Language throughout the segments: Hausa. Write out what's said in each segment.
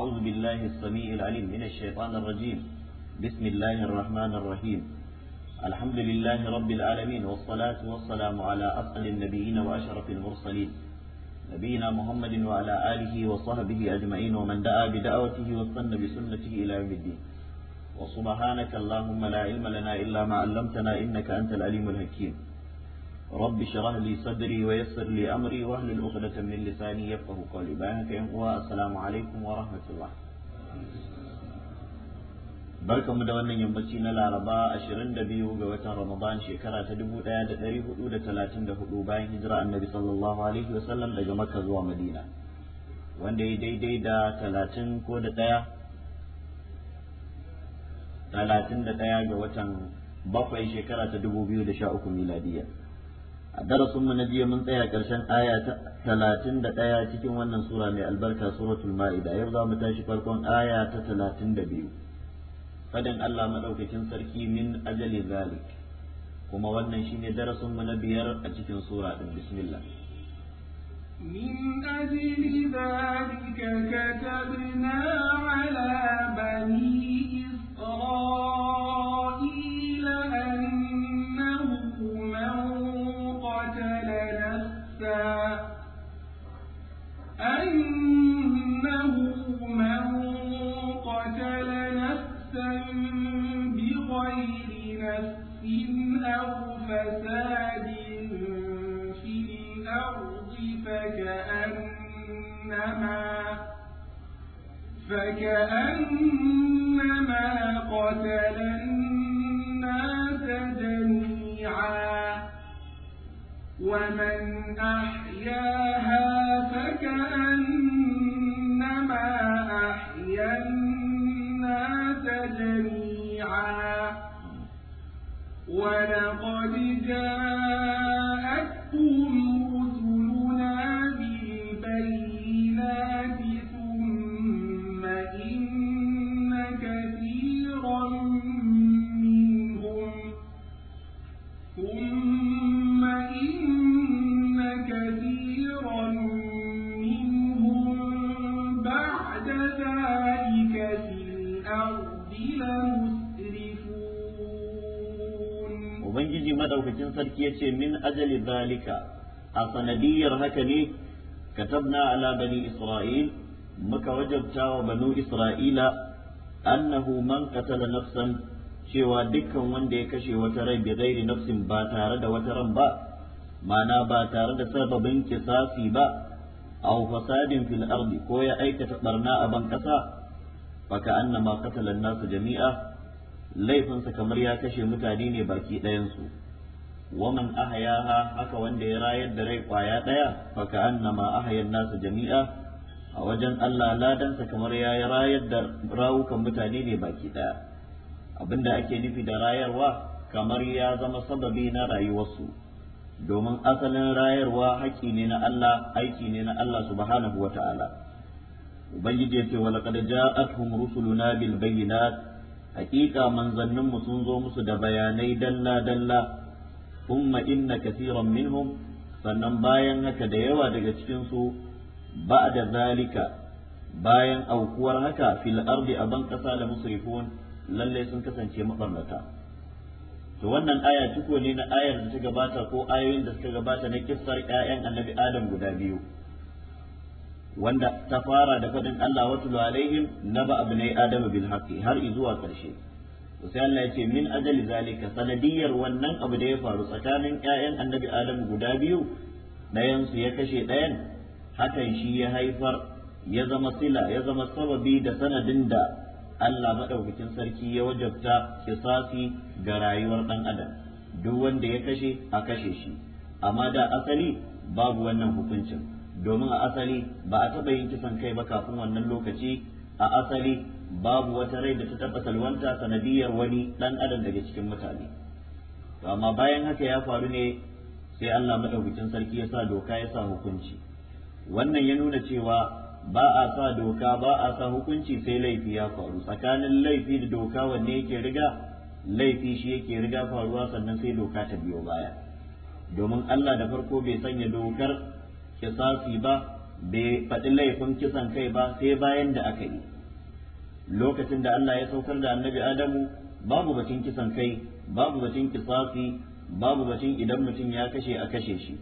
أعوذ بالله السميع العليم من الشيطان الرجيم بسم الله الرحمن الرحيم الحمد لله رب العالمين والصلاة والسلام على أفضل النبيين وأشرف المرسلين نبينا محمد وعلى آله وصحبه أجمعين ومن دعا بدعوته واستنى بسنته إلى يوم الدين وسبحانك اللهم لا علم لنا إلا ما علمتنا إنك أنت العليم الحكيم رب اشرح لي صدري ويسر لي امري واهلل عقدة من لساني يفقه قولي بيانك يا السلام عليكم ورحمة الله barkanmu da wannan yammaci na laraba 22 ga watan ramadan shekara ta 1434 bayan hijira annabi sallallahu alaihi sallam, daga makka zuwa madina wanda ya daidai da 30 ko da daya 31 ga watan bakwai shekara ta 2013 miladiya a darasinmu na jiya mun tsaya ƙarshen aya talatin da ɗaya cikin wannan sura mai albarka suratul ma'ida yau za mu tashi farkon aya ta talatin da biyu fadin Allah maɗaukacin sarki min ajali zalik kuma wannan shine darasinmu na biyar a cikin sura ɗin bismillah من أجل ذلك كتبنا على بني إسرائيل أنه من قتل نفسا بغير نفس أو فساد في الأرض فكأنما فكأنما قتل الناس جميعا ومن أحياها فكأنما أحيا الناس جميعا ولقد جاءتهم madaukakin sarki yace min ajali zalika a sanadiyar haka ne katabna ala bani isra'il muka wajabta wa banu isra'ila annahu man qatala nafsan cewa dukkan wanda ya kashe wata rai bi ghairi nafsin ba tare da wata ran ba ma'ana ba tare da sababin kisasi ba aw fasadin fil ardi ko ya aikata barna a ban kasa faka annama qatala an-nas jami'a laifinsa kamar ya kashe mutane ne baki ɗayansu su ومن أحياها haka wanda ya rayar da rai kwaya ɗaya, faka annama ahayan nasu jami'a a wajen Allah ladansa kamar ya yi rayar da rawukan mutane ne baki daya abinda ake nufi da rayarwa kamar ya zama sababi na rayuwarsu domin asalin rayarwa haƙi ne na Allah aiki ne na Allah subhanahu wa ta'ala ubangiji ya ce wa laqad ja'atuhum rusuluna bil bayyinat haqiqa manzanninmu sun zo musu da bayanai dalla dalla thumma inna katiran minhum sannan bayan haka da yawa daga cikin su ba'da zalika bayan aukuwar haka fil ardi aban ƙasa da musrifun lalle sun kasance mabarnata to wannan aya tuko ne na ayar da ta gabata ko ayoyin da suka gabata na kissar ƴaƴan annabi adam guda biyu wanda ta fara da faɗin Allah wa na alaihim naba abnai adam bil haqqi har zuwa ƙarshe to sai Allah ya ce min ajali zalika sanadiyar wannan abu da ya faru tsakanin ƴaƴan annabi adam guda biyu ɗayan su ya kashe ɗayan hakan shi ya haifar ya zama sila ya zama sababi da sanadin da Allah madaukakin sarki ya wajabta kisasi ga rayuwar ɗan adam duk wanda ya kashe a kashe shi amma da asali babu wannan hukuncin domin a asali ba a taɓa yin kisan kai ba kafin wannan lokaci a asali babu wata rai da ta taba salwanta sanadiyar wani dan adam daga cikin mutane to amma bayan haka ya faru ne sai Allah madaukakin sarki ya sa doka ya sa hukunci wannan ya nuna cewa ba a sa doka ba a sa hukunci sai laifi ya faru tsakanin laifi da doka wanne yake riga laifi shi yake riga faruwa sannan sai doka ta biyo baya domin Allah da farko bai sanya dokar kisasi ba bai faɗi laifin kisan kai ba sai bayan da aka yi lokacin da Allah ya saukar da annabi Adamu babu batun kisan kai babu batun kisasi babu batun idan mutum ya kashe a kashe shi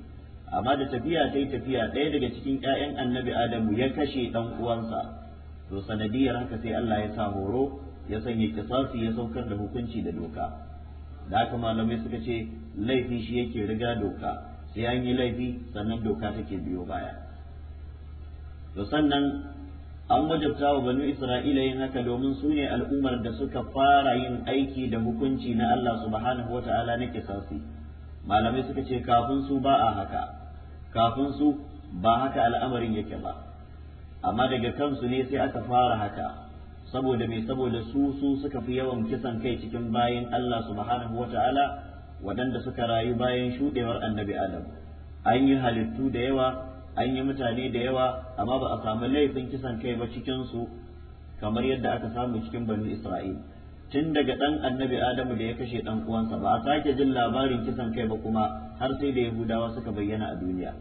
amma da tafiya ta tafiya ɗaya daga cikin 'ya'yan annabi Adamu ya kashe ɗan uwansa to sanadiyar haka sai Allah ya sa horo ya sanya kisasi ya saukar da hukunci da doka da haka malamai suka ce laifi shi yake riga doka sai an yi laifi sannan doka take biyo baya to sannan an wajabta wa banu isra'ila yin haka domin su ne al'ummar da suka fara yin aiki da hukunci na Allah subhanahu wata'ala na kisasi malamai suka ce kafin su ba a haka kafin su ba haka al'amarin yake ba amma daga kansu ne sai aka fara haka saboda mai saboda su su suka fi yawan kisan kai cikin bayan Allah subhanahu wata'ala waɗanda suka rayu bayan shuɗewar annabi Adam an yi halittu da yawa an yi mutane da yawa amma ba a samu laifin kisan kai ba cikin su kamar yadda aka samu cikin bani Isra'il tun daga dan annabi Adamu da ya kashe dan uwansa ba a sake jin labarin kisan kai ba kuma har sai da Yahudawa suka bayyana a duniya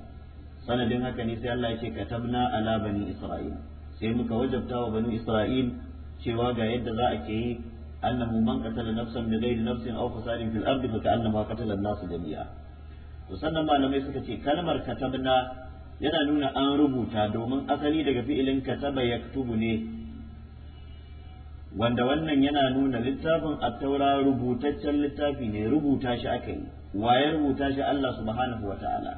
sanadin haka ne sai Allah ya ce katabna ala bani Isra'il sai muka wajabta wa bani Isra'il cewa ga yadda za a ke yi annahu man qatala nafsan bi ghairi nafsin aw fasadin fil ardi fa ka'annama qatala an-nas jami'a to sannan malamai suka ce kalmar katabna yana nuna an rubuta domin asali daga fi'ilin kasaba yaktubu ne wanda wannan yana nuna littafin taura, rubutaccen littafi ne rubuta shi aka yi waye rubuta shi Allah subhanahu wa ta'ala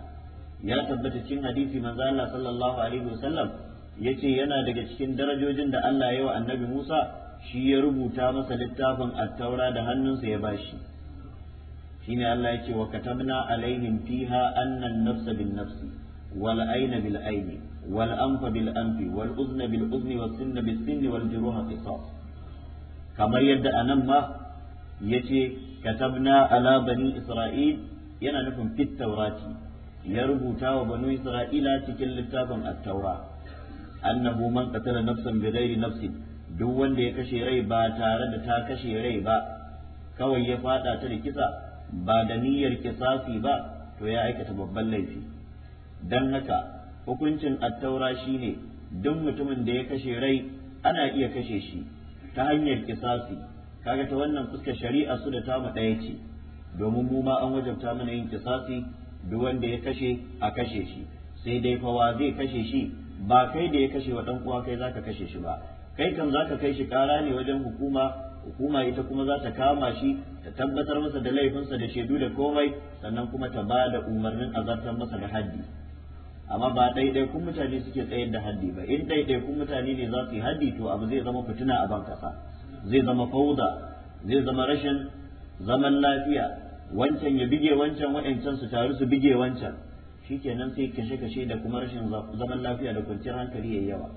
ya tabbata cikin hadisi manzo Allah sallallahu alaihi wasallam yace yana daga cikin darajojin da Allah ya wa annabi Musa shi ya rubuta masa littafin attaura da hannunsa ya bashi shine Allah yace wa katabna alaihim fiha annan nafsa bin nafsi والعين بالعين والأنف بالأنف والأذن بالأذن والسن بالسن والجروح قصاص كما يد أنما يتي كتبنا على بني إسرائيل yana nufin fit taurati ya rubuta wa banu isra'ila cikin littafin at-taura annahu man qatala nafsan bi ghairi nafsin duk wanda ya kashe rai ba tare da ta kashe rai ba kawai ya faɗa ta da kisa ba da niyyar kisasi ba to ya aikata babban laifi dan haka hukuncin attaura shine duk mutumin da ya kashe rai ana iya kashe shi ta hanyar kisasi kaga ta wannan fuskar shari'a su da ta mu daya ce domin mu ma an wajabta mana yin kisasi duk wanda ya kashe a kashe shi sai dai fa wa zai kashe shi ba kai da ya kashe wa dan uwa kai zaka kashe shi ba kai kan zaka kai shi kara ne wajen hukuma hukuma ita kuma za ta kama shi ta tabbatar masa da laifinsa da shaidu da komai sannan kuma ta ba da umarnin azartar masa da haddi amma ba ɗaiɗaikun mutane suke tsayar da haddi ba in ɗaiɗaikun mutane ne za su yi haddi to abu zai zama fitina a ban kasa zai zama fauda zai zama rashin zaman lafiya wancan ya bige wancan waɗancan su taru su bige wancan shikenan sai kashe-kashe da kuma rashin zaman lafiya da kwanciyar hankali yayi yawa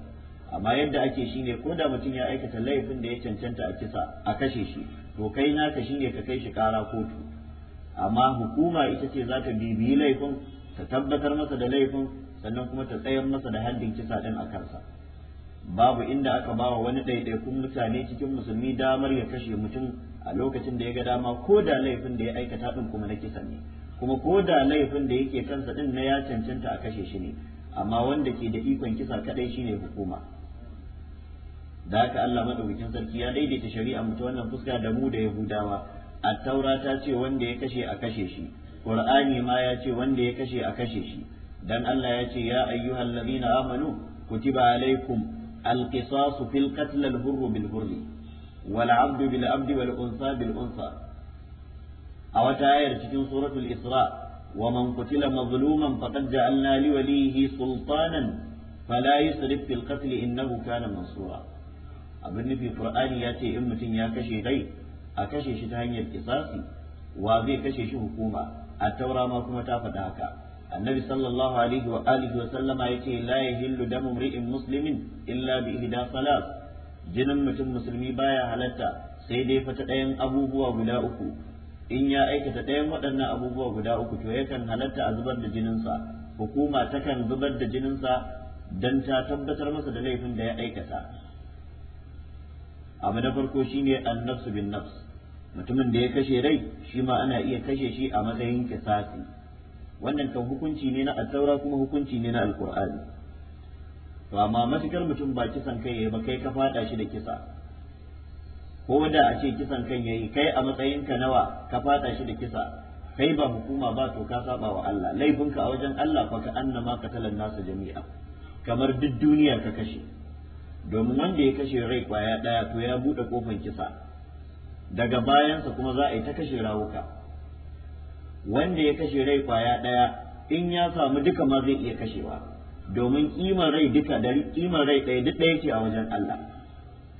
amma yadda ake shi ne ko da mutum ya aikata laifin da ya cancanta a kisa a kashe shi to kai naka shi ne ka kai shi kara kotu amma hukuma ita ce za ta bibiyi laifin ka tabbatar masa da laifin sannan kuma ta tsayar masa da haddin kisa ɗin a kansa babu inda aka bawa wani ɗaiɗaikun mutane cikin musulmi damar ya kashe mutum a lokacin da ya ga dama ko da laifin da ya aikata ɗin kuma na kisa ne kuma ko da laifin da yake kansa ɗin na ya cancanta a kashe shi ne amma wanda ke da ikon kisa kaɗai shine hukuma da haka Allah madaukakin sarki ya daidaita shari'a mu ta wannan fuska da mu da Yahudawa a taura ta ce wanda ya kashe a kashe shi Qur'ani ma ya ce wanda ya kashe a kashe shi dan Allah ya ce ya ayyuhal ladina amanu kutiba alaikum alqisasu fil qatl al hurr bil hurr wal abd bil abd wal unsa bil unsa a wata hayar cikin suratul isra wa man qutila mazluman faqad ja'alna li walihi sultanan fala yusrif fil qatl innahu kana mansura abin nufi qur'ani ya ce in mutum ya kashe dai a kashe shi ta hanyar kisasi wa zai kashe shi hukuma a taura ma kuma ta faɗi haka annabi sallallahu alaihi wa alihi wa sallama yace la yahillu damu mri'in muslimin illa bi ihda salat jinin mutum musulmi baya halatta sai dai fa ta ɗayan abubuwa guda uku in ya aikata ɗayan waɗannan abubuwa guda uku to yakan halatta a zubar da jininsa hukuma takan zubar da jininsa don ta tabbatar masa da laifin da ya aikata abu na farko shine annafsu bin nafs mutumin da ya kashe rai shi ma ana iya kashe shi a matsayin kisasi wannan kan hukunci ne na al taura kuma hukunci ne na al-qur'ani to amma matukar mutum ba kisan kai yayi ba kai ka fada shi da kisa ko da a ce kisan kan yayi kai a matsayin ka nawa ka fada shi da kisa kai ba hukuma ba to ka saba wa Allah laifinka a wajen Allah fa ka annama qatalan nasu jami'a kamar duk duniya ka kashe domin wanda ya kashe rai kwaya daya to ya bude kofar kisa daga bayansa kuma za a yi ta kashe rawuka wanda ya kashe rai kwaya ɗaya in ya samu duka ma zai iya kashewa domin kimar rai duka da kimar rai ɗaya duk ɗaya ce a wajen Allah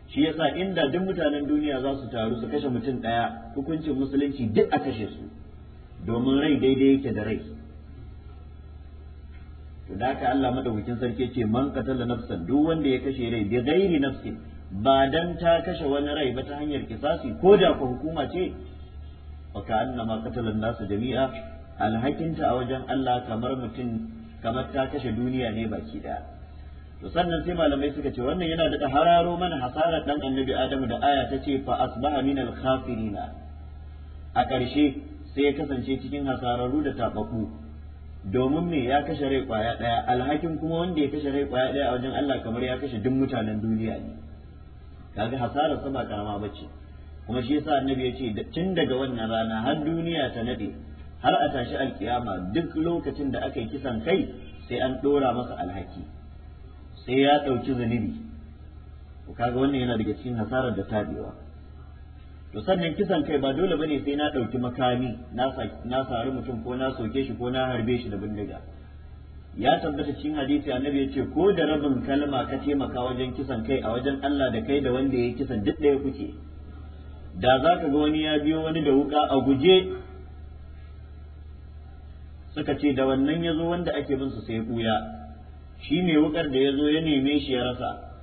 shi yasa inda duk mutanen duniya za su taru su kashe mutum ɗaya hukuncin musulunci duk a kashe su domin rai daidai yake da rai to da haka Allah madaukakin sarki ce man qatala nafsan duk wanda ya kashe rai bi ghairi nafsin ba dan ta kashe wani rai ba ta hanyar kisasi ko da ko hukuma ce fa ka'annama qatala an-nasu jami'a alhakinta a wajen Allah kamar mutum kamar ta kashe duniya ne baki daya to sannan sai malamai suka ce wannan yana da hararo mana hasarar dan annabi Adamu da aya ta ce fa asbaha min al na. a ƙarshe sai ya kasance cikin hasararru da tafaku domin me ya kashe rai kwaya ɗaya alhakin kuma wanda ya kashe rai kwaya ɗaya a wajen Allah kamar ya kashe duk mutanen duniya ne kaga hasarar sa ba karama bace kuma shi yasa annabi ya ce tun daga wannan rana har duniya ta nade har a tashi alkiyama duk lokacin da aka yi kisan kai sai an dora masa alhaki sai ya ɗauki zunubi kaga wannan yana daga cikin hasarar da tabewa to sannan kisan kai ba dole bane sai na ɗauki makami na sari mutum ko na soke shi ko na harbe shi da bindiga ya tabbata cikin hadisi annabi ya ce ko da rabin kalma ka taimaka wajen kisan kai a wajen Allah da kai da wanda ya kisan duk ɗaya kuke da za ka ga wani ya biyo wani da wuka a guje suka ce da wannan ya zo wanda ake bin su sai ɓuya shi mai wukar da ya zo ya neme shi ya rasa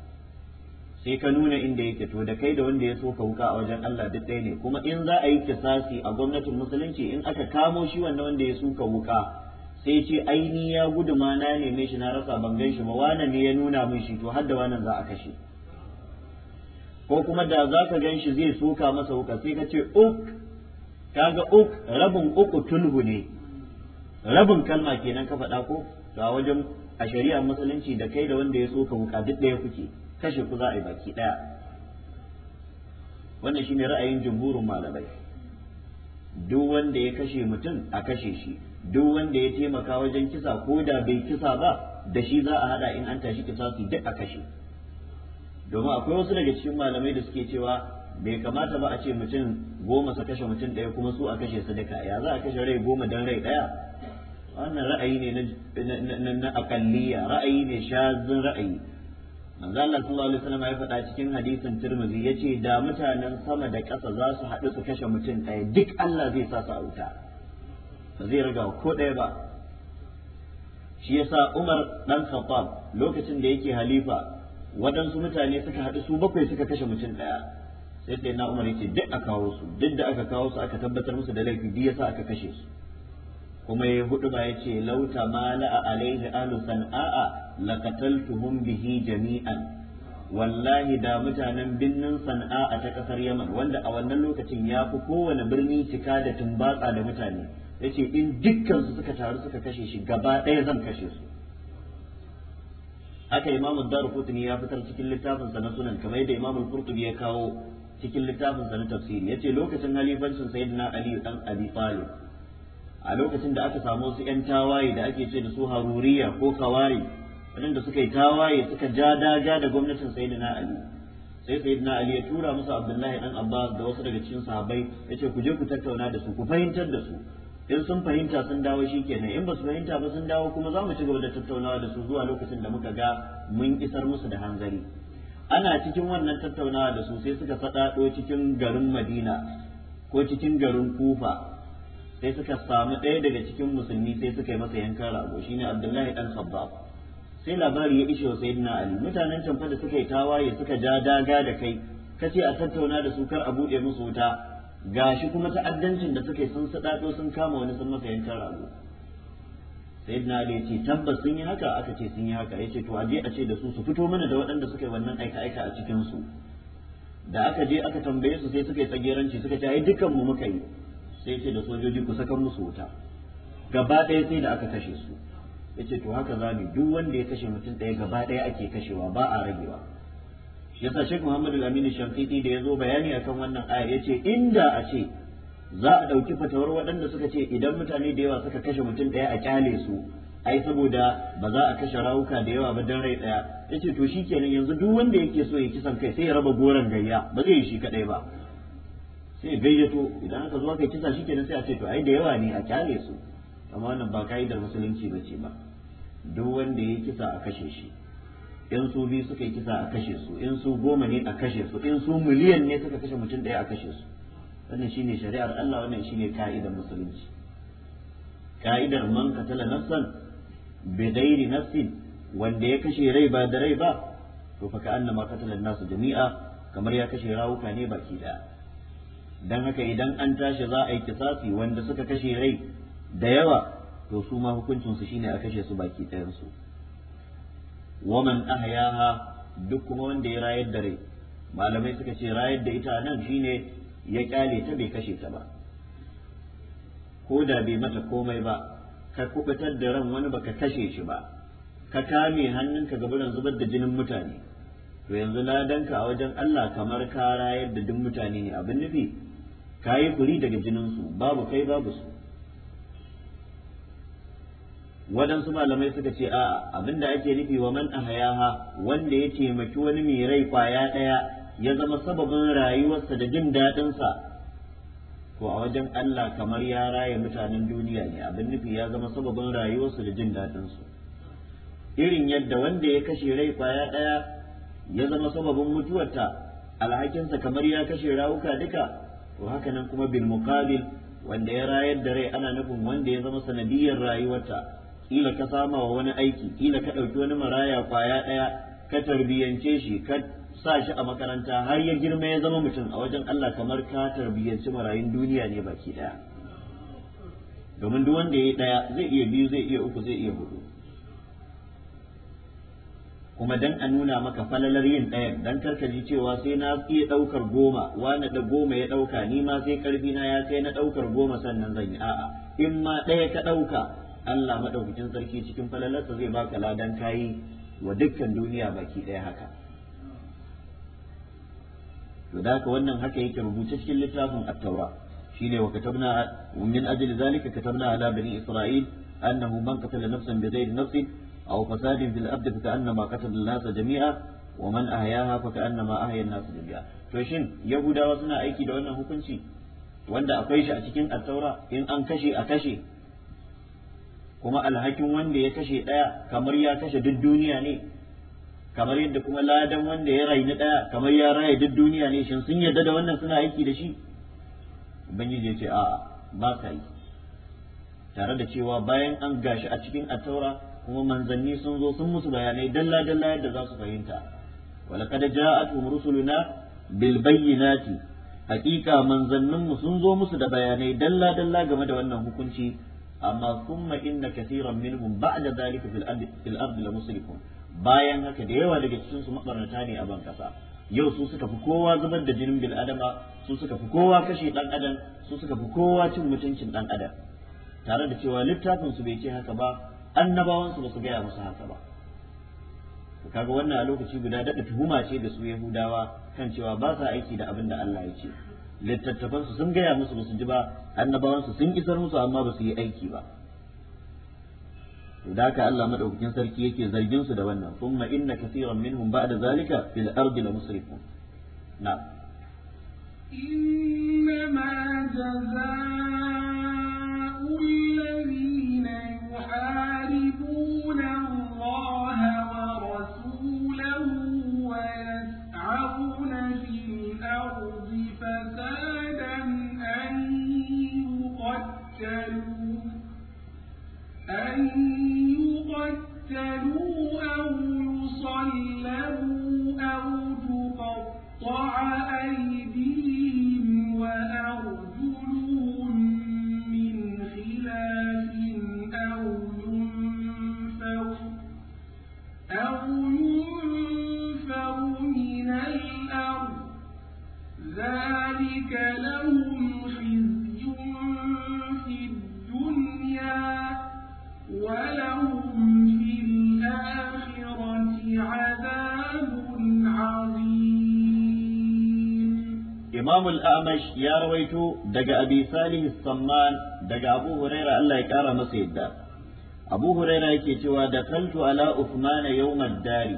sai ka nuna inda yake to da kai da wanda ya soka wuka a wajen Allah duk ɗaya ne kuma in za a yi kisasi a gwamnatin musulunci in aka kamo shi wannan wanda ya suka wuka sai ce aini ya gudu ma na neme shi na rasa ban gan shi ba wane ne ya nuna min shi to har da wannan za a kashe ko kuma da za ka gan shi zai suka masa wuka sai ka ce uk ga uk rabin uku tulhu ne rabin kalma kenan ka faɗa ko to a wajen a shari'ar musulunci da kai da wanda ya suka wuka duk ɗaya kuke kashe ku za a yi baki ɗaya wannan shine ra'ayin jumhurin malamai duk wanda ya kashe mutum a kashe shi duk wanda ya taimaka wajen kisa ko da bai kisa ba da shi za a haɗa in an tashi kisa su duk a kashe domin akwai wasu daga cikin malamai da suke cewa bai kamata ba a ce mutum goma su kashe mutum ɗaya kuma su a kashe sadaka ya za a kashe rai goma don rai ɗaya wannan ra'ayi ne na akalliya ra'ayi ne shazin ra'ayi manzo Allah sallallahu alaihi wasallam ya faɗa cikin hadisin Tirmidhi yace da mutanen sama da ƙasa za su haɗu su kashe mutum ɗaya duk Allah zai sa su a ba zai raga ko ɗaya ba shi yasa Umar dan Khattab lokacin da yake halifa waɗansu mutane suka haɗu su bakwai suka kashe mutum ɗaya sai sai na umar yake duk a kawo su duk da aka kawo su aka tabbatar musu da laifi biya sa aka kashe su kuma ya hudu ba ce lauta mala alaihi ahlu sana'a laqataltuhum bihi jami'an wallahi da mutanen birnin sana'a ta kasar yaman wanda a wannan lokacin ya fi kowane birni cika da tumbatsa da mutane yace in dukkan su suka taru suka kashe shi gaba ɗaya zan kashe su haka imamu darqutni ya fitar cikin littafin sa na sunan kamar yadda imamu kurtubi ya kawo cikin littafin sa na tafsiri yace lokacin halifancin sayyidina ali dan abi talib a lokacin da aka samu wasu yan tawaye da ake ce da su haruriya ko kawari waɗanda suka yi tawaye suka ja daja da gwamnatin sayyidina ali sai sayyidina ali ya tura musu abdullahi dan abbas da wasu daga cikin sahabbai yace ku je ku tattauna da su ku fahimtar da su in sun fahimta sun dawo shi kenan in ba su fahimta ba sun dawo kuma za mu ci gaba da tattaunawa da su zuwa lokacin da muka ga mun isar musu da hanzari ana cikin wannan tattaunawa da su sai suka faɗaɗo cikin garin madina ko cikin garin kufa sai suka samu ɗaya daga cikin musulmi sai suka yi masa yankan rago shine abdullahi dan khabbab sai labari ya ishe wa sayyidina ali mutanen can fa da suka yi tawaye suka ja daga da kai kace a tattauna da su kar a buɗe musu wuta Ga shi kuma ta'addancin da suke sun sadado sun kama wani sun masa yankan rago na da yace tabbas sun yi haka aka ce sun yi haka yace to aje a ce da su su fito mana da waɗanda suke wannan aika aika a cikin su da aka je aka tambaye su sai suka yi tsageranci suka ce ai dukkan mu muka yi sai ce da sojoji ku sakan musu wuta gaba ɗaya sai da aka kashe su yace to haka zamu duk wanda ya kashe mutum ɗaya gaba ɗaya ake kashewa ba a ragewa yasa Sheikh Muhammad Al-Amin Shankiti da yazo bayani akan wannan aya yace inda a ce za a dauki fatawar waɗanda suka ce idan mutane da yawa suka kashe mutum ɗaya a kyale su ai saboda ba za a kashe rawuka da yawa ba dan rai ɗaya yace to shikenan yanzu duk wanda yake so ya kisan kai sai ya raba goran gayya ba zai yi shi kadai ba sai gayyato idan aka zo kai kisa shikenan sai a ce to ai da yawa ne a kyale su amma wannan ba da musulunci bace ba duk wanda ya kisa a kashe shi in su biyu suka yi kisa a kashe su in su goma ne a kashe su in su miliyan ne suka kashe mutum ɗaya a kashe su wannan shine shari'ar Allah wannan shine ka'idar musulunci ka'idar man katala nafsan bi ghairi nafsin wanda ya kashe rai ba da rai ba to fa ka'annama katala nasu jami'a kamar ya kashe rawuka ne baki daya dan haka idan an tashi za a yi kisasi wanda suka kashe rai da yawa to su ma hukuncin su shine a kashe su baki ɗayan su waman ahyaha duk kuma wanda ya rayar da rai malamai suka ce rayar da ita nan shine ya kyale ta bai kashe ta ba ko da bai mata komai ba ka kubutar da ran wani baka kashe shi ba ka kame hannunka ga buran zubar da jinin mutane to yanzu ladanka a wajen Allah kamar ka rayar da duk mutane ne abin nufi ka yi daga daga jininsu babu kai babu su waɗansu malamai suka ce a abinda ake nufi wa man ahayaha wanda ya taimaki wani mai rai kwaya ɗaya ya zama sababin rayuwarsa da jin daɗinsa to a wajen Allah kamar ya raye mutanen duniya ne abin nufi ya zama sababin rayuwarsu da jin daɗinsu irin yadda wanda ya kashe rai kwaya ɗaya ya zama sababin mutuwarta alhakinsa kamar ya kashe rawuka duka to haka nan kuma bil muqabil wanda ya rayar da rai ana nufin wanda ya zama sanadiyar rayuwarta kila ka sama wa wani aiki kila ka ɗauki wani maraya kwaya ɗaya ka tarbiyance shi ka sa shi a makaranta har ya girma ya zama mutum a wajen Allah kamar ka tarbiyance marayun duniya ne baki ɗaya domin duk wanda ya yi ɗaya zai iya biyu zai iya uku zai iya hudu kuma dan a nuna maka falalar yin ɗayan dan karka ji cewa sai na iya ɗaukar goma wani da goma ya ɗauka ni ma sai karfi na ya kai na ɗaukar goma sannan zan yi a'a in ma ɗaya ka ɗauka Allah madaukakin sarki cikin falalarsa zai baka ladan kayi wa dukkan duniya baki ɗaya haka to da haka wannan haka yake rubuce cikin littafin at-taura shine wa katabna min ajli zalika katabna ala bani isra'il annahu man qatala nafsan bighayri nafsin aw fasadin fil ardi fa ka'annama qatala an-nasa jami'a wa man ahyaha fa ka'annama ahya an-nasa jami'a to shin yahudawa suna aiki da wannan hukunci wanda akwai shi a cikin at-taura in an kashe a kashe kuma alhakin wanda ya kashe ɗaya kamar ya kashe duk duniya ne kamar yadda kuma ladan wanda ya raini ɗaya kamar ya raye duk duniya ne shin sun yarda da wannan suna aiki da shi ubangiji ya ce a, ba ka yi tare da cewa bayan an gashi a cikin attaura kuma manzanni sun zo sun musu bayanai dalla dalla yadda za su fahimta walaqad ja'atuhum rusuluna bil bayyinati haqiqa manzanninmu sun zo musu da bayanai dalla dalla game da wannan hukunci amma summa inna kathiran minhum ba'da dhalika fil ardi fil ardi la bayan haka da yawa daga cikin su mabarnata ne a ban kasa yau su suka fi kowa zubar da jinin bil adama su suka fi kowa kashe dan adam su suka fi kowa cin mutuncin dan adam tare da cewa littafin su bai ce haka ba annabawan su ba su gaya musu haka ba kaga wannan a lokaci guda daɗa tuhuma ce da su yahudawa kan cewa ba sa aiki da abin da Allah ya ce Littattafansu sun gaya musu ba su ji ba annabawan su sun isar musu amma ba su yi aiki ba da haka Allah madaukakin sarki yake zargin su da wannan kuma inna kaseeran minhum ba'da zalika fil ardi la musrifun na يقتلوا أو يصلبوا أو تقطع أيديهم Imam al ya rawaito daga Abi Salih Samman daga Abu Huraira Allah ya kara masa yadda Abu Huraira yake cewa da kaltu ala Uthman yawmad dari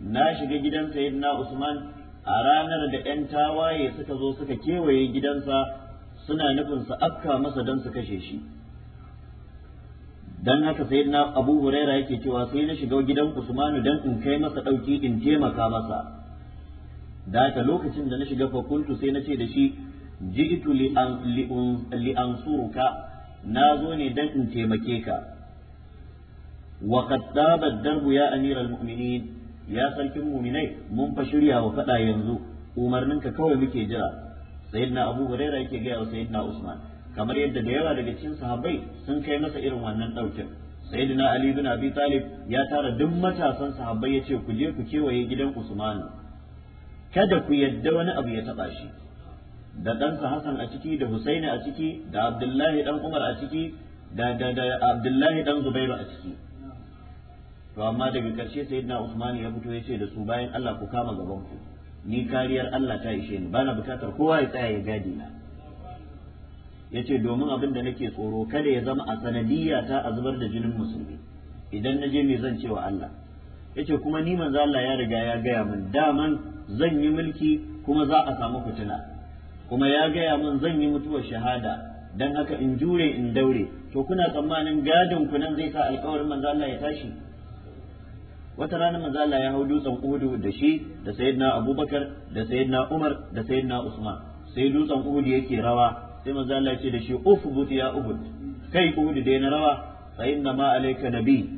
na shiga gidan Sayyidina Usman a ranar da ƴan tawaye suka zo suka kewaye gidansa suna nufin su afka masa don su kashe shi dan haka Sayyidina Abu Huraira yake cewa sai na shiga gidan Usman dan in kai masa ɗauki in taimaka masa da lokacin da na shiga fakultu sai na ce da shi jigitu li'ansuruka na zo ne don in taimake ka wa qad darbu ya amiral mu'minin ya sarkin mu'minai mun fa shirya wa fada yanzu Umarnin ka kawai muke jira sayyidina abu huraira yake ga wa sayyidina usman kamar yadda da yawa daga cikin sahabbai sun kai masa irin wannan daukin sayyidina ali bin abi talib ya tara duk matasan sahabbai yace ku je ku kewaye gidan usman kada ku yadda wani abu ya taɓa shi da ɗansa Hassan a ciki da Husaini a ciki da Abdullahi dan Umar a ciki da da da Abdullahi dan Zubairu a ciki to amma daga ƙarshe sayyidina Usman ya fito ya ce da su bayan Allah ku kama gaban ku ni kariyar Allah ta ishe ni bana bukatar kowa ya tsaya ya gadi na yace domin abin da nake tsoro kada ya zama a sanadiyya ta a zubar da jinin musulmi idan na je me zan cewa Allah yace kuma ni manzo Allah ya riga ya gaya min daman zan yi mulki kuma za a samu fitina kuma ya gaya mun zan yi mutuwar shahada dan haka in jure in daure to kuna tsammanin gadin ku nan zai sa alƙawarin manzo Allah ya tashi wata rana manzo Allah ya hau dutsen Uhud da shi da sayyidina Abubakar da sayyidina Umar da sayyidina Usman sai dutsen Uhud yake rawa sai manzo Allah ce da shi ufbut ya Uhud kai Uhud dai na rawa fa inna ma alayka nabi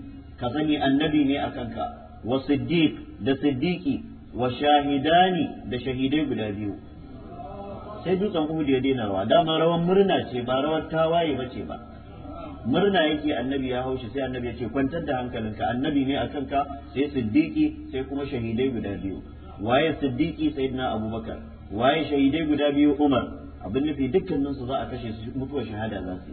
ka sani annabi ne akan ka wa siddiq da siddiqi wa shahidani da shahidai guda biyu sai dutsen uhud ya daina rawa dama rawan murna ce ba rawar tawaye ba ce ba murna yake annabi ya haushi sai annabi ya ce kwantar da hankalinka annabi ne a kanka sai siddiqi sai kuma shahidai guda biyu waye siddiqi na abubakar waye shahidai guda biyu umar abin nufi dukkanin su za a kashe su mutuwar shahada za su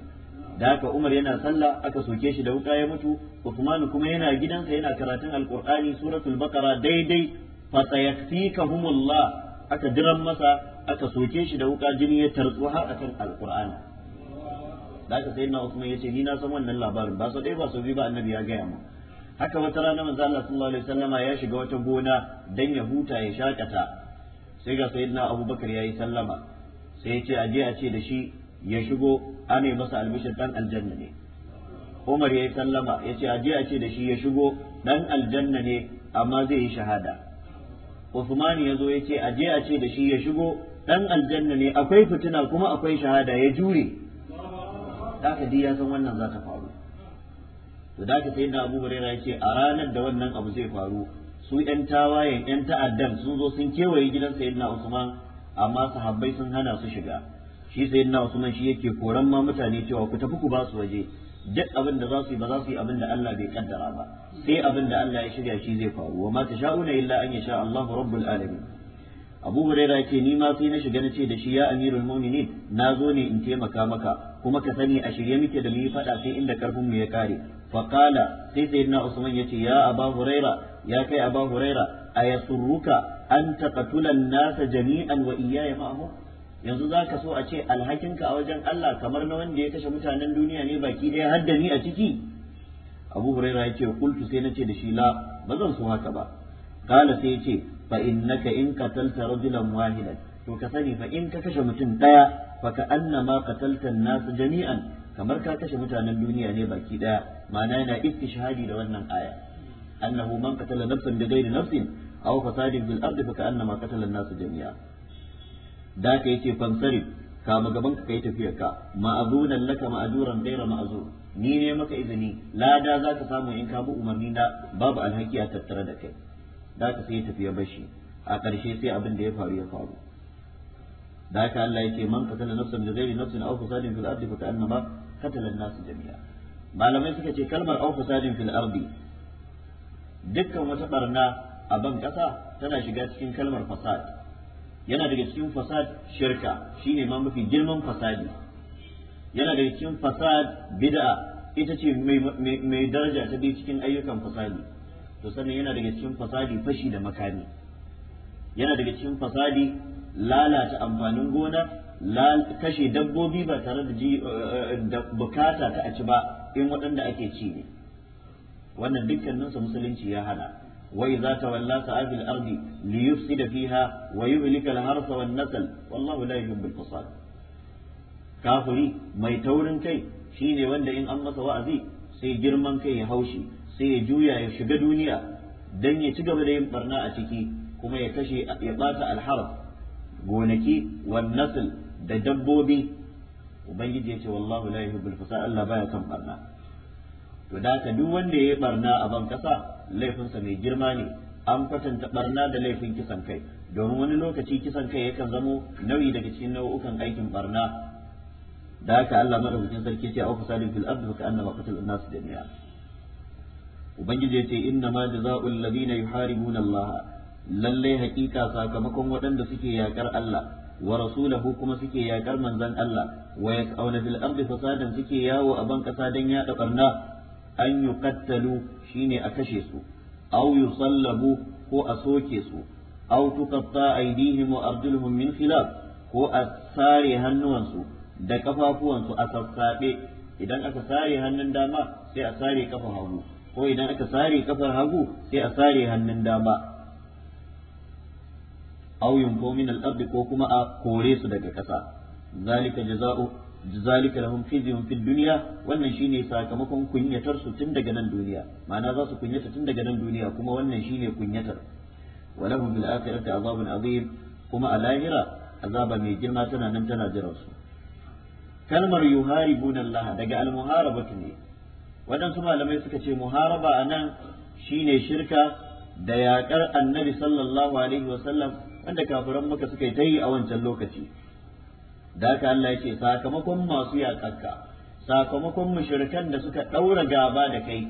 da haka umar yana sallah aka soke shi da wuka ya mutu usman kuma yana gidansa yana karatun alqur'ani suratul baqara daidai fa sayakfikahumullah aka diran masa aka soke shi da wuka jini ya tarzu har akan alqur'ani da aka sai na Usman yace ni na san wannan labarin ba so dai ba so bi ba annabi ya gaya mu haka wata rana manzo Allah ya shiga wata gona dan ya huta ya shakata sai ga sayyidina Abubakar yayi sallama sai ya ce a ce da shi ya shigo aljanna ne Umar yayi sallama ya ce aje a ce da shi ya shigo ɗan aljanna ne amma zai yi shahada Uthman ya zo ya ce je a ce da shi ya shigo dan aljanna ne akwai fitina kuma akwai shahada ya jure haka dai ya san wannan za ta faru to da ka sai da Abu Hurairah yace a ranar da wannan abu zai faru su yan tawayen yan ta'addan sun zo sun kewaye gidan sayyidina Usman amma sahabbai sun hana su shiga shi sayyidina Usman shi yake koran ma mutane cewa ku tafi ku ba su waje duk abin da za su yi ba za su yi abin da Allah bai kaddara ba sai abin da Allah ya shirya shi zai faru wa ma tasha'una illa an yasha Allahu rabbul alamin Abu Huraira ce ni ma sai na shiga na ce da shi ya Amirul Mu'minin na zo ne in taimaka maka kuma ka sani a shirye muke da mu yi fada sai inda karfin mu ya kare fa qala sai sayyidina Usman yace ya Abu Huraira ya kai Abu Huraira ayasurruka an taqtula an-nasa jami'an wa iyaya ma'ahum yanzu za ka so a ce alhakinka a wajen Allah kamar na wanda ya kashe mutanen duniya ne baki ɗaya har da ni a ciki abu huraira ya ce kultu sai na ce da shi la ba zan so haka ba kala sai ya ce fa innaka in qatalta rajulan wahidan to ka sani fa in ka kashe mutum ɗaya fa ka annama qatalta an-nas jami'an kamar ka kashe mutanen duniya ne baki ɗaya ma'ana yana istishhadi da wannan aya annahu man qatala nafsan bi ghairi nafsin aw fasadin fil ardi fa ka annama qatala an-nas jami'an da ka yi ce fansarif kama gaban ka kai tafiyar ka ma'azunan laka ma'azuran gaira ma'azur ni ne maka izini lada za ka samu in ka bi umarni na babu alhaki a tattare da kai da ka sai tafiya bashi a ƙarshe sai abin da ya faru ya faru da ka Allah ya yake man qatala nafsan bi zai nafsin aw fasadin fil ardi fa ka'annama qatala an-nas jami'a malamai suka ce kalmar aw sadin fil ardi dukkan wata barna a ban kasa tana shiga cikin kalmar fasad yana daga cikin fasad shirka shine ma mafi girman fasadi yana daga cikin fasad bid'a ita ce mai daraja ta dai cikin ayyukan fasadi to sannan yana daga cikin fasadi fashi da makami yana daga cikin fasadi lalata amfanin gona kashe dabbobi ba tare eh, eh, da bukata ta a ci ba in waɗanda ake ci ne wannan dukkaninsa musulunci ya hana وإذا تولى سعى في الأرض ليفسد فيها ويهلك الحرث والنسل والله لا يحب الفساد كافري ما يتورن كي شيني وند إن أمس وأزي سي جرمن كي هوشي سي جويا يشغى دنيا دن يتقب ليم برنا أتكي كما يكشي يقاس الحرث gonaki والنسل da dabbobi ubangiji ya ce wallahu la yuhibbul fasad Allah baya kan barna to da duk wanda yayi barna a ban kasa laifinsa mai girma ne an kwatanta barna da laifin kisan kai domin wani lokaci kisan kai yakan zamo nauyi daga cikin nau'ukan aikin barna da haka Allah madaukakin sarki ce au fasadin fil ardi ka annama qatal nas jami'a ubangiji ya ce inna ma jazaa'ul ladina yuharibuna Allah lalle hakika sakamakon waɗanda suke yakar Allah wa rasulahu kuma suke yakar manzon Allah wa yas'auna fil ardi fasadan suke yawo a ban kasa dan yada barna an yuqattalu shine a kashe su aw sallabu, ko a soke su aw tuqatta aydihim wa arjuluhum min khilaf ko a sare hannuwansu da kafafuwansu a sassabe idan aka sare hannun dama sai a sare kafar hagu ko idan aka sare kafar hagu sai a sare hannun dama aw yunqu min al ko kuma a kore su daga ƙasa zalika jaza'u zalika lahum khizyun fid dunya wannan shine sakamakon kunyatar su tun daga nan duniya ma'ana za su kunyata tun daga nan duniya kuma wannan shine kunyatar wa lahum bil akhirati azabun azim kuma a lahira azaba mai girma tana nan tana jiran su kalmar yuharibuna Allah daga al muharabatu ne waɗansu malamai suka ce muharaba anan shine shirka da yaƙar annabi sallallahu alaihi wasallam wanda kafiran maka suka yi ta yi a wancan lokaci da haka Allah yake sakamakon masu yaƙarka sakamakon mashirikan da suka ɗaura gaba da kai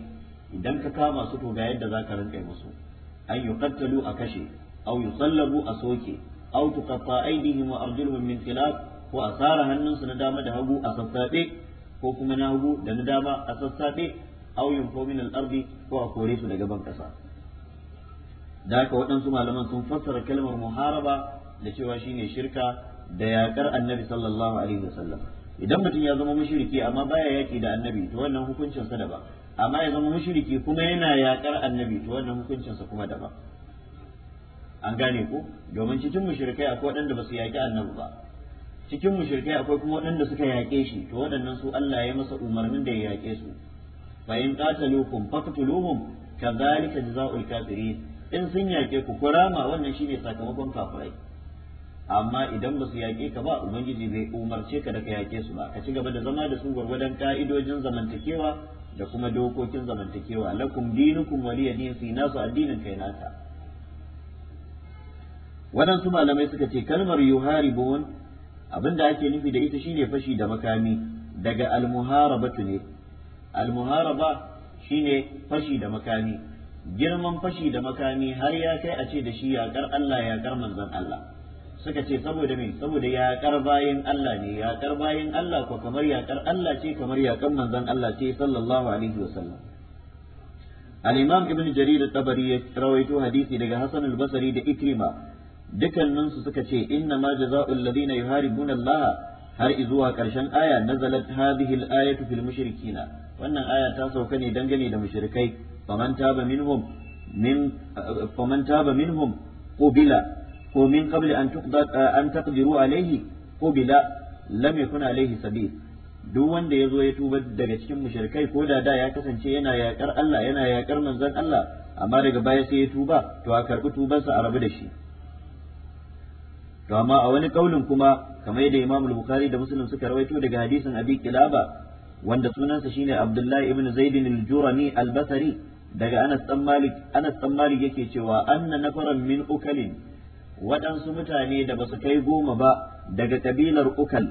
idan ka kama su to ga yadda za ka rinka musu an kattalu a kashe aw yusallabu a soke au tuqatta aydihim wa arjuluhum min khilaf ko a tsara hannunsu na dama da hagu a sassaɓe ko kuma na hagu da na dama a sassaɓe Auyin yunfo min al ko a kore su daga ban ƙasa. da haka waɗansu malaman sun fassara kalmar muharaba da cewa shine shirka da yakar annabi sallallahu alaihi wasallam idan mutum ya zama mushriki amma baya yaki da annabi to wannan hukuncin sa daban amma ya zama mushriki kuma yana yakar annabi to wannan hukuncin sa kuma daban an gane ko domin cikin mushrikai akwai waɗanda ba su yaki annabi ba cikin mushrikai akwai kuma waɗanda suka yaƙe shi to waɗannan su Allah ya masa umarnin da ya yaƙe su fa in qataluhum faqtuluhum kadhalika jazaa'ul kafirin in sun yaƙe ku kurama wannan shine sakamakon kafirai amma idan ba su yaƙe ka ba ubangiji bai umarce ka da ka yaƙe su ba ka ci gaba da zama da su gwargwadon ka'idojin zamantakewa da kuma dokokin zamantakewa lakum dinukum waliya din su nasu addinin kai naka waɗansu malamai suka ce kalmar yuharibun abinda ake nufi da ita shine fashi da makami daga almuharabatu ne almuharaba shine fashi da makami girman fashi da makami har ya kai a ce da shi yaƙar Allah yaƙar manzon Allah suka ce saboda me saboda yaƙar bayin Allah ne yaƙar bayin Allah ko kamar yaƙar Allah ce kamar yaƙar manzon Allah ce sallallahu alaihi wasallam al-imam ibn jarir at-tabari ya rawaito hadisi daga hasan al-basri da ikrima dukannin su suka ce inna ma jazaa'ul ladina yuharibuna Allah har zuwa ƙarshen aya nazalat hadhihi al-ayatu fil mushrikina wannan aya ta sauka ne dangane da mushrikai faman taba minhum min faman taba minhum qubila ko min qabli an tuqda eh, an taqdiru alaihi ko bila lam yakun alaihi sabil duk wanda ya zo ya tuba daga cikin mushrikai ko da da ya kasance yana yaƙar Allah yana yakar manzon Allah amma daga baya sai ya tuba to a karbi tubansa a rabu da shi to amma a wani kaulin kuma kamar yadda Imam Bukhari da Muslim suka rawaito daga hadisin Abi Kilaba wanda sunansa shine Abdullahi ibn Zaid al-Jurani al-Basri daga Anas Malik Anas Malik yake cewa anna nafaran min ukalin waɗansu mutane da ba su kai goma ba daga kabilar ukal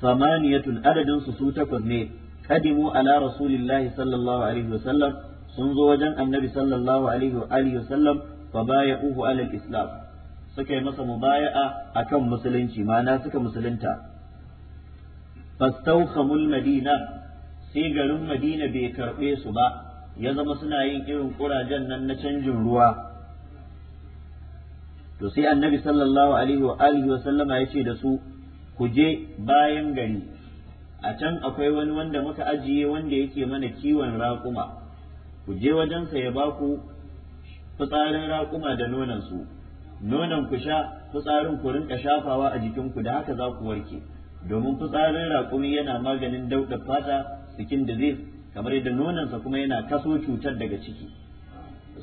samaniyatun adadin su su takwas ne kadimu ala rasulillahi sallallahu alaihi wasallam sun zo wajen annabi sallallahu alaihi wa alihi wasallam fa baya'uhu ala islam suka yi masa mubaya'a akan musulunci ma'ana suka musulunta fastawkhamul madina sai garin madina bai karbe su ba ya zama suna yin irin kurajen nan na canjin ruwa to sai annabi sallallahu alaihi wa alihi wa sallama ya da su ku je bayan gari a can akwai wani wanda muka ajiye wanda yake mana kiwon raƙuma ku je wajensa ya ba ku fitsarin raƙuma da nonon su nonon ku sha fitsarin ku rinka shafawa a jikin ku da haka za ku warke domin fitsarin raƙumi yana maganin dauɗa fata sikin da zai kamar yadda nononsa kuma yana kaso cutar daga ciki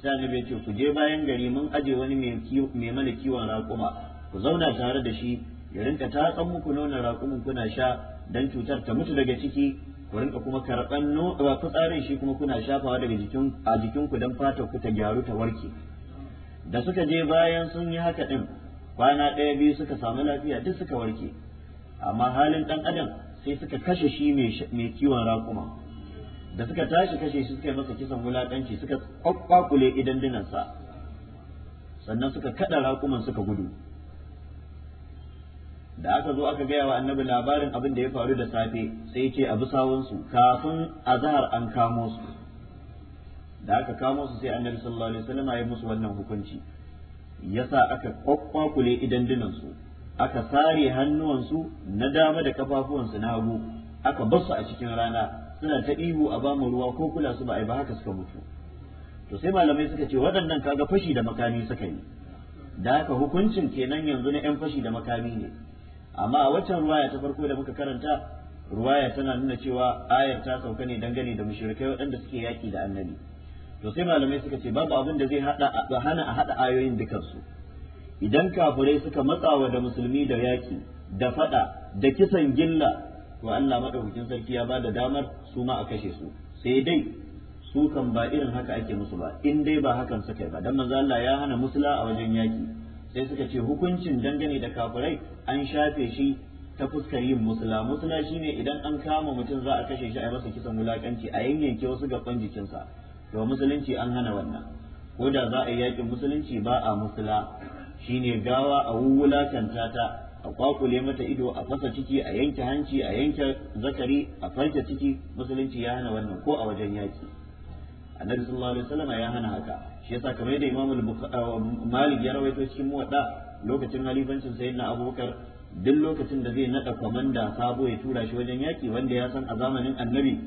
sai annabi ya ce ku je bayan gari mun aje wani mai mana kiwon raƙuma ku zauna tare da shi ya rinka tatsan muku nonon raƙumin kuna sha dan cutar ta mutu daga ciki ku rinka kuma karɓan tsare shi kuma kuna shafawa daga jikin a jikinku dan fatar ku ta gyaru ta warke da suka je bayan sun yi haka din kwana ɗaya biyu suka samu lafiya duk suka warke amma halin ɗan adam sai suka kashe shi mai kiwon raƙuma da suka tashi kashe shi suka yi masa kisan wulaƙanci, suka kwakwakule idan dinansa sannan suka kada raƙuman suka gudu da aka zo aka gaya wa annabi labarin abin da ya faru da safe sai ce abu sawunsu kafin zahar an kamo su da aka kamo su sai annabi sallallahu alaihi wasallam ya musu wannan hukunci yasa aka kwakwakule idan dinansu aka sare hannuwansu na dama da kafafuwansu na hagu aka basu a cikin rana suna ta ihu a bamu ruwa ko kula su ba ai ba haka suka mutu to sai malamai suka ce waɗannan kaga fashi da makami suka yi da haka hukuncin kenan yanzu na yan fashi da makami ne amma a waccan ruwaya ta farko da muka karanta ruwaya tana nuna cewa ayar ta sauka ne dangane da mushrikai waɗanda suke yaki da annabi to sai malamai suka ce babu abin da zai hada hana a haɗa ayoyin dukansu idan kafirai suka matsawa da musulmi da yaƙi da fada da kisan gilla to Allah madaukakin sarki ya bada damar su ma a kashe su sai dai su kan ba irin haka ake musu ba in dai ba hakan suka ba dan manzo Allah ya hana musula a wajen yaki sai suka ce hukuncin dangane da kafirai an shafe shi ta fuskar yin musula musula shine idan an kama mutum za a kashe shi a masa kisan wulakanci a yanyanke wasu gaban jikinsa to musulunci an hana wannan ko da za a yi yakin musulunci ba a musula shine gawa a wuwulakanta ta a kwakule mata ido a fasa ciki a yanke hanci a yanke zakari a farke ciki musulunci ya hana wannan ko a wajen yaki annabi sallallahu alaihi wasallam ya hana haka shi yasa kamar da imamu uh, malik ya rawaito cikin muwadda lokacin halifancin sayyidina abubakar duk lokacin da zai nada kwamanda sabo ya tura shi wajen yaki wanda ya san a zamanin annabi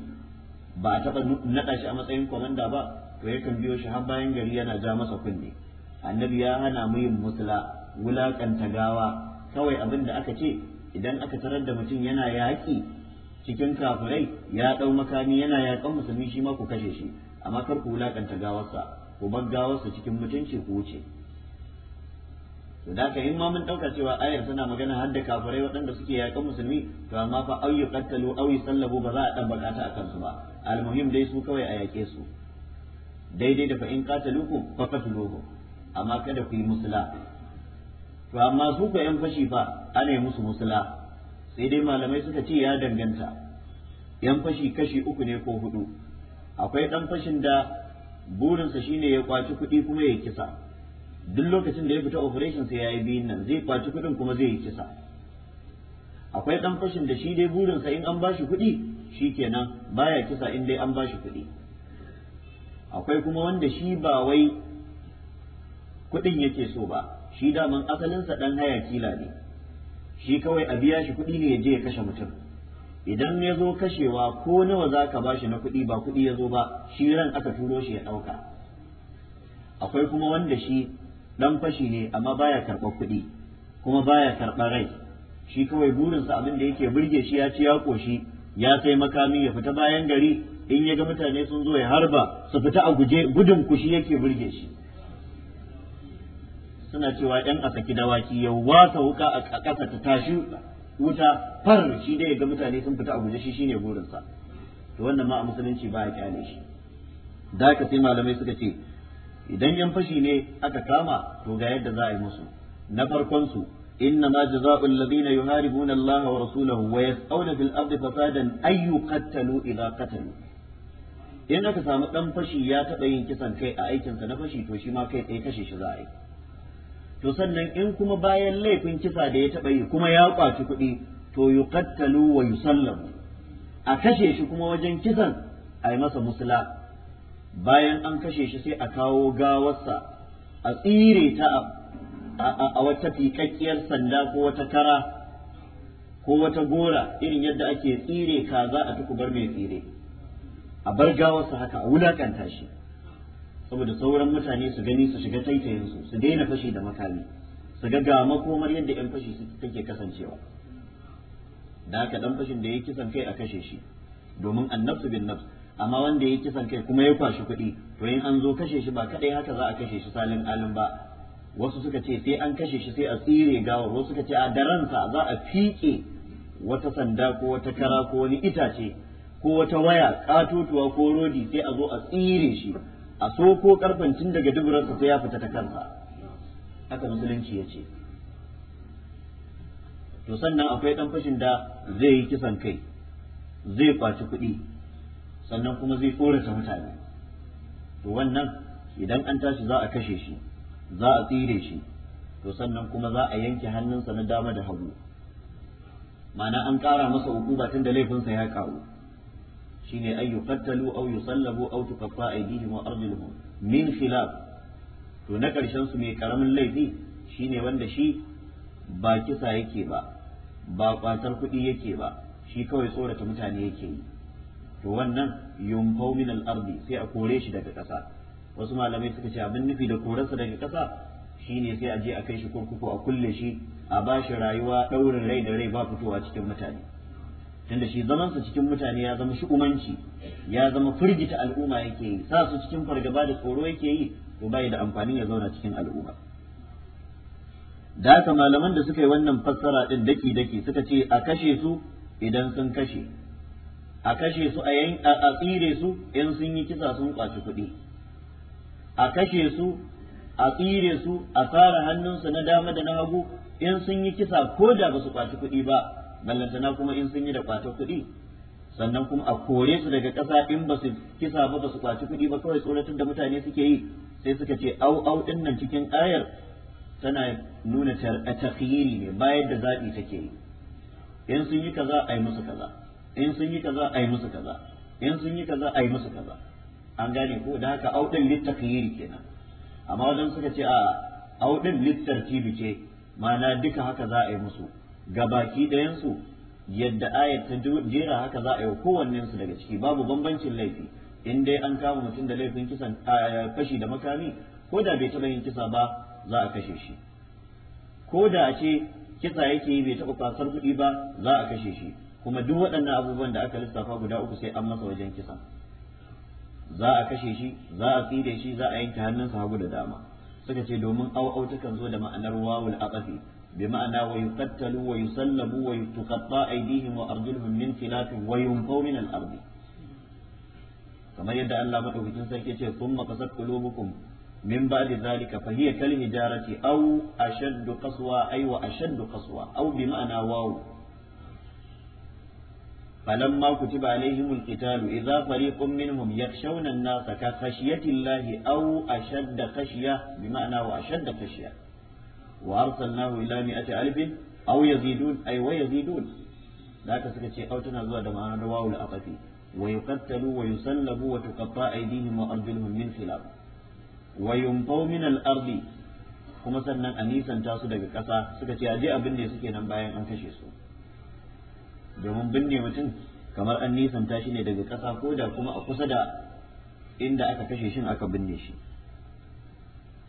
ba a taba nada shi a matsayin kwamanda ba to yakan biyo shi har bayan gari yana ja masa kunne annabi ya hana mu yin musula wulakanta gawa kawai abin da aka ce idan aka tarar da mutum yana yaƙi cikin kafirai ya ɗau makami yana yaƙan musulmi shi ma ku kashe shi amma kar ku wulaƙanta gawarsa ku bar gawarsa cikin mutunci ku wuce to da ka in ma mun ɗauka cewa ayar tana magana har da kafirai waɗanda suke yaƙan musulmi to amma fa au ƙattalo au sallabo ba za a ɗan bakata a kansu ba almuhim dai su kawai a yaƙe su daidai da fa in ku fa qatiluhum amma kada ku yi musula to amma su ka yan fashi fa ana musu musula sai dai malamai suka ce ya danganta yan fashi kashi uku ne ko hudu akwai dan fashin da burinsa shine ya kwaci kuɗi kuma ya kisa duk lokacin da ya fita operation sai ya yi biyun nan zai kwaci kuɗin kuma zai yi kisa akwai dan fashin da shi dai burinsa in an bashi kuɗi shikenan baya kisa in dai an bashi kuɗi akwai kuma wanda shi ba wai kuɗin yake so ba shi daman asalinsa dan haya kila ne shi kawai a biya shi kuɗi ne ya je ya kashe mutum idan ya zo kashewa ko nawa za ka shi na kuɗi ba kuɗi ya zo ba shi ran aka turo shi ya ɗauka akwai kuma wanda shi ɗan fashi ne amma baya karɓar kuɗi kuma baya karɓar rai shi kawai burinsa abin da yake burge shi ya ci ya ƙoshi ya sai makami ya fita bayan gari in ya ga mutane sun zo ya harba su fita a guje gudun kushi yake burge shi suna cewa yan a saki dawaki ya wasa wuka a ƙasa ta tashi wuta far shi dai ga mutane sun fita a guje shi shine burinsa to wannan ma a musulunci ba a kyale shi da ka sai malamai suka ce idan yan fashi ne aka kama to ga yadda za a yi musu na farkon su إنما جزاء الذين يحاربون الله ورسوله ويسعون في الأرض فسادا أن يقتلوا إذا قتلوا in aka samu ɗan fashi ya taɓa yin kisan kai a aikinsa na fashi to shi ma kai tsaye kashe shi za a yi to sannan in kuma bayan laifin kisa da ya taɓa yi kuma ya ƙwaci kuɗi to kattalu wa sallamu a kashe shi kuma wajen kisan a yi masa musula bayan an kashe shi sai a kawo gawarsa a tsire ta a wata fiƙaƙƙiyar sanda ko wata kara ko wata gora irin yadda ake tsire kaza a tukubar mai tsire a bar gawarsa haka a wulaƙanta shi saboda sauran mutane su gani su shiga taitayin su su daina fashi da makami su ga ga makomar yadda yan fashi take kasancewa da haka dan fashin da ya kisan kai a kashe shi domin annabsu bin nafs amma wanda ya kisan kai kuma ya kwashi kuɗi to in an zo kashe shi ba kaɗai haka za a kashe shi salin alin ba wasu suka ce sai an kashe shi sai a tsire gawar wasu suka ce a sa za a fike wata sanda ko wata kara ko wani itace ko wata waya katotuwa ko rodi sai a zo a tsire shi a so ko karfen tun daga duburansa sai ya fita ta kansa haka musulunci ya ce to sannan akwai dan fashin da zai yi kisan kai zai kwaci kuɗi sannan kuma zai tsorata mutane to wannan idan an tashi za a kashe shi za a tsire shi to sannan kuma za a yanke hannunsa na dama da hagu ma'ana an ƙara masa hukuma tun da laifinsa ya ƙaru shine ay yuqtalu aw yusallabu aw tukaffa aydihim wa arjuluhum min khilaf to na karshen su mai karamin laifi shine wanda shi ba kisa yake ba ba kwatar kuɗi yake ba shi kawai tsorata mutane yake yi to wannan yunfau min al-ardi sai a kore shi daga ƙasa wasu malamai suka ce abin nufi da korarsa daga ƙasa shine sai a je a kai shi kurkuku a kulle shi a ba shi rayuwa ɗaurin rai da rai ba fitowa cikin mutane tunda shi zamansa cikin mutane ya zama shi umanci ya zama firgita al'umma yake yi sa su cikin fargaba da tsoro yake yi to bai da amfani ya zauna cikin al'umma da haka malaman da suka yi wannan fassara din daki daki suka ce a kashe su idan sun kashe a kashe su a tsire su in sun yi kisa sun kwaci kuɗi a kashe su a tsire su a fara hannunsu na dama da na hagu in sun yi kisa ko da ba su kwaci kuɗi ba ballantana kuma in sun yi da kwata kuɗi sannan kuma a kore su daga ƙasa in ba su kisa ba ba su kwaci kuɗi ba kawai tsoratar da mutane suke yi sai suka ce au au din nan cikin ayar tana nuna takhiri ne bayan da zaɓi take yi in sun yi kaza yi musu kaza in sun yi kaza yi musu kaza in sun yi kaza yi musu kaza an gane ko da haka au din littakhiri kenan amma wajen suka ce a au din littartibi ce ma'ana duka haka za a yi musu Ga gabaki ɗayansu yadda ayat ta jera haka za a yi su daga ciki babu bambancin laifi in dai an kama mutum da laifin kisan fashi da makami ko da bai taɓa yin kisa ba za a kashe shi ko da a ce kisa yake yi bai taɓa kwasar kuɗi ba za a kashe shi kuma duk waɗannan abubuwan da aka lissafa guda uku sai an masa wajen kisa za a kashe shi za a tsire shi za a yanke hannunsa hagu da dama suka ce domin au'au takan zo da ma'anar wawul aqafi بمعنى ويقتلوا ويسلبوا وتقطع أيديهم وأرجلهم من خلاف وينفوا من الأرض كما يدعى الله مدعوكين سيكي ثم قصد قلوبكم من بعد ذلك فهي كالهجارة أو أشد قسوة أي وأشد قسوة أو بمعنى واو فلما كتب عليهم القتال إذا فريق منهم يخشون الناس كخشية الله أو أشد خشية بمعنى وأشد خشية wa arsalnahu a ce alfin aw yazidun ay yazidun da suka ce au tana zuwa da ma'anar wawul aqafi wa yuqattalu wa yusallabu wa tuqatta aydihim wa arjuluhum min khilaf wa yumdaw min al-ardi kuma sannan a nisanta su daga ƙasa suka ce aje abin da suke nan bayan an kashe su domin binne mutum kamar an nisanta shi ne daga ƙasa ko da kuma a kusa da inda aka kashe shin aka binne shi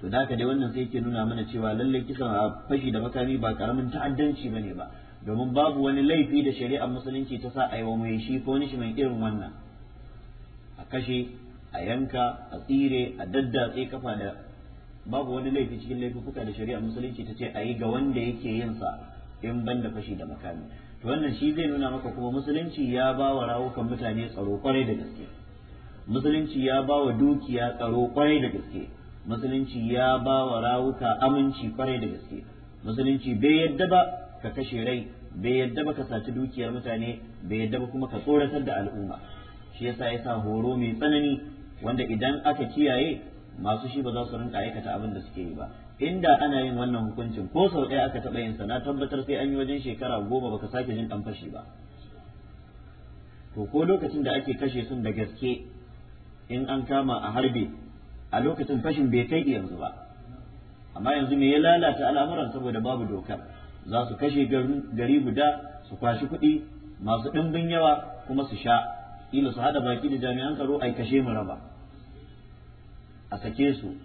to da haka dai wannan sai yake nuna mana cewa lallai kisan a fashi da makami ba karamin ta'addanci bane ba domin babu wani laifi da shari'ar musulunci ta sa a yi wa mai shi ko mai irin wannan a kashe a yanka a tsire a daddatse kafa da babu wani laifi cikin laifuka da shari'ar musulunci ta ce a yi ga wanda yake yin sa in ban da fashi da makami to wannan shi zai nuna maka kuma musulunci ya ba wa rawukan mutane tsaro kwarai da gaske musulunci ya ba wa dukiya tsaro kwarai da gaske musulunci ya ba wa rawuka aminci kwarai da gaske musulunci bai yadda ba ka kashe rai bai yadda ba ka saci dukiyar mutane bai yadda ba kuma ka tsoratar da al'umma shi yasa sa horo mai tsanani wanda idan aka kiyaye masu shi ba za su rinka aikata abin da suke yi ba inda ana yin wannan hukuncin ko sau ɗaya aka taɓa yin sa na tabbatar sai an yi wajen shekara goma baka sake jin ɗan fashi ba to ko lokacin da ake kashe sun da gaske in an kama a harbe a lokacin fashin bai kai yanzu ba amma yanzu me ya lalata al'amuran saboda babu dokar za su kashe gari guda su kwashi kuɗi masu ɗimbin yawa kuma su sha ila su haɗa baki da jami'an tsaro a kashe mu raba a sake su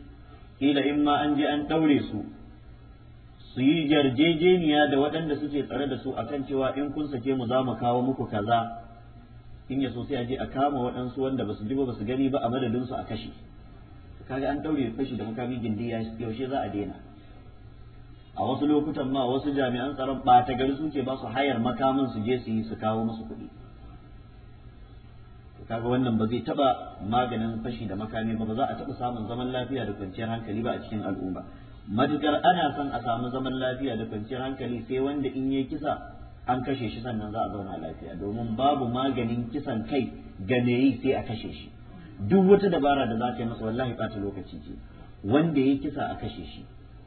ila in ma an je an ɗaure su su yi yarjejeniya da waɗanda suke tsare da su akan cewa in kun sake mu za mu kawo muku kaza in ya so sai a je a kama waɗansu wanda ba su ji ba su gani ba a madadinsu a kashe kaga an daure fashi da makami gindi yaushe za a daina a wasu lokutan ma wasu jami'an tsaron ba ta gari suke ba su hayar makamin su je su yi su kawo musu kuɗi kaga wannan ba zai taba maganin fashi da makami ba ba za a taba samun zaman lafiya da kwanciyar hankali ba a cikin al'umma matukar ana son a samu zaman lafiya da kwanciyar hankali sai wanda in yi kisa an kashe shi sannan za a zauna lafiya domin babu maganin kisan kai ga sai a kashe shi duk wata dabara da za ta yi masa wallahi ɓata lokaci ce wanda ya kisa a kashe shi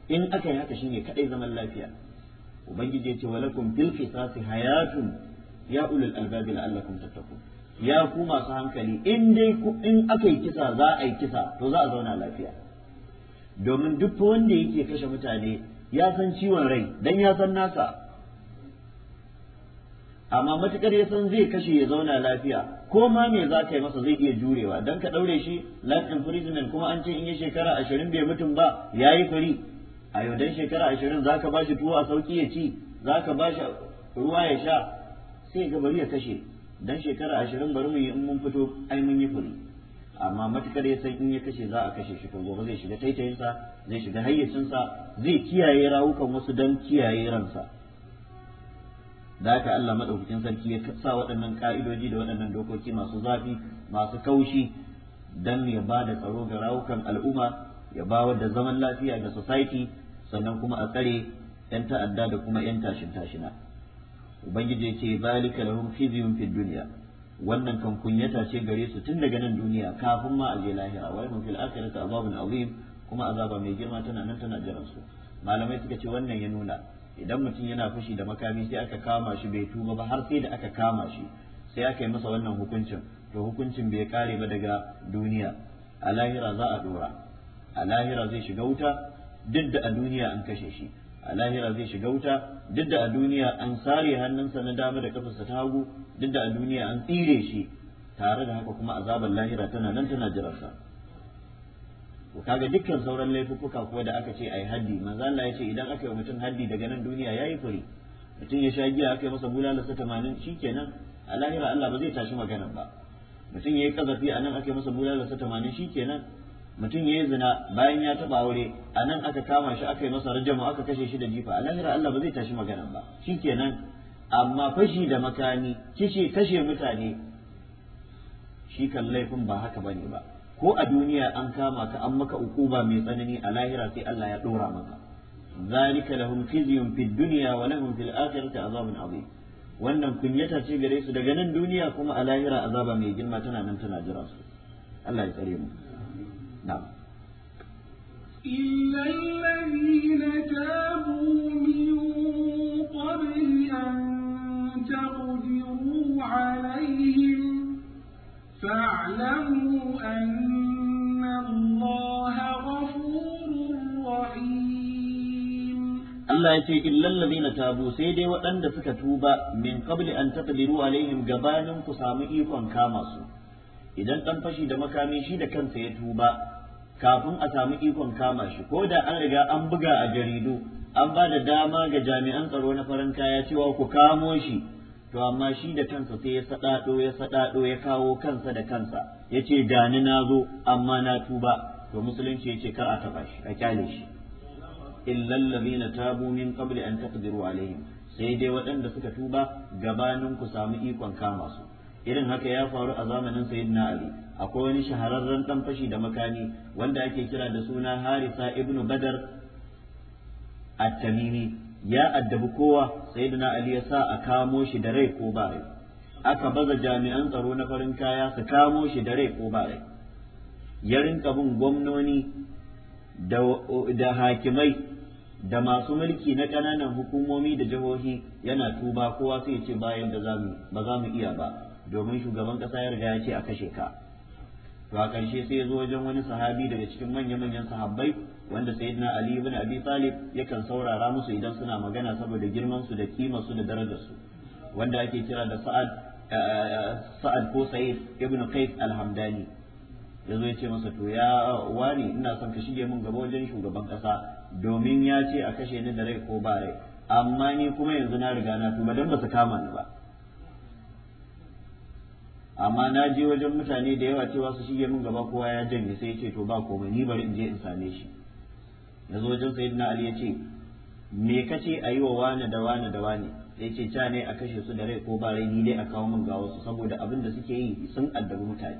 in aka yi haka shine kadai zaman lafiya ubangiji ya ce Walakun bil qisasi hayatun ya ulul albab la'allakum tattaqun ya ku masu hankali in dai in aka yi kisa za a yi kisa to za a zauna lafiya domin duk wanda yake kashe mutane ya san ciwon rai dan ya san nasa amma matukar ya san zai kashe ya zauna lafiya ko ma me za ka yi masa zai iya jurewa dan ka ɗaure shi life imprisonment kuma an ce in ya shekara ashirin bai mutum ba yayi fari a yau dan shekara ashirin za ka bashi tuwo a sauki ya ci za ka bashi ruwa ya sha sai ga bari ya kashe dan shekara ashirin bari mu yi in mun fito ai mun yi fari amma matukar ya san in ya kashe za a kashe shi gobe zai shiga taitayinsa zai shiga hayyacinsa zai kiyaye rawukan wasu don kiyaye ransa da haka Allah madaukakin sarki ya sa waɗannan ka'idoji da waɗannan dokoki masu zafi masu kaushi dan ya ba da tsaro ga rawukan al'umma ya ba da zaman lafiya ga society sannan kuma a tsare yan ta'adda da kuma yan tashin tashina ubangiji ce zalika lahum khizyun fid dunya wannan kan kunyata ce gare su tun daga nan duniya kafin ma a lahira wa lahum fil akhirati azabun azim kuma azaba mai girma tana nan tana jiran su malamai suka ce wannan ya nuna idan mutum yana fushi da makami sai aka kama shi bai tuba ba har sai da aka kama shi sai aka yi masa wannan hukuncin to hukuncin bai kare ba daga duniya a lahira za a dora a lahira zai shiga wuta duk da a duniya an kashe shi a lahira zai shiga wuta duk da a duniya an sare hannunsa na dama da kafarsa ta hagu duk da a duniya an tsire shi tare da haka kuma azabar lahira tana nan tana jirarsa kaga dukkan sauran laifuka kuwa da aka ce ai haddi manzo Allah ya ce idan aka yi mutum haddi daga nan duniya yayi kuri mutum ya sha giya aka yi masa bulala sa 80 shikenan a lahira Allah ba zai tashi magana ba mutum yayi kazafi a nan aka yi masa bulala sa 80 shikenan mutum yayi zina bayan ya taba aure a nan aka kama shi aka yi masa rajamu aka kashe shi da jifa a lahira Allah ba zai tashi magana ba shikenan amma fashi da makani, kishi kashe mutane shi kan laifin ba haka bane ba ko a duniya an kama ka an maka ukuba mai tsanani a lahira sai Allah ya dora maka zalika lahum khizyun fid dunya wa lahum fil akhirati azabun azim wannan kunyata ce gare su daga nan duniya kuma a lahira azaba mai girma tana nan tana jira su Allah ya tsare mu na'am إلا الذين تابوا Allah فاعلموا أن الله غفور رحيم الله waɗanda إلا الذين تابوا سيدي وأن دفك توبا من قبل أن تقدروا samu ikon kama su. idan ɗan fashi da makami shi da kansa ya tuba kafin a samu ikon kama shi ko da an riga an buga a jaridu an ba da dama ga jami'an tsaro na farin kaya cewa ku kamo shi to amma shi da kansa sai ya saɗaɗo ya saɗaɗo ya kawo kansa da kansa ya ce ni na zo amma na tuba to musulunci ya ce kar a taba shi a kyale shi illal ladina tabu min qabli an taqdiru alaihim sai dai waɗanda suka tuba gabanin ku samu ikon kama su irin haka ya faru a zamanin sayyidina ali akwai wani shahararren dan fashi da makani wanda ake kira da suna harisa ibnu badar at-tamimi ya addabi kowa sayyidina ali ya sa a kamo shi da rai ko ba rai aka baza jami'an tsaro na farin kaya su kamo shi da rai ko ba rai ya rinka bin gwamnoni da hakimai da masu mulki na ƙananan hukumomi da jihohi yana tuba kowa sai ce bayan da ba za mu iya ba domin shugaban ƙasa ya riga ya ce a kashe ka to a ƙarshe sai ya zo wajen wani sahabi daga cikin manya-manyan sahabbai wanda sayyidina ali ibn abi talib yakan saurara musu idan suna magana saboda girman su da kima su da darajar su wanda ake kira da sa'ad eh, eh, sa'ad ko sa'id ibn qais al-hamdani yazo yace masa to ya wani ina son ka shige min gaba wajen shugaban kasa domin ya ce a kashe ni da rai ko ba rai amma ni kuma yanzu na riga na tuba dan ba su kama ni ba amma na je wajen mutane da yawa cewa su shige min gaba kowa ya janye sai ya ce to ba komai ni bari in je in same shi ya zo wajen na ali ya ce me kace a yi wa wane da wane da wane ya ce ca ne a kashe su da rai ko ba rai ni dai a kawo min ga wasu saboda abin da suke yi sun addabi mutane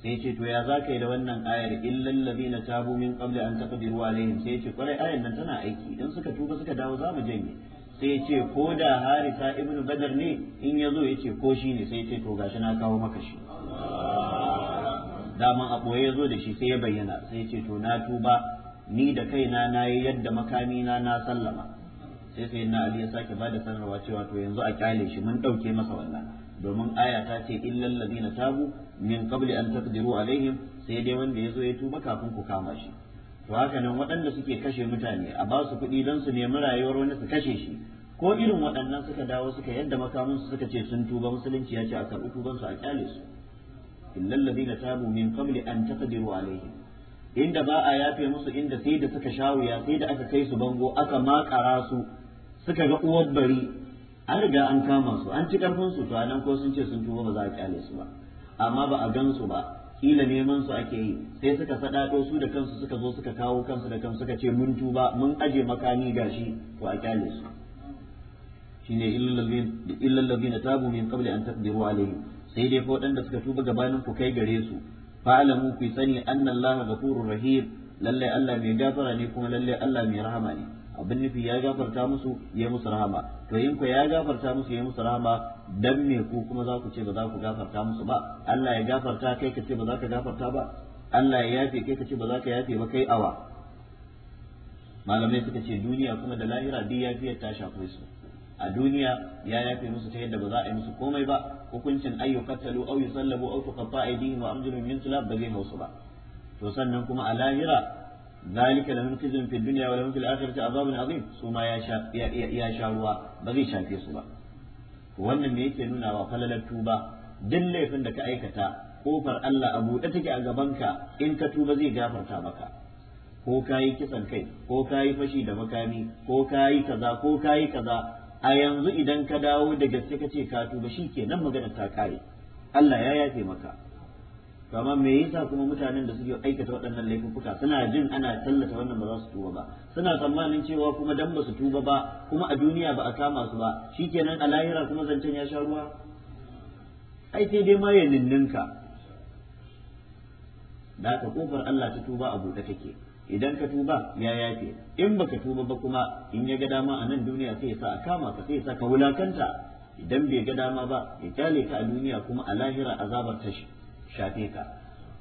sai ce to ya za yi da wannan ayar illal ladina tabu min qabli an taqdiru alaihim sai ce kwarai ayar nan tana aiki idan suka tuba suka dawo za mu janye sai ce ko da harisa ibnu badar ne in ya zo ya ce ko shi ne sai ce to gashi na kawo maka shi daman a ɓoye ya zo da shi sai ya bayyana sai ce to na tuba ni da kaina na yi yadda makami na na sallama sai sai na ali ya sake bada sanarwa cewa to yanzu a kyale shi mun dauke masa wannan domin aya ta ce illal ladina tabu min qabli an taqdiru alaihim sai dai wanda yazo ya tuba kafin ku kama shi to haka nan waɗanda suke kashe mutane a ba su kuɗi don su nemi rayuwar wani su kashe shi ko irin waɗannan suka dawo suka yadda makamun su suka ce sun tuba musulunci ya ce a karɓi tuban su a kyale su illal ladina tabu min qabli an taqdiru alaihim inda ba a yafe musu inda sai da suka sha wuya sai da aka kai su bango aka makara su suka ga uwar bari an riga an kama su an ci karfin su to nan ko sun ce sun tuba ba za a kyale su ba amma ba a gan su ba kila neman su ake yi sai suka sadado su da kansu suka zo suka kawo kansu da kansu suka ce mun tuba mun aje makami gashi to a kyale su shine illal ladina tabu min qabli an taqdiru alaihim sai dai fa waɗanda suka tuba gabanin ku kai gare su fa'alamu ku sani anna Allah ghafurur rahim lalle Allah mai gafara ne kuma lalle Allah mai rahama ne abin nufi ya gafarta musu ya musu rahama to in ku ya gafarta musu ya musu rahama dan me ku kuma za ku ce ba za ku gafarta musu ba Allah ya gafarta kai ka ce ba za ka gafarta ba Allah ya yafe kai ka ce ba za ka yafe ba kai awa malamai suka ce duniya kuma da lahira duk yafiyar ta shafe su a duniya ya yafe musu ta yadda ba za a yi musu komai ba hukuncin ayyu qatalu aw yusallabu aw tuqatta aydihim wa arjuluhum min khilaf ba zai hausu ba to sannan kuma a lahira zalika lahum khizyun fid dunya wa lahum fil akhirati azabun azim su ma ya sha ya sha ruwa ba zai shafe su ba wannan me yake nuna wa falalar tuba duk laifin da ka aikata kofar Allah a buɗe take a gabanka in ka tuba zai gafarta maka ko kayi kisan kai ko kayi fashi da makami ko kayi kaza ko kayi kaza a yanzu idan ka dawo da gaske ka ce ka tuba shi ke nan magana ta kare Allah ya yafe maka to amma me yasa kuma mutanen da suke aikata waɗannan laifuka suna jin ana tallata wannan ba za su tuba ba suna tsammanin cewa kuma dan ba su tuba ba kuma a duniya ba a kama su ba shikenan a lahira kuma zancen ya sha ruwa ai sai dai ma ya ninninka da ka kofar Allah ta tuba a buɗe take idan ka tuba ya yafe in baka tuba ba kuma in ya ga dama a nan duniya sai ya sa a kama ka sai ya sa ka wulakanta idan bai ga dama ba ya kyale ka a duniya kuma a lahira azabar ta shafe ka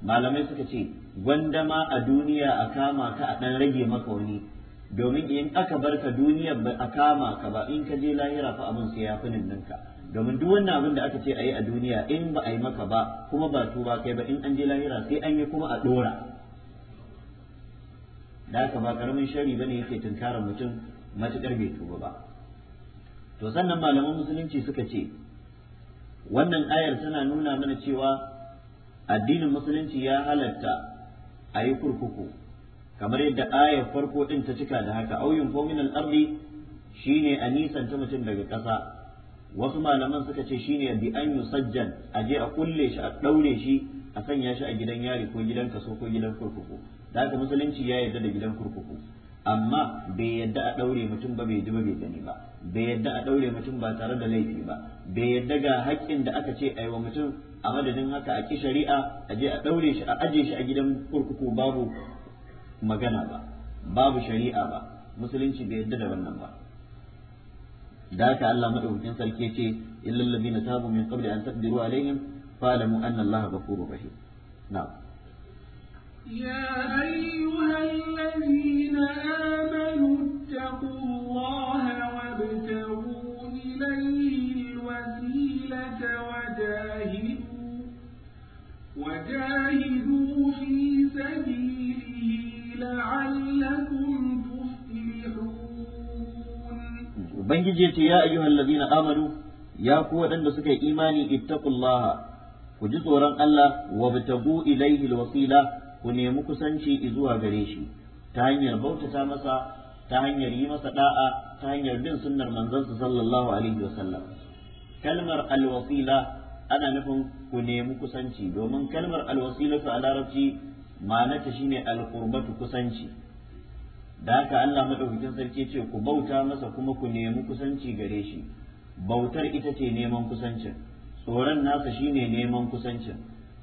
malamai suka ce gwandama a duniya a kama ka a dan rage maka wani domin in aka bar ka duniyar ba a kama ka ba in ka je lahira fa abun sai ya fi ninka? domin duk wannan abin da aka ce a yi a duniya in ba a yi maka ba kuma ba tuba kai ba in an je lahira sai an yi kuma a dora da haka ba karamin shari bane yake tunkara mutum matukar bai tuba ba to sannan malaman musulunci suka ce wannan ayar tana nuna mana cewa addinin musulunci ya halatta a yi kurkuku kamar yadda ayar farko din ta cika da haka auyin komin al'ardi shine a ta mutum daga ƙasa wasu malaman suka ce shine bi an yusajjan a a kulle shi a ɗaure shi a sanya shi a gidan yari ko gidan kaso ko gidan kurkuku da haka musulunci ya yarda da gidan kurkuku amma bai yadda a ɗaure mutum ba bai ji ba bai gani ba bai yadda a ɗaure mutum ba tare da laifi ba bai yarda ga haƙƙin da aka ce aiwa mutum a madadin haka a ki shari'a a je a daure shi a aje shi a gidan kurkuku babu magana ba babu shari'a ba musulunci bai yadda da wannan ba da haka Allah madaukakin sarki ce illal ladina tabu min qabli an taqdiru alaihim fa'lamu anna Allah ghafurur rahim na'am يا أيها الذين آمنوا اتقوا الله وابتغوا إليه الوسيلة وجاهدوا وجاهدوا في سبيله لعلكم يا أيها الذين آمنوا قوة أن إيماني اتقوا الله ku ji tsoron Allah wa bitagu ilaihi ku nemi kusanci zuwa gare shi ta hanyar bautata masa ta hanyar yi masa da'a ta hanyar bin sunnar manzansa sallallahu alaihi wasallam kalmar alwasila ana nufin ku nemi kusanci domin kalmar alwasilatu a larabci ma'anarta shine alqurbatu kusanci da haka Allah madaukakin sarki ce ku bauta masa kuma ku nemi kusanci gare shi bautar ita ce neman kusancin tsoron nasa shine neman kusancin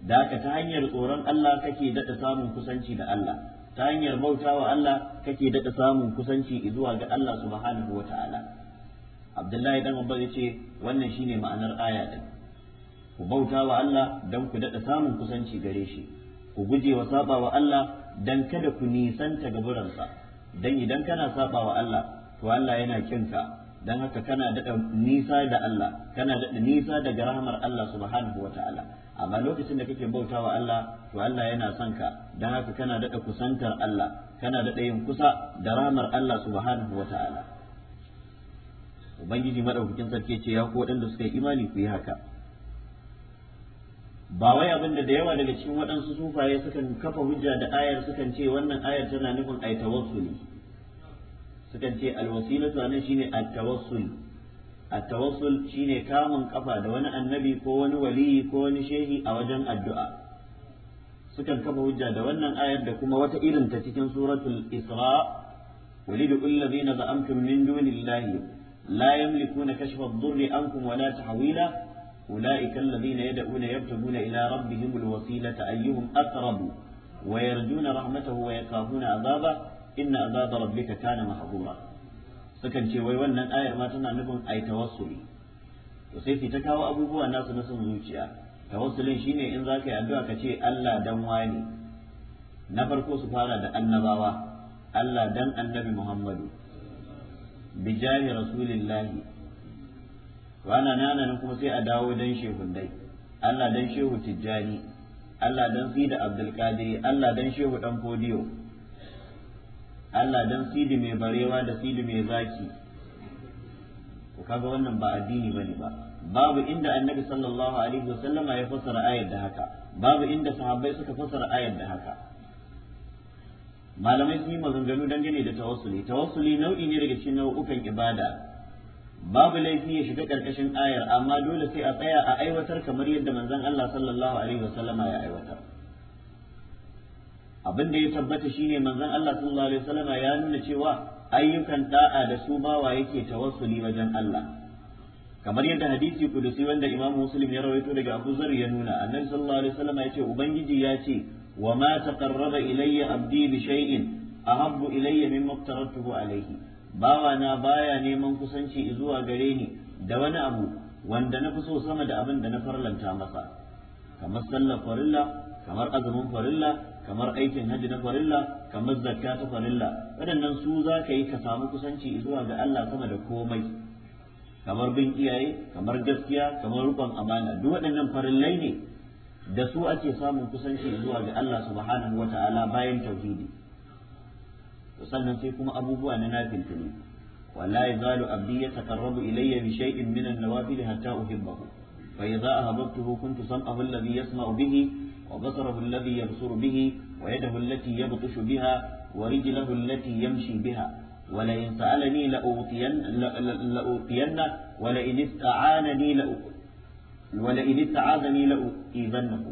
da haka ta hanyar tsoron Allah kake daɗa samun kusanci da Allah ta hanyar bautawa Allah kake daɗa samun kusanci zuwa ga Allah subhanahu wa ta'ala Abdullahi dan Abbas yace wannan shine ma'anar aya din ku bautawa Allah dan ku daɗa samun kusanci gare shi ku guje wa sabawa Allah dan kada ku nisan ta ga gaburansa dan idan kana sabawa Allah to Allah yana kinka dan haka kana da nisa da Allah kana da nisa daga rahmar Allah subhanahu wataala amma lokacin da kake bautawa Allah to Allah yana son ka dan haka kana da kusantar Allah kana da yin kusa da rahmar Allah subhanahu wataala ubangiji madaukakin sarki ce ya ko waɗanda suka yi imani ku yi haka ba wai abin da yawa daga cikin waɗansu sufaye sukan kafa hujja da ayar sukan ce wannan ayar tana nufin ai tawassuli sukan ce alwasilatu a nan shine at-tawassul shine kamun kafa da wani annabi ko wani wali ko wani shaihi a wajen addu'a sukan kafa hujja da wannan ayar da kuma wata irin ta cikin suratul isra qul ladzina za'amtum min dunillahi la yamlikuna kashfa ad-durri ankum wa la tahwila أولئك الذين يدعون يبتغون إلى ربهم الوسيلة أيهم أقرب ويرجون رحمته ويخافون azaba? inna azaba rabbika kana mahzura sukan ce wai wannan ayar ma tana nufin ai tawassuli to sai ta kawo abubuwa nasu na son zuciya tawassulin shine in za yi addu'a ka ce Allah dan wani na farko su fara da annabawa Allah dan annabi Muhammadu bijahi rasulillahi wana nana kuma sai a dawo dan dai. Allah dan shehu tijjani Allah dan sida abdul Allah dan shehu dan fodiyo Allah dan sidi mai barewa da sidi mai zaki ku kaga wannan ba addini bane ba babu inda annabi sallallahu alaihi wasallama ya fassara ayar da haka babu inda sahabbai suka fassara ayar da haka malamai sun yi maganganu dangane da tawassuli tawassuli nau'i ne daga cikin nau'ukan ibada babu laifi ya shiga karkashin ayar amma dole sai a tsaya a aiwatar kamar yadda manzon Allah sallallahu alaihi wasallama ya aiwatar abin da ya tabbata shine manzon Allah sallallahu alaihi wasallam ya nuna cewa ayyukan da'a da su bawa yake tawassuli wajen Allah kamar yadda hadisi kudusi wanda Imam Muslim ya rawaito daga Abu Zar ya nuna annabi sallallahu alaihi wasallam ya ce ubangiji ya ce wa ma taqarraba ilayya abdi bi shay'in ahabbu ilayya mimma qtaratuhu alayhi na baya neman kusanci zuwa gare ni da wani abu wanda na fi so sama da abin da na farlanta masa kamar sallar farilla kamar azumin farilla kamar aikin hajji na farilla kamar zakka ta farilla waɗannan su za ka yi ka samu kusanci zuwa ga Allah sama da komai kamar bin iyaye kamar gaskiya kamar rukun amana duk waɗannan farillai ne da su ake samun kusanci zuwa ga Allah subhanahu wata'ala bayan tauhidi sannan sai kuma abubuwa na abdi nafilfili ولا يزال عبدي يتقرب إلي بشيء من النوافل حتى أحبه فإذا أحببته كنت سمعه الذي yasma'u به وبصره الذي يبصر به ويده التي يبطش بها ورجله التي يمشي بها ولئن سألني لأوطين لأوطينه ولئن استعانني لأ ولئن استعاذني لأؤذنه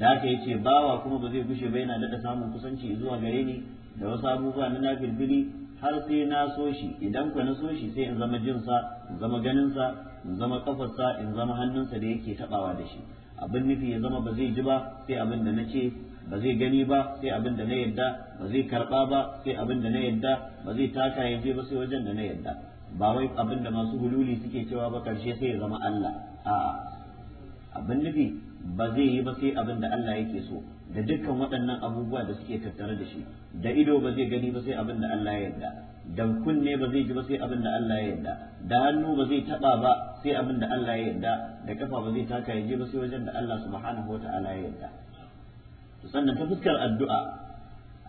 da aka yi ce bawa kuma ba zai gushe bai na daɗa samun kusanci zuwa gare ni da wasu abubuwa na nafilfili har sai na so shi idan ku na so shi sai in zama jinsa in zama ganinsa in zama kafarsa in zama hannunsa da yake taɓawa da shi abin nufi ya zama ba zai ji ba sai abin da na ce ba zai gani ba sai abin da na yadda ba zai karba ba sai abin da na yadda ba zai taka ya je ba sai wajen da na yadda ba wai abin da masu hululi suke cewa ba karshe sai ya zama Allah a'a abin nufi ba zai yi ba sai abin da Allah yake so da dukkan waɗannan abubuwa da suke tattare da shi da ido ba zai gani ba sai abin da Allah ya yarda da kunne ba zai ji ba sai abin da Allah ya yarda da hannu ba zai taba ba sai abin da Allah ya yarda da kafa ba zai taka ya je ba sai wajen da Allah subhanahu wata'ala ya yarda to sannan ta fuskar addu'a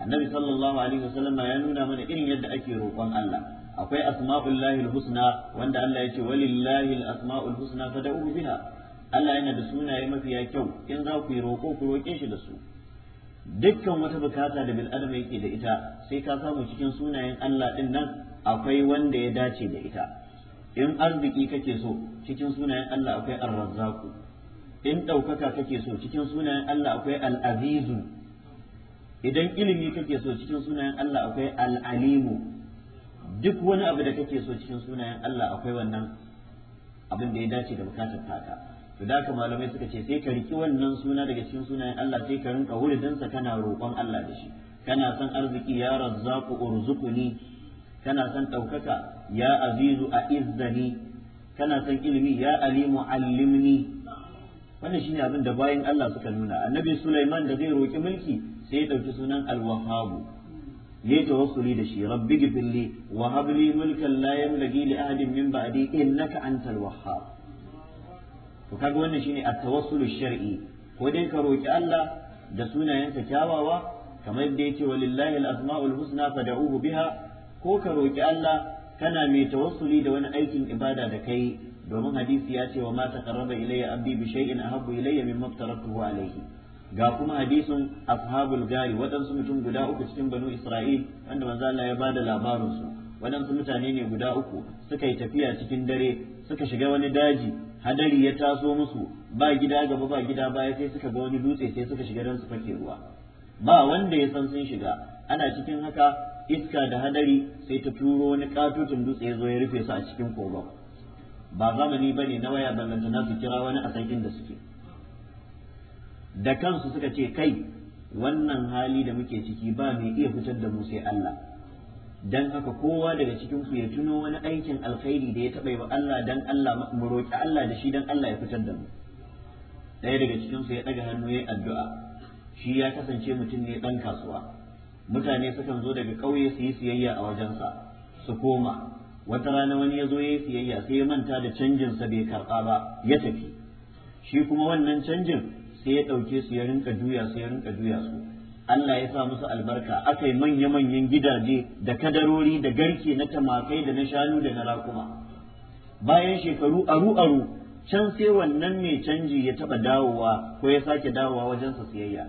annabi sallallahu alaihi wasallam ya nuna mana irin yadda ake roƙon Allah akwai Lahi husna wanda Allah ya ce walillahi al-asma'ul husna fad'u biha Allah yana da sunaye mafiya kyau in za ku yi roƙo ku roƙe shi da su dukkan wata bukata da bil adam yake da ita sai ka samu cikin sunayen Allah din nan akwai wanda ya dace da ita in arziki kake so cikin sunayen Allah akwai ar razzaq in ɗaukaka kake so cikin sunayen Allah akwai al-azizu idan ilimi kake so cikin sunayen Allah akwai al-alimu duk wani abu da kake so cikin sunayen Allah akwai wannan abin da ya dace da bukatar taka to da haka malamai suka ce sai ka riki wannan suna daga cikin sunayen Allah sai ka rinka wuridinsa kana roƙon Allah da shi kana son arziki ya razzaqu urzuquni kana son ɗaukaka ya azizu a izzani kana son ilimi ya alimu allimni wannan shine abin da bayan Allah suka nuna annabi Sulaiman da zai roƙi mulki sai ya ɗauki sunan alwahabu yayi tawassuli da shi rabbi gifirli wa habli mulkan la yamlaki li ahadin min ba'di innaka antal wahhab to kaga wannan shine at-tawassulu shar'i ko dai ka roki Allah da sunayensa kyawawa kamar yadda yake walillahi al-asma'ul husna fad'uhu biha ko ka roki Allah kana mai tawassuli da wani aikin ibada da kai domin hadisi ya ce wa ma taqarraba ilayya abdi bi shay'in ahabbu ilayya mimma aftaratuhu alayhi ga kuma hadisin ashabul gari waɗansu mutum guda uku cikin banu isra'il wanda manzo Allah ya bada labarin su waɗansu mutane ne guda uku suka yi tafiya cikin dare suka shiga wani daji hadari ya taso musu ba gida gaba ba gida baya sai suka ga wani dutse sai suka shiga don su fake ruwa ba wanda ya san sun shiga ana cikin haka iska da hadari sai ta turo wani katutun dutse ya zo ya rufe su a cikin kogon ba zamani bane na waya na su kira wani a san da suke da kansu suka ce kai wannan hali da muke ciki ba mai iya fitar da mu sai Allah dan haka kowa daga cikin ku ya tuno wani aikin alkhairi da ya taɓa yi wa Allah dan Allah mu roƙi Allah da shi dan Allah ya fitar da mu ɗaya daga cikin su ya ɗaga hannu ya addu'a shi ya kasance mutum ne ɗan kasuwa mutane sukan zo daga ƙauye su yi siyayya a wajensa su koma wata rana wani ya zo ya yi siyayya sai ya manta da sa bai karɓa ba ya tafi shi kuma wannan canjin sai ya ɗauke su ya rinka juya su ya rinka juya su Allah ya sa musu albarka aka yi manya-manyan gidaje da kadarori da garke na tamakai da na shanu da na rakuma bayan shekaru aru-aru can sai wannan mai canji ya taɓa dawowa ko ya sake dawowa wajen sa siyayya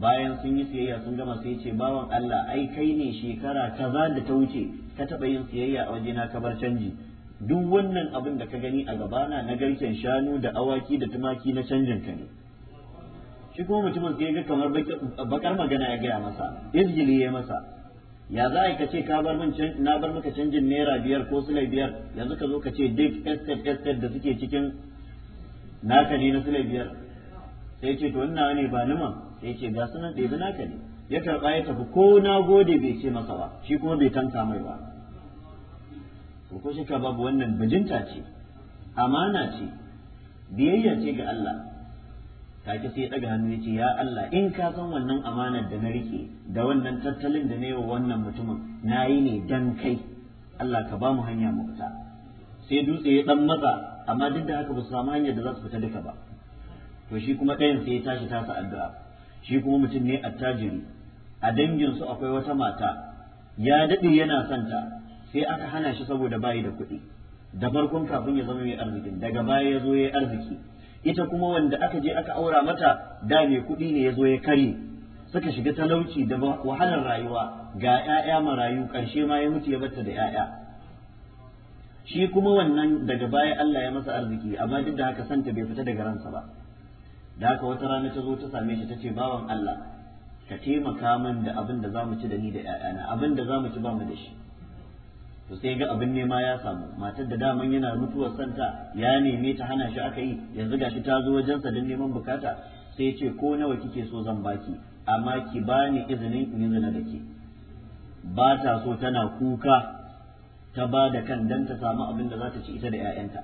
bayan sun yi siyayya sun gama sai ce bawan Allah ai kai ne shekara kaza da ta wuce ka taɓa yin siyayya a wajena ka bar canji duk wannan abin da ka gani a gabana na garken shanu da awaki da tumaki na canjin ka ne shi kuma mutumin sai ga kamar bakar magana ya gaya masa izgili ya masa ya za a yi ka ce ka bar min na bar maka canjin naira biyar ko sulai biyar yanzu ka zo ka ce duk estate estate da suke cikin naka ne na sulai biyar sai ce to ina ne ba ma. sai ce ga sunan ɗebi naka ne ya karɓa ya tafi ko na gode bai ce masa ba shi kuma bai tanka mai ba to ko shi ka babu wannan bijinta ce amana ce biyayya ce ga Allah take sai ya daga hannu ya ce ya Allah in ka san wannan amanar da na rike da wannan tattalin da na yi wa wannan mutumin na yi ne dan kai Allah ka ba mu hanya mu fita sai dutse ya ɗan matsa amma duk da haka ba su samu hanyar da za su fita duka ba to shi kuma ɗayan sai ya tashi tasa addu'a shi kuma mutum ne attajiri a danginsu akwai wata mata ya daɗe yana son ta sai aka hana shi saboda bayi da kuɗi da farkon kafin ya zama mai arzikin daga baya ya zo ya yi arziki ita kuma wanda aka je aka aura mata da mai kuɗi ne ya zo ya kare suka shiga talauci da wahalar rayuwa ga 'ya'ya marayu ƙarshe ma ya mutu ya batta da 'ya'ya shi kuma wannan daga baya Allah ya masa arziki amma duk da haka santa bai fita daga ransa ba da haka wata rana ta zo ta same shi ta ce bawan Allah ka taimaka min da abin da za mu ci da ni da 'ya'yana abin da za mu ci ba mu da shi to sai ga abin nema ya samu matar da daman yana mutuwar santa ya neme ta hana shi aka yi yanzu gashi ta zo wajen sa don neman bukata sai ce ko nawa kike so zan baki amma ki bani izinin in zina da ke ba ta so tana kuka ta ba da kan dan ta samu abin da za ta ci ita da 'ya'yanta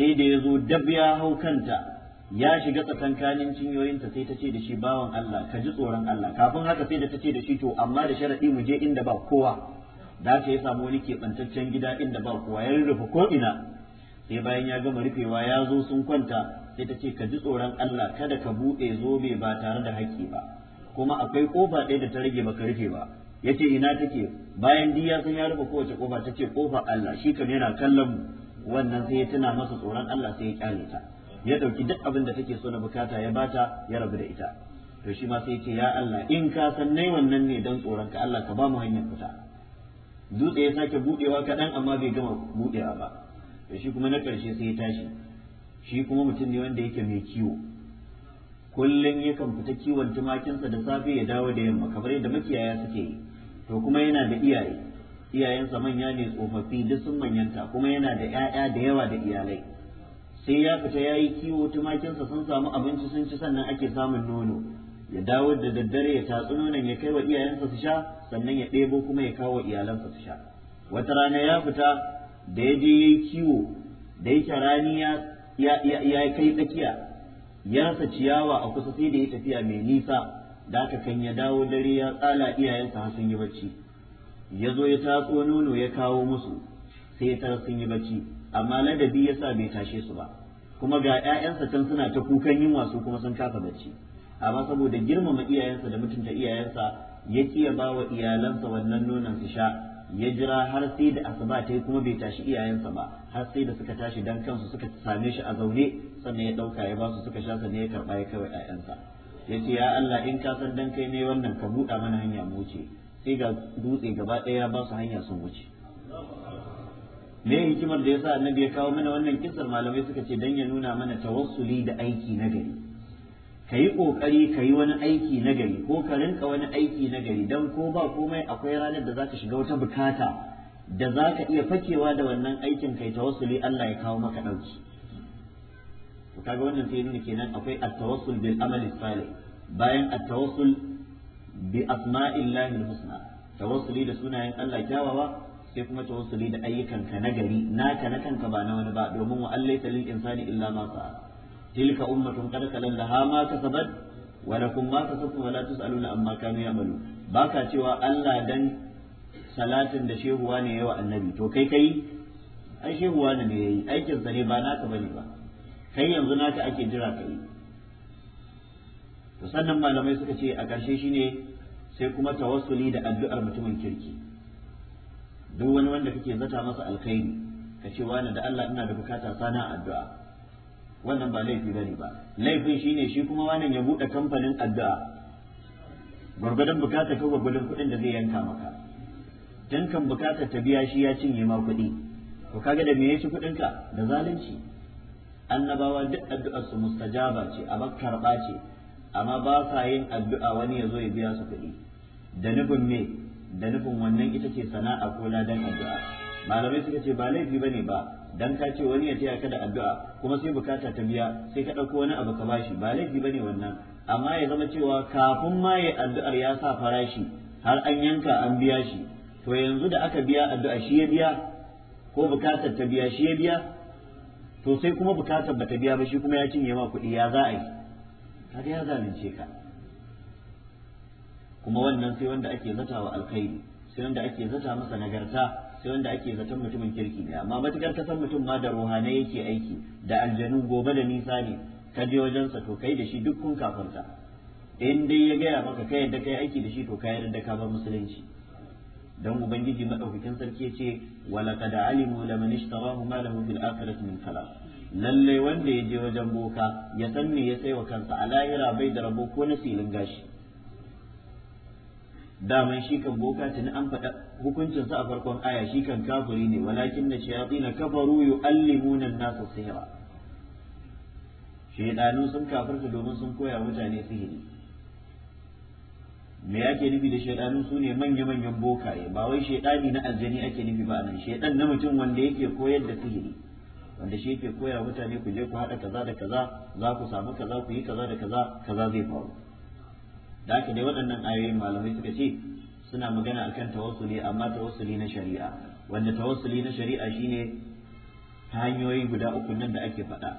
sai da ya zo dab ya hau kanta ya shiga tsakankanin cinyoyinta sai ta ce da shi bawan Allah ka ji tsoron Allah kafin haka sai da ta ce da shi to amma da sharaɗi mu je inda ba kowa da haka ya samu wani keɓantaccen gida inda ba kowa ya rufe ko ina sai bayan ya gama rufewa ya zo sun kwanta sai ta ce ka ji tsoron Allah kada ka buɗe zobe ba tare da haƙƙi ba kuma akwai ƙofa ɗaya da ta rage baka rufe ba ya ce ina take bayan diya sun ya rufe kowace ƙofa ta ce kofa Allah shi kan yana kallon wannan sai ya tuna masa tsoron Allah sai ya kyale ta ya ɗauki duk abin da take so na bukata ya bata ya rabu da ita to shi ma sai ya ce ya Allah in ka san nai wannan ne don tsoron ka Allah ka ba mu hanyar fita dutse ya sake budewa kaɗan amma bai gama budewa ba da shi kuma na ƙarshe sai ya tashi shi kuma mutum ne wanda yake mai kiwo kullum yakan fita kiwon tumakinsa da safe ya dawo da yamma kamar yadda makiyaya suke yi to kuma yana da iyaye iyayensa manya ne tsofaffi duk sun manyanta kuma yana da 'ya'ya da yawa da iyalai sai ya fita ya yi kiwo tumakinsa sun samu abinci sun ci sannan ake samun nono ya dawo da daddare ya tatsi nonon ya kai wa iyayensa su sha sannan ya ɗebo kuma ya kawo iyalansa su sha wata rana ya fita da ya je yayi kiwo da yake rani ya kai tsakiya ya rasa ciyawa a kusa sai da ya tafiya mai nisa da aka kan ya dawo dare ya tsala iyayensa har sun yi bacci ya zo ya tatso nono ya kawo musu sai ya sun yi bacci amma ladabi ya sa bai tashe su ba kuma ga 'ya'yansa can suna ta kukan yin wasu kuma sun kasa bacci amma saboda girmama iyayensa da mutunta iyayensa ya ki ya bawa iyalansa wannan nonon su sha ya jira har sai da asuba ta yi kuma bai tashi iyayensa ba har sai da suka tashi dan kansu suka same shi a zaune sannan ya dauka ya basu suka sha sannan ya karba ya kawai ƴaƴansa ce ya Allah in ka san dan kai ne wannan ka buɗa mana hanya mu wuce sai ga dutse gaba ɗaya ya su hanya sun wuce me hikimar da ya sa annabi ya kawo mana wannan kisar malamai suka ce dan ya nuna mana tawassuli da aiki na gari ka yi ƙoƙari ka yi wani aiki na gari ko ka rinka wani aiki na gari don ko ba komai akwai ranar da za ka shiga wata bukata da za ka iya fakewa da wannan aikin kai tawassuli Allah ya kawo maka ɗauki to kaga wannan sai nuna kenan akwai at-tawassul bil amal salih bayan at-tawassul bi asma'illahi al-husna tawassuli da sunayen Allah kyawawa sai kuma tawassuli da ayyukanka na gari naka na kanka ba na wani ba domin wa allaysa lil insani illa ma sa'a tilka ummatun qad kalan laha ma kasabat wa lakum ma kasabtum wa la tusaluna amma kanu ya'malu baka cewa Allah dan salatin da shehuwa ne yawa annabi to kai kai ai shehuwa ne yayi aikin sa ne ba naka bani ba kai yanzu naka ake jira kai to sannan malamai suka ce a ƙarshe shine sai kuma tawassuli da addu'ar mutumin kirki duk wani wanda kake zata masa alkhairi ka ce wani da Allah ina da bukata sana addu'a wannan ba laifi bane ba laifin shine shi kuma wannan ya bude kamfanin addu'a gwargwadon bukata ko gwargwadon kuɗin da zai yanka maka dan kan bukata ta biya shi ya cinye ma kuɗi to kaga da me shi kuɗin ka da zalunci annabawa duk addu'ar su mustajaba ce a karɓa ce amma ba sa yin addu'a wani ya zo ya biya su kuɗi da nufin me da nufin wannan ita ce sana'a ko ladan addu'a malamai suka ce ba laifi bane ba dan ka ce wani ya taya ka da addu'a kuma sai bukata ta biya sai ka ɗauko wani abu ka bashi ba laifi bane wannan amma ya zama cewa kafin ma ya addu'ar ya sa farashi har an yanka an biya shi to yanzu da aka biya addu'a shi ya biya ko bukatar ta biya shi ya biya to sai kuma bukatar ba ta biya ba shi kuma ya cinye ma kuɗi ya za a yi ya zalunce ka kuma wannan sai wanda ake zata wa alkhairi sai wanda ake zata masa nagarta sai wanda ake zaton mutumin kirki ne amma matukar ka san mutum ma da ruhanai yake aiki da aljanu gobe da nisa ne ka je wajensa to kai da shi duk kun kafarta in dai ya gaya maka kai yadda kai aiki da shi to kai da ka bar musulunci dan ubangiji madaukakin sarki yace wala qad alimu laman ishtarahu ma lahu bil akhirati min kala. lalle wanda ya je wajen boka ya san me ya sai wa kansa a lahira bai da rabo ko na silin gashi daman shi kan boka tuni an faɗa sa a farkon aya shi kan kafiri ne walakin na na kafaru yu'allimuna an-nasa sihra shaydanu sun kafirta domin sun koya mutane sihiri me yake nufi da shaydanu su ne manya manyan bokaye ba wai shaydani na aljani ake nufi ba nan shaydan na mutum wanda yake koyar da sihiri wanda shi yake koya mutane ku je ku haɗa kaza da kaza za ku samu kaza ku yi kaza da kaza kaza zai faru da haka dai waɗannan ayoyin malamai suka ce suna magana akan tawassuli amma tawassuli na shari'a wanda tawassuli na shari'a shine ta hanyoyi guda uku nan da ake faɗa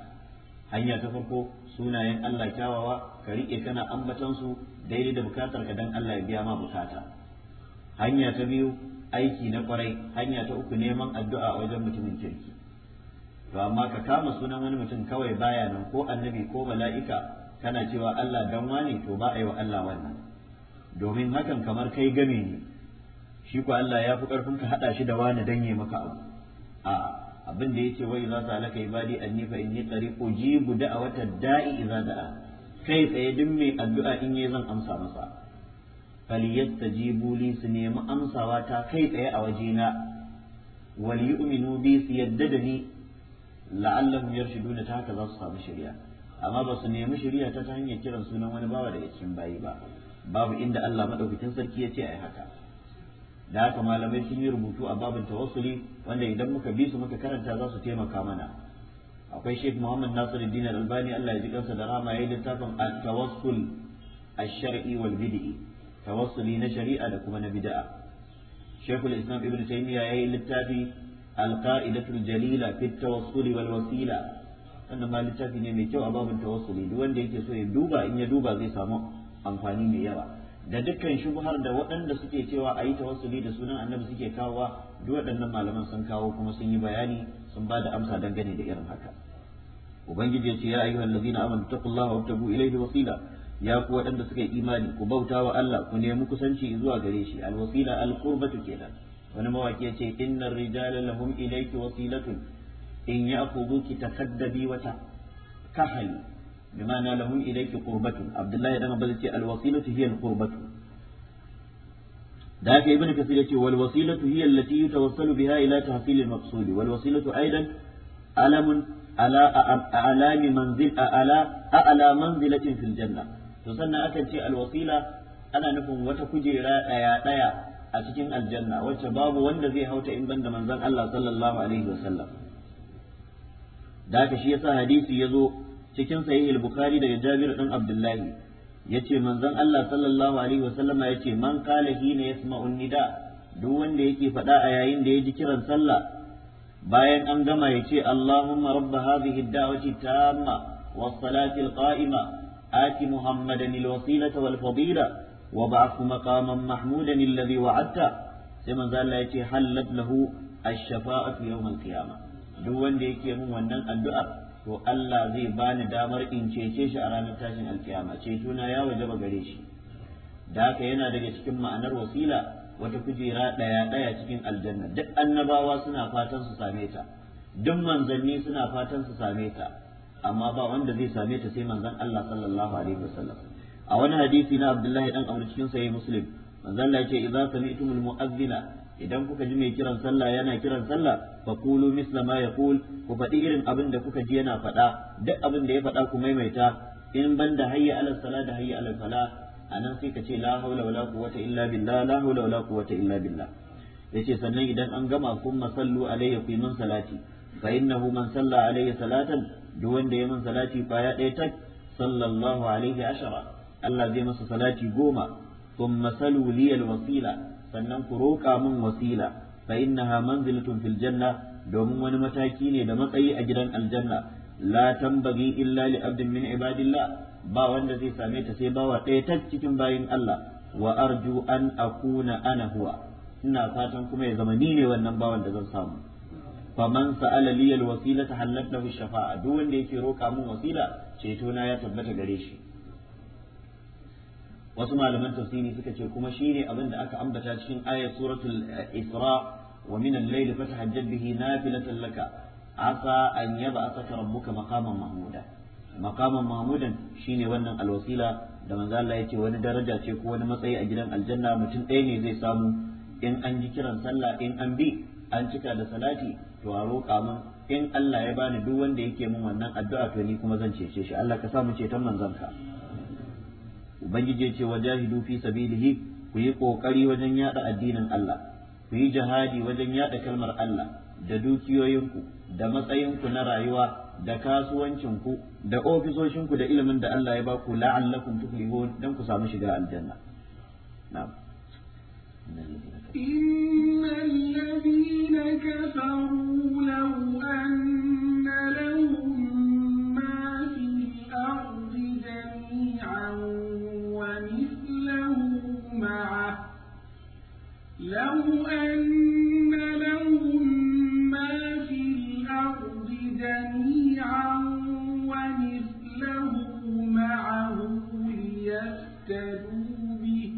hanya ta farko sunayen Allah kyawawa ka riƙe kana ambaton su daidai da bukatar ka dan Allah ya biya ma bukata hanya ta biyu aiki na kwarai hanya ta uku neman addu'a wajen mutumin kirki to amma ka kama sunan wani mutum kawai baya nan ko annabi ko mala'ika kana cewa Allah dan wane to ba a yi wa Allah wannan domin hakan kamar kai game ne shi ko Allah ya fi karfin ka hada shi da wani dan yi maka abu a abin da yake wai za ta alaka ibadi anni fa inni qariqu ujibu da'wata da'i idza da'a kai tsaye duk mai addu'a in yayi zan amsa masa falyastajibu li su nemi amsawa ta kai tsaye a wajena wal yu'minu bi su yadda da ni shi yarshuduna ta haka za su samu shari'a amma ba su nemi shari'a ta ta hanyar kiran sunan wani bawa da cikin bayi ba babu inda Allah madaukakin sarki ya ce ai haka da haka malamai sun yi rubutu a babin tawassuli wanda idan muka bi su muka karanta za su taimaka mana akwai Sheikh Muhammad Nasiru Al-Albani Allah ya ji kansa da ya yayin littafin At-Tawassul Ash-Shar'i wal Bid'i tawassuli na shari'a da kuma na bid'a Sheikh Islam Ibn Taymiyyah yayin littafi Al-Qa'idatul Jalila fi at wal Wasila wanda ma littafi ne mai kyau a babin tawassuli duk wanda yake so ya duba in ya duba zai samu amfani mai yawa da dukkan shubhar da waɗanda suke cewa a yi tawassuli da sunan annabi suke kawowa duk waɗannan malaman sun kawo kuma sun yi bayani sun ba da amsa dangane da irin haka ubangiji ya ce ya ayyuha allazina amanu taqullaha wabtagu ilayhi wasila ya ku waɗanda suka yi imani ku bauta wa Allah ku nemi kusanci zuwa gare shi alwasila alqurbatu kenan wani mawaki ya ce innar rijala lahum ilayki wasilatun in ya ya'khudhuki takaddabi wa kahali bima'ana lahum ilayki qurbatu abdullahi dan abdul ce Al-Wasilatu hiya alqurbatu da haka ibnu kasir yace wal wasilatu hiya allati yatawassalu biha ila tahsil al-maqsud wal wasilatu aidan alamun ala alami manzil ala ala manzilatin fil janna to sannan akan ce wasila ana nufin wata kujera daya daya a cikin aljanna wacce babu wanda zai hauta in banda manzon Allah sallallahu alaihi wasallam da haka shi yasa hadisi ya zo cikin sahih al-bukhari daga jabir dan abdullahi yace manzon Allah sallallahu alaihi wasallama yace man qala hina yasma'un nida duk wanda yake faɗa a yayin da ya ji kiran sallah bayan an gama yace Allahumma rabb hadhihi ad-da'wati tamma was-salati al-qa'ima آت محمدا الوسيلة والفضيلة وبعث مقاما محمودا ce وعدته ثم قال له حلت له الشفاعة يوم القيامة duk wanda yake min wannan addu'a to Allah zai bani damar in cece shi a ranar tashin alkiyama ceto na ya wajaba gare shi da haka yana daga cikin ma'anar wasila wata kujera daya-daya cikin aljanna duk annabawa suna fatan su same ta duk manzanni suna fatan su same ta amma ba wanda zai same ta sai manzon Allah sallallahu alaihi wasallam a wani hadisi na Abdullahi dan Amr cikin sahih Muslim manzon Allah yake ce idza sami'tumul mu'azzina idan kuka ji mai kiran sallah yana kiran sallah fa qulu misla ma yaqul ku faɗi irin abin da kuka ji yana faɗa duk abin da ya faɗa ku maimaita in banda hayya ala salat da hayya ala fala anan sai ka ce la haula wala quwwata illa billah la haula wala quwwata illa billah yace sannan idan an gama kun masallu alayya ku min salati fa innahu man salla alayya salatan duk wanda ya min salati fa ya ɗaya tak sallallahu alayhi ashara Allah zai masa salati goma ثم سلوا لي الوسيله sannan ku roƙa min wasila fa innaha manzilatun fil janna domin wani mataki ne da matsayi a gidan aljanna la tambagi illa li abdin min ibadillah ba wanda zai same ta sai bawa ɗaya ta cikin bayin Allah wa arju an akuna ana huwa ina fatan kuma ya zama ni ne wannan bawan da zan samu faman sa'ala li al wasilata halat lahu shafa'a duk wanda yake roka min wasila ceto na ya tabbata gare shi wasu malaman tafsiri suka ce kuma shine abin da aka ambata cikin ayat suratul eh, isra wa min al-layli fatahajjab bihi nafilatan laka asa an yab'athaka rabbuka maqaman mahmuda maqaman mahmudan shine wannan alwasila da manzo Allah yake wani daraja ce ko wani matsayi a gidan aljanna mutum ɗaya ne zai samu in an ji kiran sallah in an bi an cika da salati to a roƙa min in Allah ya bani duk wanda yake min wannan addu'a to ni kuma zan cece shi Allah ka sa mu ceton manzon ka ubangiji ya ce wajahidu fi sabilihi ku yi kokari wajen yada addinin Allah ku yi jihadi wajen yada kalmar Allah da dukiyoyinku da matsayinku na rayuwa da kasuwancinku da ofisoshinku da ilimin da Allah ya baku la'allakum tuflihun dan ku samu shiga aljanna na'am إن الذين كفروا لهم لو أن لهم ما في الأرض جميعا ومثله معه ليفتدوا به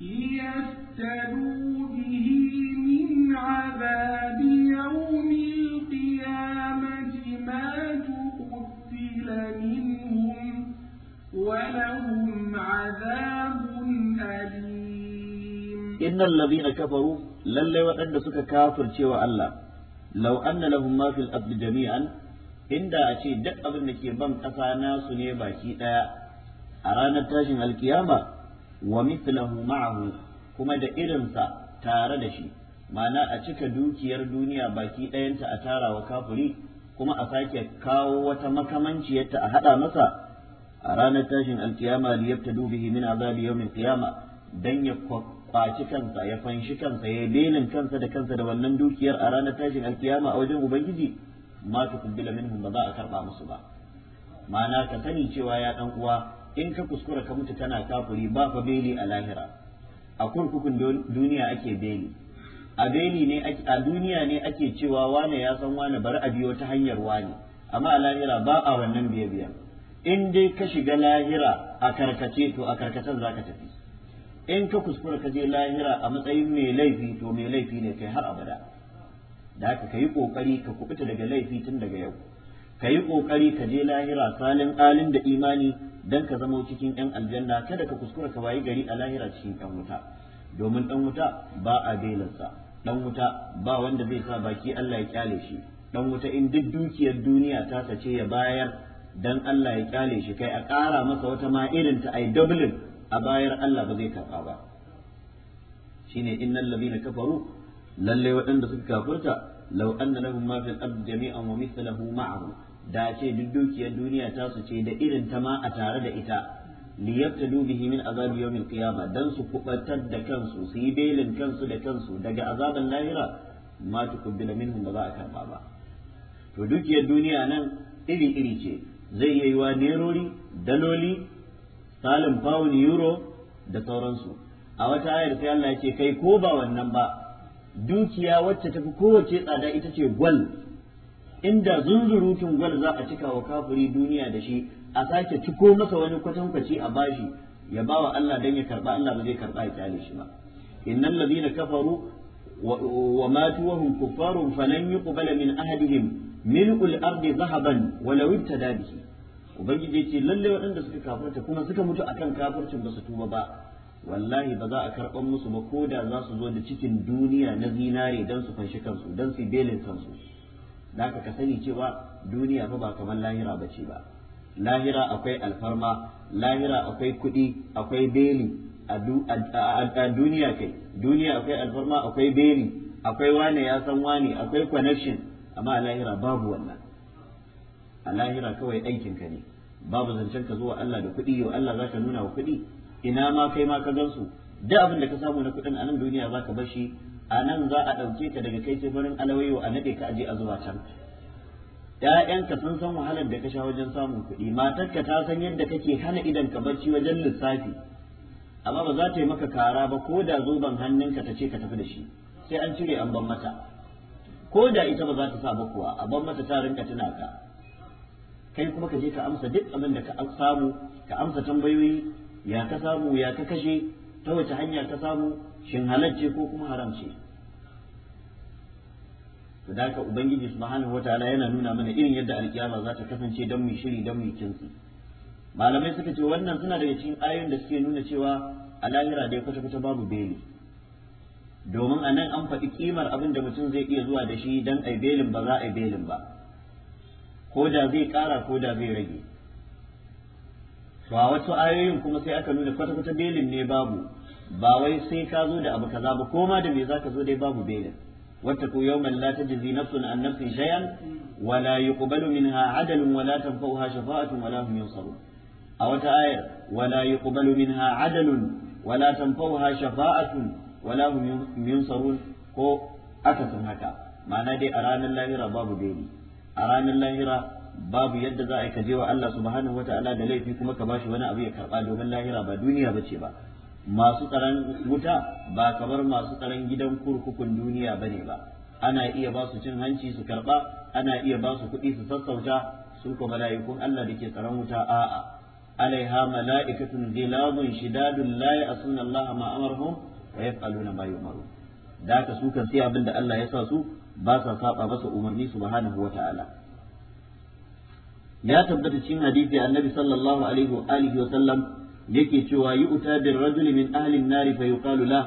ليفتدوا به من عذاب يوم القيامة ما تقبل منهم ولهم عذاب innal ladina kafaru lalle waɗanda suka kafirce wa Allah law anna lahum ma fil jami'an inda a ce duk abin da ke ban ƙasa nasu ne baki ɗaya a ranar tashin alkiyama wa mithlahu ma'ahu kuma da irinsa tare da shi ma'ana a cika dukiyar duniya baki ɗayanta a tara wa kuma a sake kawo wata makamanciyarta a haɗa masa a ranar tashin alkiyama liyabtadu bihi min azabi yawmin qiyama dan ya Baci kansa ya fanshi kansa ya belin kansa da kansa da wannan dukiyar a ranar tashin alkiyama a wajen ubangiji ma ta kubbila minhum ba za a karba musu ba ma'ana ka sani cewa ya dan uwa in ka kuskura ka mutu kana kafuri ba fa beli a lahira a kurkukun duniya ake beli a beli ne a duniya ne ake cewa wane ya san wane bari a biyo ta hanyar wane amma a lahira ba a wannan biye biyan in dai ka shiga lahira a karkace to a karkacen za ka tafi in ka kuskura ka je lahira a matsayin mai laifi to mai laifi ne kai har abada da haka ka yi ƙoƙari ka kubuta daga laifi tun daga yau ka yi ƙoƙari ka je lahira salin alin da imani dan ka zama cikin 'yan aljanna kada ka kuskura ka wayi gari a lahira cikin 'yan wuta domin ɗan wuta ba a belarsa ɗan wuta ba wanda zai sa baki Allah ya kyale shi ɗan wuta in duk dukiyar duniya ta sace ya bayar dan Allah ya kyale shi kai a ƙara masa wata ma irin ta ai dublin a bayar Allah ba zai karɓa ba shine innal ladina kafaru lallai waɗanda suka kafirta law anna lahum ma fil ard jami'an wa mithluhu ma'ahu da ce duk dukiyar duniya ta su ce da irin ta ma a tare da ita liyaftadu bihi min azab yawmil qiyama dan su kubatar da kansu su yi belin kansu da kansu daga azaban lahira ma tukubbila minhum ba za a karɓa ba to dukiyar duniya nan iri iri ce zai iya yiwa nerori daloli salin pound euro da sauransu a wata ayar sai Allah ya ce kai ko ba wannan ba dukiya wacce tafi kowace tsada ita ce gwal inda zunzurutun gwal za a cika wa kafiri duniya da shi a sake ciko masa wani kwatankwaci a bashi ya bawa Allah dan ya karba Allah ba zai karba ya kyale shi ba innal ladina kafaru wa matu wa hum kuffarun falan yuqbala min ahadihim mil'ul ardi zahaban walau ibtada bihi ubangiji ce lalle waɗanda suka kafirta kuma suka mutu akan kafircin ba su tuba ba wallahi ba za a karɓar musu ba ko da za su zo da cikin duniya na zinare don su fanshi kansu don su belin kansu da ka sani cewa duniya fa ba kamar lahira ba ce ba lahira akwai alfarma lahira akwai kuɗi akwai beli a duniya kai duniya akwai alfarma akwai beli akwai wane ya san wane akwai connection amma a lahira babu wannan a lahira kawai aikin ka ne babu zancen ka zuwa Allah da kuɗi yau Allah ka nuna wa kuɗi ina ma kai ma ka gansu duk abin da ka samu na kuɗin a nan duniya zaka bar shi a nan za a ɗauke ka daga kai sai barin alawayo a naɗe ka aje a zuwa can ‘ya'yanka sun san wahalar da ka sha wajen samun kuɗi matarka ta san yadda kake hana idan ka barci wajen lissafi amma ba za ta yi maka kara ba ko da zoben hannunka ta ce ka tafi da shi sai an cire an ban mata ko da ita ba za ta sa ba kuwa a ban mata ta rinka tuna ka kai kuma ka je ka amsa duk abin da ka samu ka amsa tambayoyi ya ka samu ya ka kashe ta wace hanya ka samu shin halacce ko kuma haramce? ce to da haka ubangiji subhanahu wataala yana nuna mana irin yadda alkiyama za ta kasance don mu shiri don mu kinsu malamai suka ce wannan suna daga cikin ayoyin da suke nuna cewa a lahira dai kwata-kwata babu beli domin a nan an faɗi kimar abin da mutum zai iya zuwa da shi don ai belin ba za a belin ba ko da zai kara ko da zai rage ba wasu ayoyin kuma sai aka nuna kwata-kwata belin ne babu ba wai sai ka zo da abu kaza ba ko ma da me za ka zo dai babu belin wata ku yawman la tajzi nafsun an nafsin shay'an wa la yuqbalu minha adalun wa la tanfa'uha shafa'atun wala la hum yunsarun a wata ayar wa la yuqbalu minha adalun wa la tanfa'uha shafa'atun wala la hum yunsarun ko akasin haka ma'ana dai a ranar lahira babu beli a ranar lahira babu yadda za a yi kaje wa Allah subhanahu wataala da laifi kuma ka bashi wani abu ya karba domin lahira ba duniya bace ba masu tsaron wuta ba kamar masu tsaron gidan kurkukun duniya bane ba ana iya ba su cin hanci su karba ana iya ba su kuɗi su sassauta su ko mala'ikun Allah da ke tsaron wuta a'a alaiha mala'ikatun zilabun shidadun la ya'suna Allah ma amarhum wa yaf'aluna ma yu'maru da ka su kan sai abin da Allah ya sa su ba sa saba masa umarni subhanahu wa ta'ala ya tabbata cikin hadisi annabi sallallahu alaihi wa alihi wa sallam yake cewa yi uta bir rajuli min ahli nari fa yuqalu la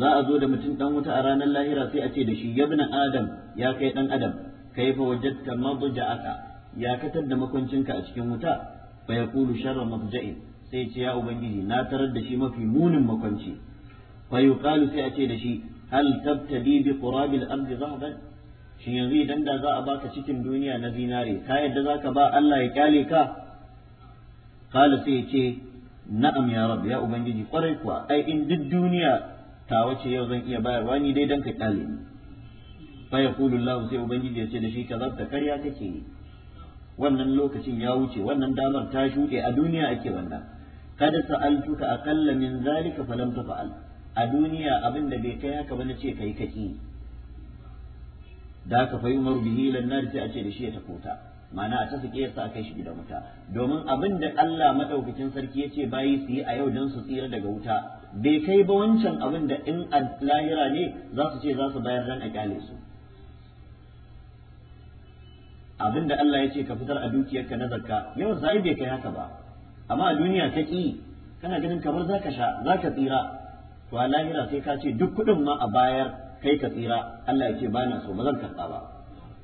za a zo da mutum dan wuta a ranar lahira sai a ce da shi yabna adam ya kai dan adam kaifa wajadta madja'aka ya katar da makwancinka a cikin wuta fa yaqulu sharra madja'in sai ce ya ubangiji na tarar da shi mafi munin makwanci fa yuqalu sai a ce da shi hal tabtadi bi qurabil ardi zahaban shin yanzu idan da za a baka cikin duniya na zinari ka yadda zaka ba Allah ya kyale ka kala sai ce na'am ya rab ya ubangiji kwarai kuwa ai in duk duniya ta wace yau zan iya bayarwa ni dai dan ka kyale ni fa yaqulu Allah sai ubangiji ya ce da shi kazabta karya kake yi wannan lokacin ya wuce wannan damar ta shuɗe a duniya ake wannan kada sa'altuka aqalla min zalika falam tafa'al a duniya abin da bai kai haka bane ce kai kaki da ka fa yumar bihi lan nar sai a ce da shi ya takota ma'ana a tafi kiyarsa a kai shi gidan wuta domin abin da Allah madaukakin sarki ya ce bayi su yi a yau dan su tsira daga wuta bai kai ba wancan abin da in lahira ne za su ce za su bayar dan a kyale su abin da Allah ya ce ka fitar a dukiyarka na zakka yau zai bai kai haka ba amma a duniya ta ki kana ganin kamar zaka sha za ka tsira to a lahira sai ka ce duk kuɗin ma a bayar kai ka tsira Allah ya ce ba na so ba zan karɓa ba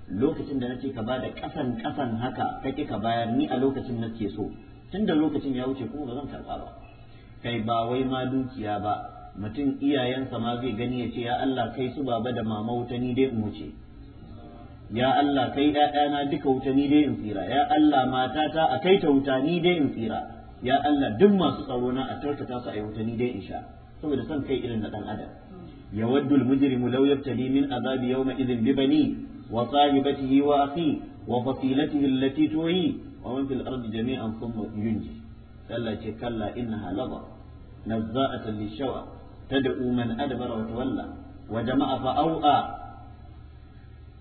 lokacin da nace ka bada kasan kasan haka kake ka bayar ni a lokacin nake so tunda lokacin ya wuce kuma ba zan karɓa ba kai ba wai ma dukiya ba mutum iyayensa ma zai gani ya ce ya Allah kai su baba da mama wuta ni dai in wuce ya Allah kai 'ya'yana duka wuta ni dai in tsira ya Allah matata a kai ta wuta ni dai in tsira ya Allah duk masu tsaro na a tarkata su a yi wuta ni dai in sha saboda son kai irin na dan adam yawaddu al-mujrimu law yabtali min azabi yawma idhin bi bani wa sahibatihi wa akhi wa fasilatihi allati tu'i wa man fil ardi jami'an thumma yunji Allah ce kalla innaha laba nazza'atan lishawa tad'u man adbara wa tawalla wa jama'a fa au'a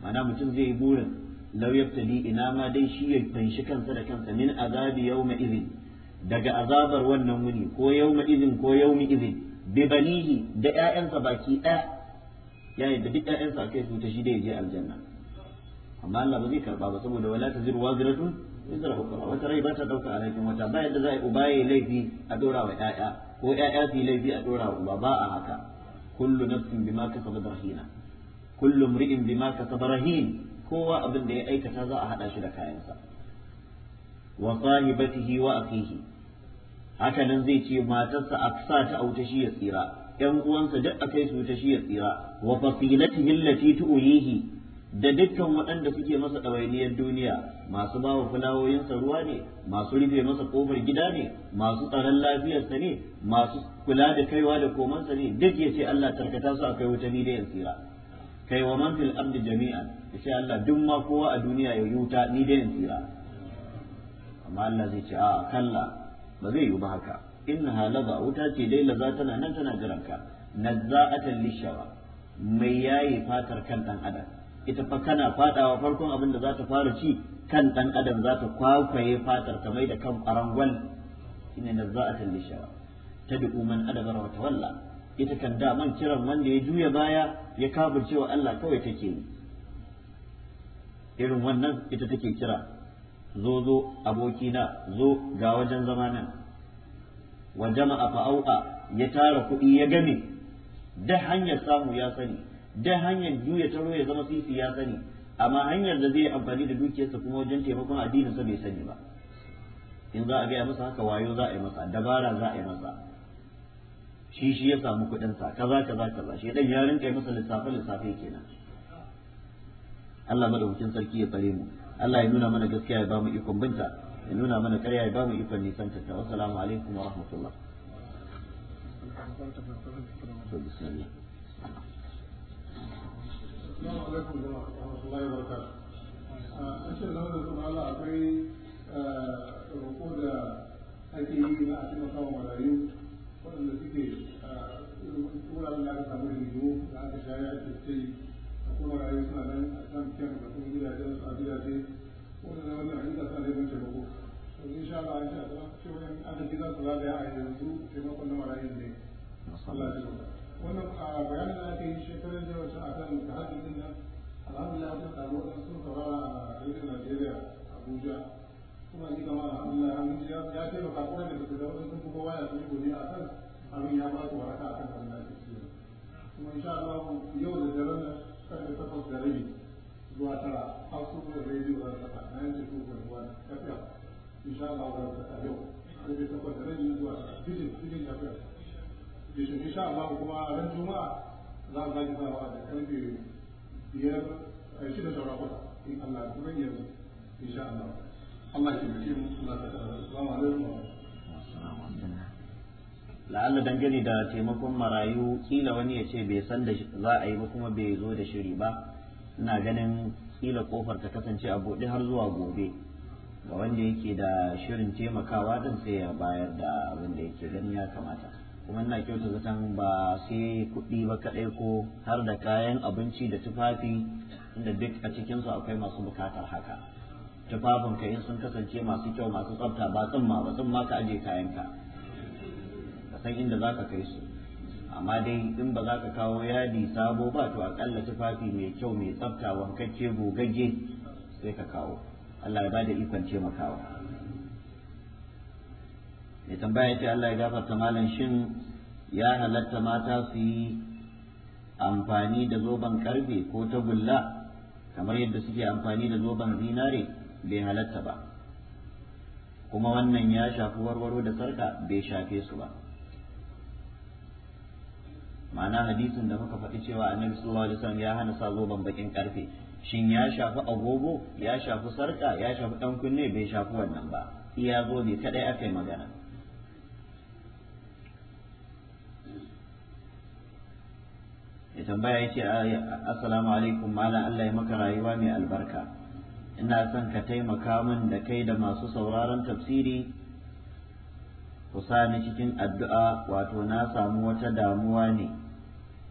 mana mutum zai yi burin lau yabtali ina ma dai shi ya tanshi kansa da kansa min azabi yawma idhin daga azabar wannan wuni ko yawma idhin ko yawmi idhin bibalihi da ƴaƴansa baki ɗaya ya yadda duk ƴaƴansa akai su ta shi da je aljanna amma Allah zai karba ba saboda wala taziru wazratun izra ukra wata rai ba ta dauka alhakin wata ba yadda za a uba yayi laifi a dora ƴaƴa ko ƴaƴa su laifi a dora wa uba ba a haka kullum nafsin bima kasabat rahina kullu imri'in bima kasaba rahin kowa abin da ya aikata za a haɗa shi da kayansa wa sahibatihi wa akhihi haka nan zai ce matarsa a sa ta auta shi ya tsira ɗan uwansa duk akai su ta shi ya tsira wa fasilati allati tu'yihi da dukkan waɗanda suke masa ɗawainiyar duniya masu ba wa fulawoyinsa ruwa ne masu rufe masa ƙofar gida ne masu tsaron lafiyarsa ne masu kula da kaiwa da komansa ne duk ya ce Allah tarkata su kai wuta ni da ya tsira kai wa man fil ardi jami'an ya Allah duk ma kowa a duniya ya yuta ni da ya tsira amma Allah zai ce a kalla ba zai yiwu ba haka innaha laza wuta ce dai laza tana nan tana jiran ka nazza'atan lishawa mai yayi fatar kan dan adam ita fa kana fadawa farkon abin da za ta fara ci kan dan adam za ta kwakwaye fatar ta mai da kan barangwal inna nazza'atan lishawa tad'u man adabara wa tawalla ita kan da man kiran wanda ya juya baya ya kafircewa Allah kawai take yi irin wannan ita take kira zo zo abokina zo ga wajen zama nan wa jama'a ya tara kuɗi ya gani da hanyar samu ya sani da hanyar juya taro ya zama sisi ya sani amma hanyar da zai amfani da dukiyarsa kuma wajen taimakon addininsa bai sani ba in za a gaya masa haka wayo za a yi masa dabara za a yi masa shi shi ya samu kuɗinsa kaza kaza kaza shi dan ya rinka masa lissafe lissafe kenan Allah madaukakin sarki ya tsare mu Allah ya nuna mana gaskiya ya ba mu ikon binta ya nuna mana ƙarya ya ba mu ikon nisan ta wassalamu alaikum wa rahmatullah Assalamu alaikum wa rahmatullahi wa barakatuh. An ce zama da kuma Allah akwai roƙo da ake yi na a taimaka wa marayu waɗanda suke wuraren da aka samu rigimu da aka shaya da suke ولا يسمع لم كان مسؤول بلا بلا شيء ونتولى عند طالب الجمهور وان شاء الله ان شاء الله شوف انا كذا طلاب عايز الوضوء كما قلنا على يدي صلى الله عليه وسلم وانا بيان الاتي شكرا لله وسعه المتحدث الحمد لله في قبول السلطه ترى عيد نيجيريا ابوجا kuma ni kama alhamdulillah alhamdulillah ya ce ba kuma da su da wani sun kuma waya sun gode a kan abin ya ba su waraka a kan wannan kuma insha Allah yau da daren nan sannan takwas da rabi zuwa tara har su na yanci kuma tafiya Allah yau rabi zuwa tara filin filin tafiya Allah kuma ran juma'a za mu zaki da karfe biyar a eh, shida da in Allah ya kuma yanzu Allah Allah mu mu la'alla dangane da taimakon marayu kila wani ya ce bai san da za a yi ba kuma bai zo da shiri ba ina ganin kila kofar ta kasance a buɗe har zuwa gobe ga wanda yake da shirin taimakawa din sai ya bayar da abin da yake gani ya kamata kuma ina kyauta zaton ba sai kuɗi ba kaɗai ko har da kayan abinci da tufafi inda duk a cikinsu akwai masu bukatar haka tufafin ka in sun kasance masu kyau masu tsafta ba tsumma ba tsumma ka aje kayanka ka san inda za ka kai su amma dai in ba za ka kawo yadi sabo ba to akalla tufafi mai kyau mai tsafta wankacce gogagge sai ka kawo Allah ya bada ikon taimakawa ya tambaya ce Allah ya gafarta malam shin ya halatta mata su yi amfani da zoben karfe ko tagulla kamar yadda suke amfani da zoben zinare bai halatta ba kuma wannan ya shafi warwaro da sarka bai shafe su ba ma'ana hadisin da muka faɗi cewa annabi sallallahu alaihi wasallam ya hana sa zoben bakin karfe shin ya shafi agogo ya shafi sarka ya shafi dan kunne bai shafi wannan ba iya zobe kadai aka yi magana ya tambaya yace assalamu alaikum malam Allah ya maka rayuwa mai albarka ina son ka taimaka min da kai da masu sauraron tafsiri ku ni cikin addu'a wato na samu wata damuwa ne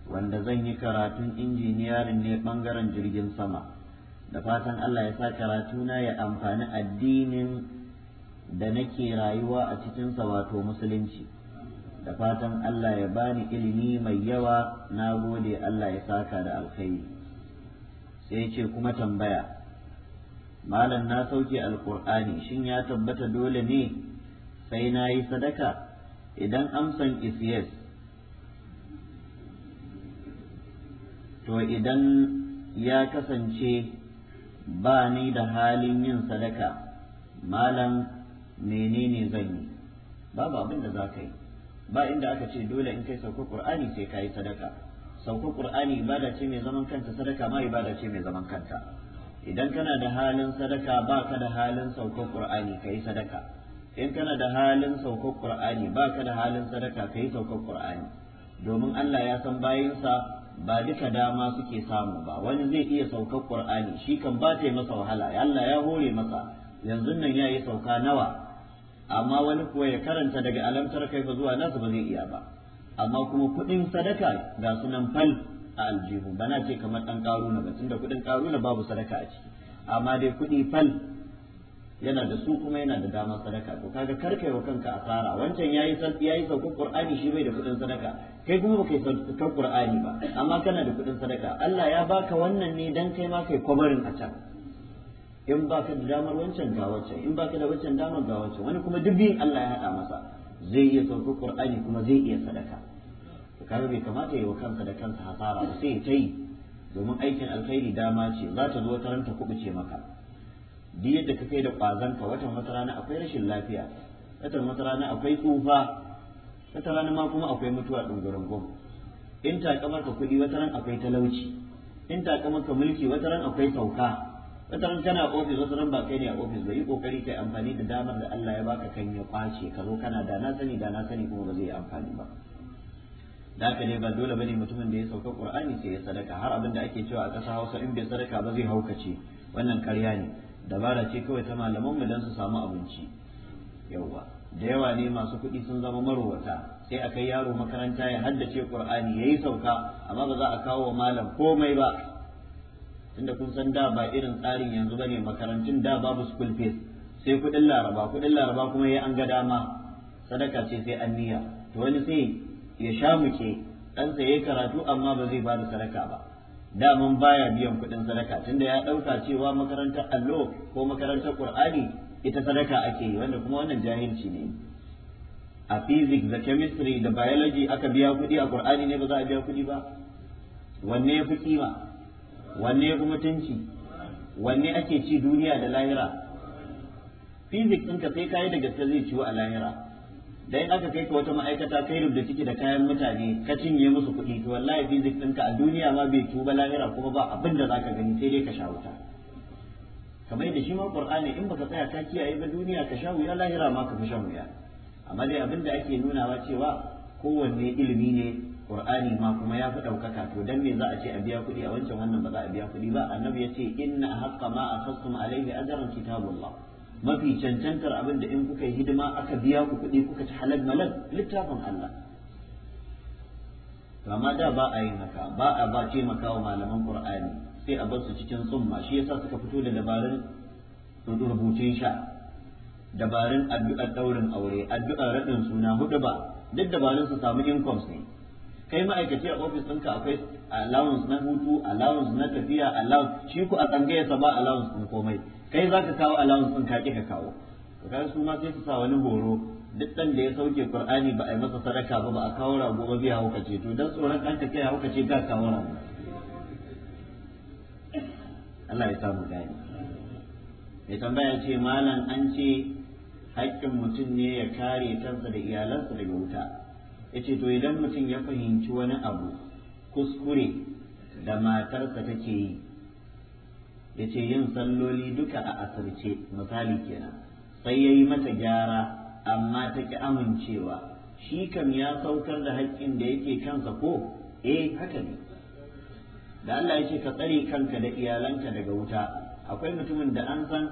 wanda zan yi karatun injiniyarin ne ɓangaren jirgin sama da fatan Allah ya sa karatuna ya amfani addinin da nake rayuwa a cikinsa wato musulunci da fatan Allah ya bani ilimi mai yawa na gode Allah ya saka da alkhairi sai ce kuma tambaya malam na sauke alkur'ani shin ya tabbata dole ne sai na yi sadaka idan amsan is yes to idan ya kasance ba ni da halin yin sadaka malam menene zan yi babu abin da za ka yi ba inda aka ce dole in kai sauko qur'ani sai ka yi sadaka sauko qur'ani ibada ce mai zaman kanta sadaka ma ibada ce mai zaman kanta idan kana da halin sadaka ba ka da halin sauko qur'ani ka yi sadaka in kana da halin saukar qur'ani ba ka da halin sadaka ka saukar qur'ani domin Allah ya san bayinsa ba duka dama suke samu ba wani zai iya saukar qur'ani shi kan ba ta masa wahala Allah ya hore masa yanzu nan ya yi sauka nawa amma wani kuwa ya karanta daga alamtar kai ba zuwa nasu ba zai iya ba amma kuma kuɗin sadaka ga sunan fal a aljihu bana ce kamar ɗan ƙaruna ba tunda kuɗin ƙaruna babu sadaka a ciki amma dai kuɗi fal yana da su kuma yana da dama sadaka to kaga karkai wa kanka asara wancan yayi yayi saukar qur'ani shi bai da kudin sadaka kai kuma baka yi saukar qur'ani ba amma kana da kudin sadaka Allah ya baka wannan ne dan kai ma kai kwabarin a can in baka da damar wancan ga wancan in baka da wancan damar ga wancan wani kuma duk biyun Allah ya hada masa zai iya saukar qur'ani kuma zai iya sadaka to kaga bai kamata yayi yi wa kansa da kansa hasara sai ya tayi domin aikin alkhairi dama ce za ta zo karanta kuɓuce maka duk yadda ka kai da ka watan wata rana akwai rashin lafiya watan wata rana akwai tsufa wata rana ma kuma akwai mutuwa dungurin gwam in takamar ka kuɗi wata ran akwai talauci in takamar ka mulki wata ran akwai sauka wata ran kana ofis wata ran ba kai ne a ofis ba yi kokari kai amfani da damar da Allah ya baka kan ya kwace ka zo kana da na sani da na sani kuma ba zai yi amfani ba da haka ne ba dole bane mutumin da ya sauka Qur'ani sai ya sadaka har abin da ake cewa a ƙasa Hausa in bai sadaka ba zai haukace wannan ƙarya ne dabara ce kawai ta malaman mu dan su samu abinci yauwa da yawa ne masu kuɗi sun zama marowata sai a kai yaro makaranta ya haddace qur'ani yayi sauka amma ba za a kawo wa malam komai ba tunda kun san da ba irin tsarin yanzu bane makarantun da babu school fees sai kuɗin laraba kuɗin laraba kuma ya an ga dama sadaka ce sai an niyya to wani sai ya sha muke ɗansa ya karatu amma ba zai ba da sadaka ba daman baya biyan kuɗin sadaka tunda ya ɗauka cewa makarantar allo ko makarantar qur'ani ita sadaka ake yi wanda kuma wannan jahilci ne a physics da chemistry da biology aka biya kuɗi a qur'ani ne ba za a biya kuɗi ba wanne ya fi kima wanne ya fi mutunci wanne ake ci duniya da lahira physics ɗinka sai kayi da gaske zai ciwo a lahira dai aka kai ka wata ma'aikata kai rubda ciki da kayan mutane ka cinye musu kuɗi to wallahi fizik ɗinka a duniya ma bai tuba lahira kuma ba abin da zaka gani sai dai ka sha wuta kamar da shi ma qur'ani in baka tsaya ka kiyaye ba duniya ka sha wuya lahira ma ka sha shan wuya amma dai abin da ake nunawa cewa kowanne ilimi ne Qur'ani ma kuma ya fi ɗaukaka to dan me za a ce a biya kuɗi a wancan wannan ba za a biya kuɗi ba annabi ya ce inna haqqa ma akhastum alaihi ajran kitabullah mafi cancantar abin da in kuka yi hidima aka biya ku kuɗi kuka ci halal malal littafin Allah to amma da ba a yin haka ba a ba taimakawa malaman Qur'ani sai a bar su cikin tsumma shi yasa suka fito da dabarun rubutun sha dabarun addu'ar daurin aure addu'ar radin suna hudu ba duk dabarun su samu incomes ne kai ma'aikaci a ofis ɗinka akwai allowance na hutu allowance na tafiya allowance shi ku a tsangayarsa ba allowance ɗin komai kai za ka kawo allowance ɗin kaƙi ka kawo kaga su ma sai su sa wani horo duk ɗan da ya sauke qur'ani ba a yi masa sadaka ba ba a kawo rago ba zai hauka ce to dan tsoron ɗan ka kai hauka ce ga kawo rago Allah ya samu gani mai tambaya ce malam an ce haƙƙin mutum ne ya kare kansa da iyalansa daga wuta ya ce to idan mutum ya fahimci wani abu kuskure da matarsa take yi Ya ce yin salloli duka a asirce misali kenan sai yayi mata gyara amma ta ki amincewa shi kam ya saukar da haƙƙin da yake kansa ko eh haka ne da Allah ya ce ka tsare kanka da iyalanka daga wuta akwai mutumin da an san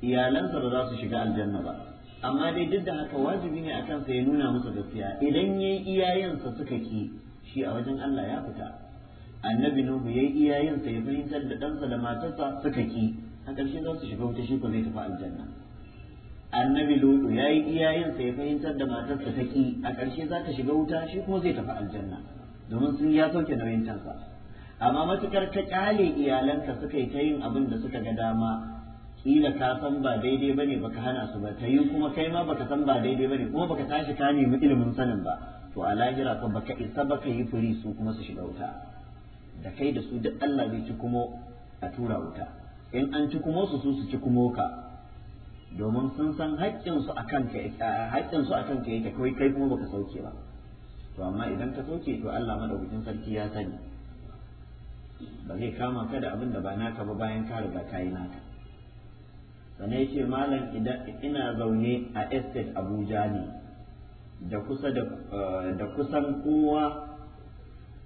iyalansa ba za su shiga aljanna ba amma dai duk da haka wajibi ne a kansa ya nuna musu gaskiya idan yayi iyayensa suka ki shi a wajen Allah ya fita annabi nuhu yayi iyayen sa ya fahimtar da ɗansa da matarsa suka ki a ƙarshe za su shiga wuta shi ko zai tafi aljanna annabi lutu yayi iyayen sa ya fahimtar da matarsa ta ki a ƙarshe za ta shiga wuta shi kuma zai tafi aljanna domin sun ya sauke nauyin tansa amma matukar ka kyale iyalanka suka yi ta yin abin da suka ga dama kila ka san ba daidai bane baka hana su ba yi kuma kai ma baka san ba daidai bane kuma baka tashi ka nemi ilimin sanin ba to a lahira ka baka isa baka yi furi su kuma su shiga wuta da kai da su duk Allah zai ci kumo a tura wuta in an ci kuma su su su ci kuma ka domin sun san haƙƙinsu a kanka eh, haƙƙinsu a kanka yake kai kai kuma baka sauke ba to amma idan ka sauke to Allah madaukakin sarki ya sani ba zai kama ka da abin da ba naka ba bayan ka riga ka yi naka sannan yace malam idan ina zaune a estate Abuja ne da kusa da eh, kusan kowa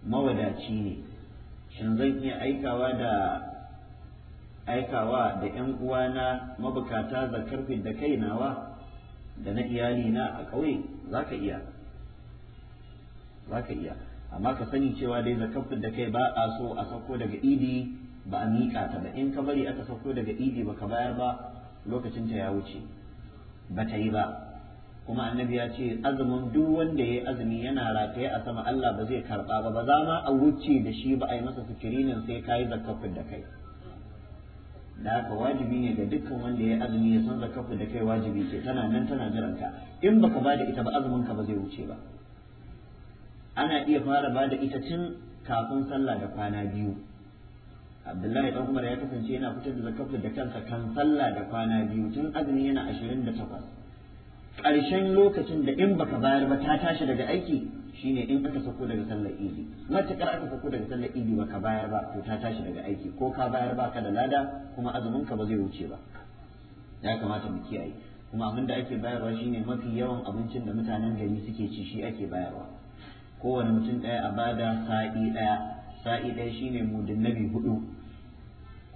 mawadaci ne shin zan iya aikawa da aikawa da ƴan uwana mabukata zakar da kai nawa da na iyali a ƙauye za ka iya za iya amma ka sani cewa dai zakar da kai ba a so a sauko daga idi ba a miƙa ta ba in ka bari aka sauko daga idi ba ka bayar ba lokacin ta ya wuce ba ta yi ba kuma annabi ya ce azumin duk wanda ya azumi yana rataye a sama Allah ba zai karba ba ba za ma a wuce da shi ba a yi masa sikirinin sai ka yi zakafin da kai da haka wajibi ne ga dukkan wanda ya azumi ya san zakafin da kai wajibi ce tana nan tana jiran ka in baka ba da ita ba azumin ka ba zai wuce ba ana iya fara ba da ita tun kafin sallah da kwana biyu Abdullahi dan Umar ya kasance yana fitar da zakafin da kansa kan sallah da kwana biyu tun azumi yana 28 ƙarshen lokacin da in baka bayar ba ta tashi daga aiki shine in aka sako daga sallar idi matakar aka sako daga sallar idi baka bayar ba to ta tashi daga aiki ko ka bayar ba ka da lada kuma azumin ka ba zai wuce ba ya kamata mu kiyaye kuma abin da ake bayarwa shine mafi yawan abincin da mutanen gari suke ci shi ake bayarwa kowane mutum ɗaya a bada sa'i ɗaya sa'i ɗaya shine mudin nabi hudu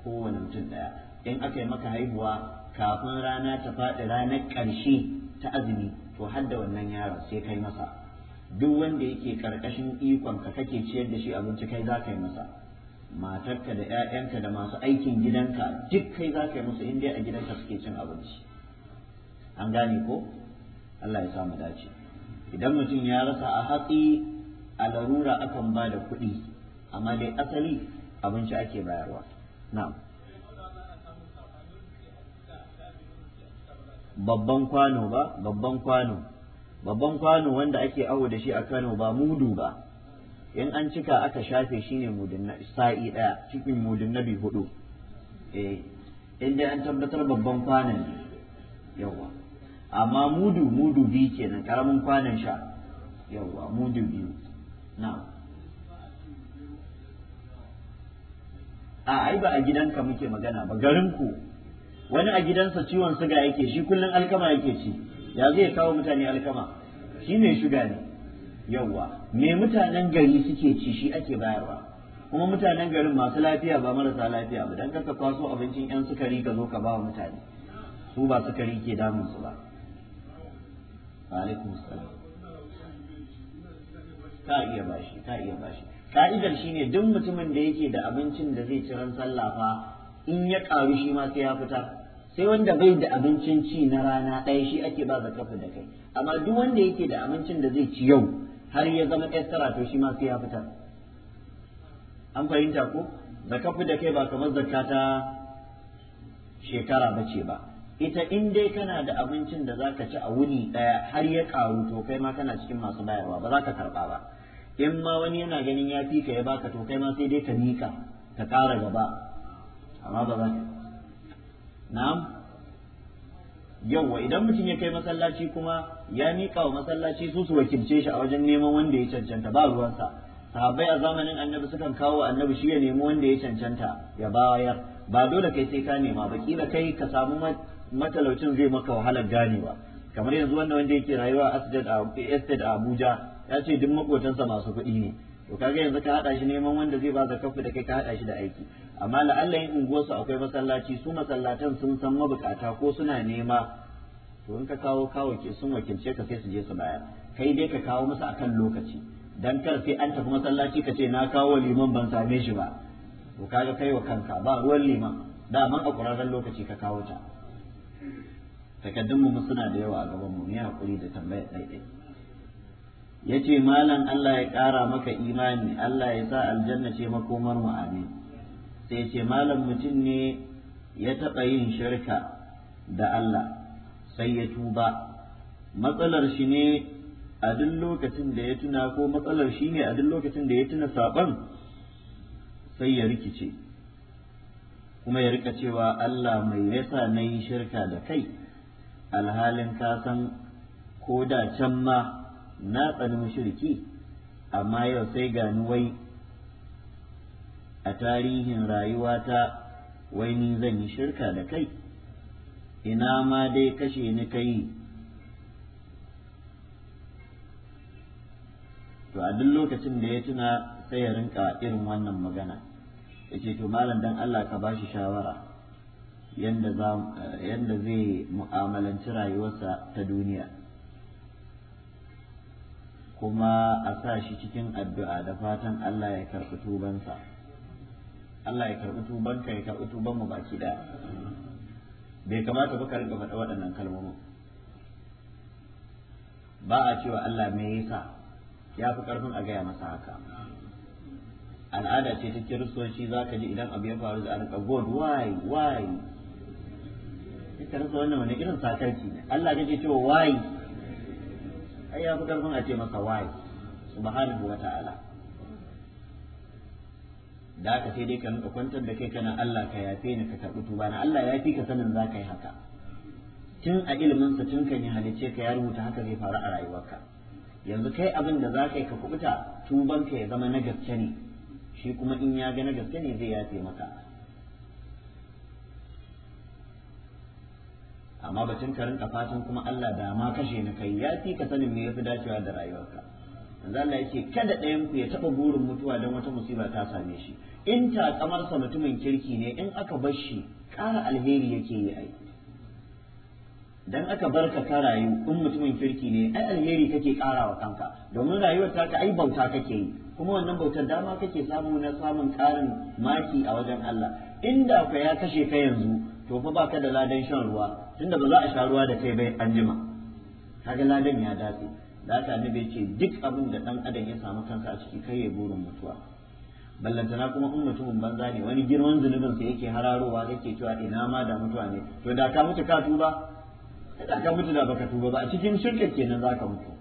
kowane mutum ɗaya in aka yi maka haihuwa kafin rana ta faɗi ranar ƙarshe ta azumi to har da wannan yaron sai kai masa duk wanda yake karkashin ikon ka kake ciyar da shi abinci kai za ka yi masa matarka da 'ya'yanka da masu aikin gidanka duk kai za ka yi musu in dai a gidanka suke cin abinci an gane ko Allah ya samu dace idan mutum ya rasa a hatsi a larura akan ba da kuɗi amma dai asali abinci ake bayarwa na'am babban kwano ba babban kwano babban kwano wanda ake awo da shi a Kano ba mudu ba in an cika aka shafe ne mudun sa'i daya cikin mudun nabi hudu eh inda an tabbatar babban kwano ne yawa amma mudu mudu biyu kenan karamin kwanan sha yawa mudu biyu na. a ai ba a gidanka muke magana ba garinku wani a gidansa ciwon suga yake shi kullum alkama yake ci ya zai kawo mutane alkama shi mai shuga ne yawwa me mutanen gari suke ci shi ake bayarwa kuma mutanen garin masu lafiya ba marasa lafiya ba dan ka kwaso abincin yan sukari ka zo ka ba mutane su ba sukari ke damun su ba alaikum salam ka iya bashi ka iya bashi ka'idar shine duk mutumin da yake da abincin da zai ci ran sallah fa in ya ƙaru shi ma sai ya fita sai wanda bai da abincin ci na rana ɗaya shi ake ba kafa da kai amma duk wanda yake da abincin da zai ci yau har ya zama ƙasara to shi ma sai ya fita. an fahimta ko kafa da kai ba kamar zakata shekara bace ba ita in dai kana da abincin da zaka ci a wuni ɗaya har ya ƙaru to kai ma kana cikin masu bayarwa ba za ka karɓa ba in ma wani yana ganin ya fi ka ya baka to kai ma sai dai ka miƙa ka ƙara gaba amma ba za ka na'am yawa idan mutum ya kai masallaci kuma ya miƙa wa masallaci su su wakilce shi a wajen neman wanda ya cancanta ba ruwansa sahabbai a zamanin annabi sukan kawo annabi shi ya nemi wanda ya cancanta ya bayar ba dole kai sai ka nema ba kila kai ka samu matalaucin zai maka wahalar ganewa kamar yanzu wanda wanda yake rayuwa a estate a abuja ya ce duk makotansa masu kuɗi ne to kaga yanzu ka hada shi neman wanda zai ba zakafi da kai ka hada shi da aiki amma Allah in unguwarsu akwai masallaci su masallatan sun san mabukata ko suna nema to in ka kawo kawo ke sun wakilce ka sai su je su bayar kai dai ka kawo musu akan lokaci dan kar sai an tafi masallaci ka ce na kawo liman ban same shi ba to kaga kai wa kanka ba ruwan liman daman a kurarren lokaci ka kawo ta takaddun mu suna da yawa a gaban mu ne hakuri da tambayar ɗaiɗai Yace ce malam Allah ya ƙara maka imani Allah ya sa aljanna ce makomar mu amin sai ce malam mutum ne ya taɓa yin shirka da Allah sai ya tuba matsalar shi ne a duk lokacin da ya tuna ko matsalar shi ne a duk lokacin da ya tuna saɓan sai ya rikice kuma ya rika cewa Allah mai yasa na yi shirka da kai alhalin ka san ko da can ma na tsani shirki, amma yau sai gani ni wai a tarihin rayuwata wai ni zan yi shirka da kai ina ma dai kashe ni kai to a duk lokacin da ya tuna sai ya rinka irin wannan magana ya ce to malam dan Allah ka bashi shawara yanda zai mu'amalanci rayuwarsa ta duniya kuma a sa shi cikin addu'a da fatan Allah ya karɓi tubansa Allah ya karɓi tubanka ya karɓi tubanmu baki ɗaya bai kamata ba ka riga faɗa waɗannan kalmomin ba a cewa Allah me yasa ya fi ƙarfin a gaya masa haka al'ada ce ta kiristoci za ka ji idan abu ya faru da arka god why why ita rasa wannan wani irin sakarci ne Allah ya ce cewa why ai ya fi karfin a ce masa why subhanahu wa ta'ala da aka sai dai ka nuka kwantar da kai kana Allah ka yafe ni ka karɓi tuba na Allah ya fi ka sanin za ka yi haka tun a ilimin sa tun kan yi halice ka ya rubuta haka zai faru a rayuwarka yanzu kai abin da za ka yi ka kubuta tuban ka ya zama na gaske ne shi kuma in ya ga na gaske ne zai yafe maka amma batun ka rinka fatan kuma Allah da ma kashe na kai ya fi ka sanin me yafi dacewa da rayuwarka manzo Allah yake kada ɗayan ku ya taba burin mutuwa don wata musiba ta same shi in ta kamar sa mutumin kirki ne in aka bar shi ƙara alheri yake yi ai dan aka bar ka ka rayu in mutumin kirki ne ai alheri kake ƙara wa kanka domin rayuwar ka, ai bauta kake yi kuma wannan bautar dama kake samu na samun karin maki a wajen Allah inda ka ya kashe ka yanzu to fa baka da ladan shan ruwa tunda ba za a sha ruwa da kai bai anjima kaga ladan ya dace da haka annabi ce duk abin da dan adam ya samu kansa a ciki kai ya burin mutuwa ballantana kuma in mutumin banza ne wani girman zunubin sa yake hararowa yake cewa ina ma da mutuwa ne to da ka mutu ka tuba da ka mutu da baka tuba ba a cikin shirka kenan zaka mutu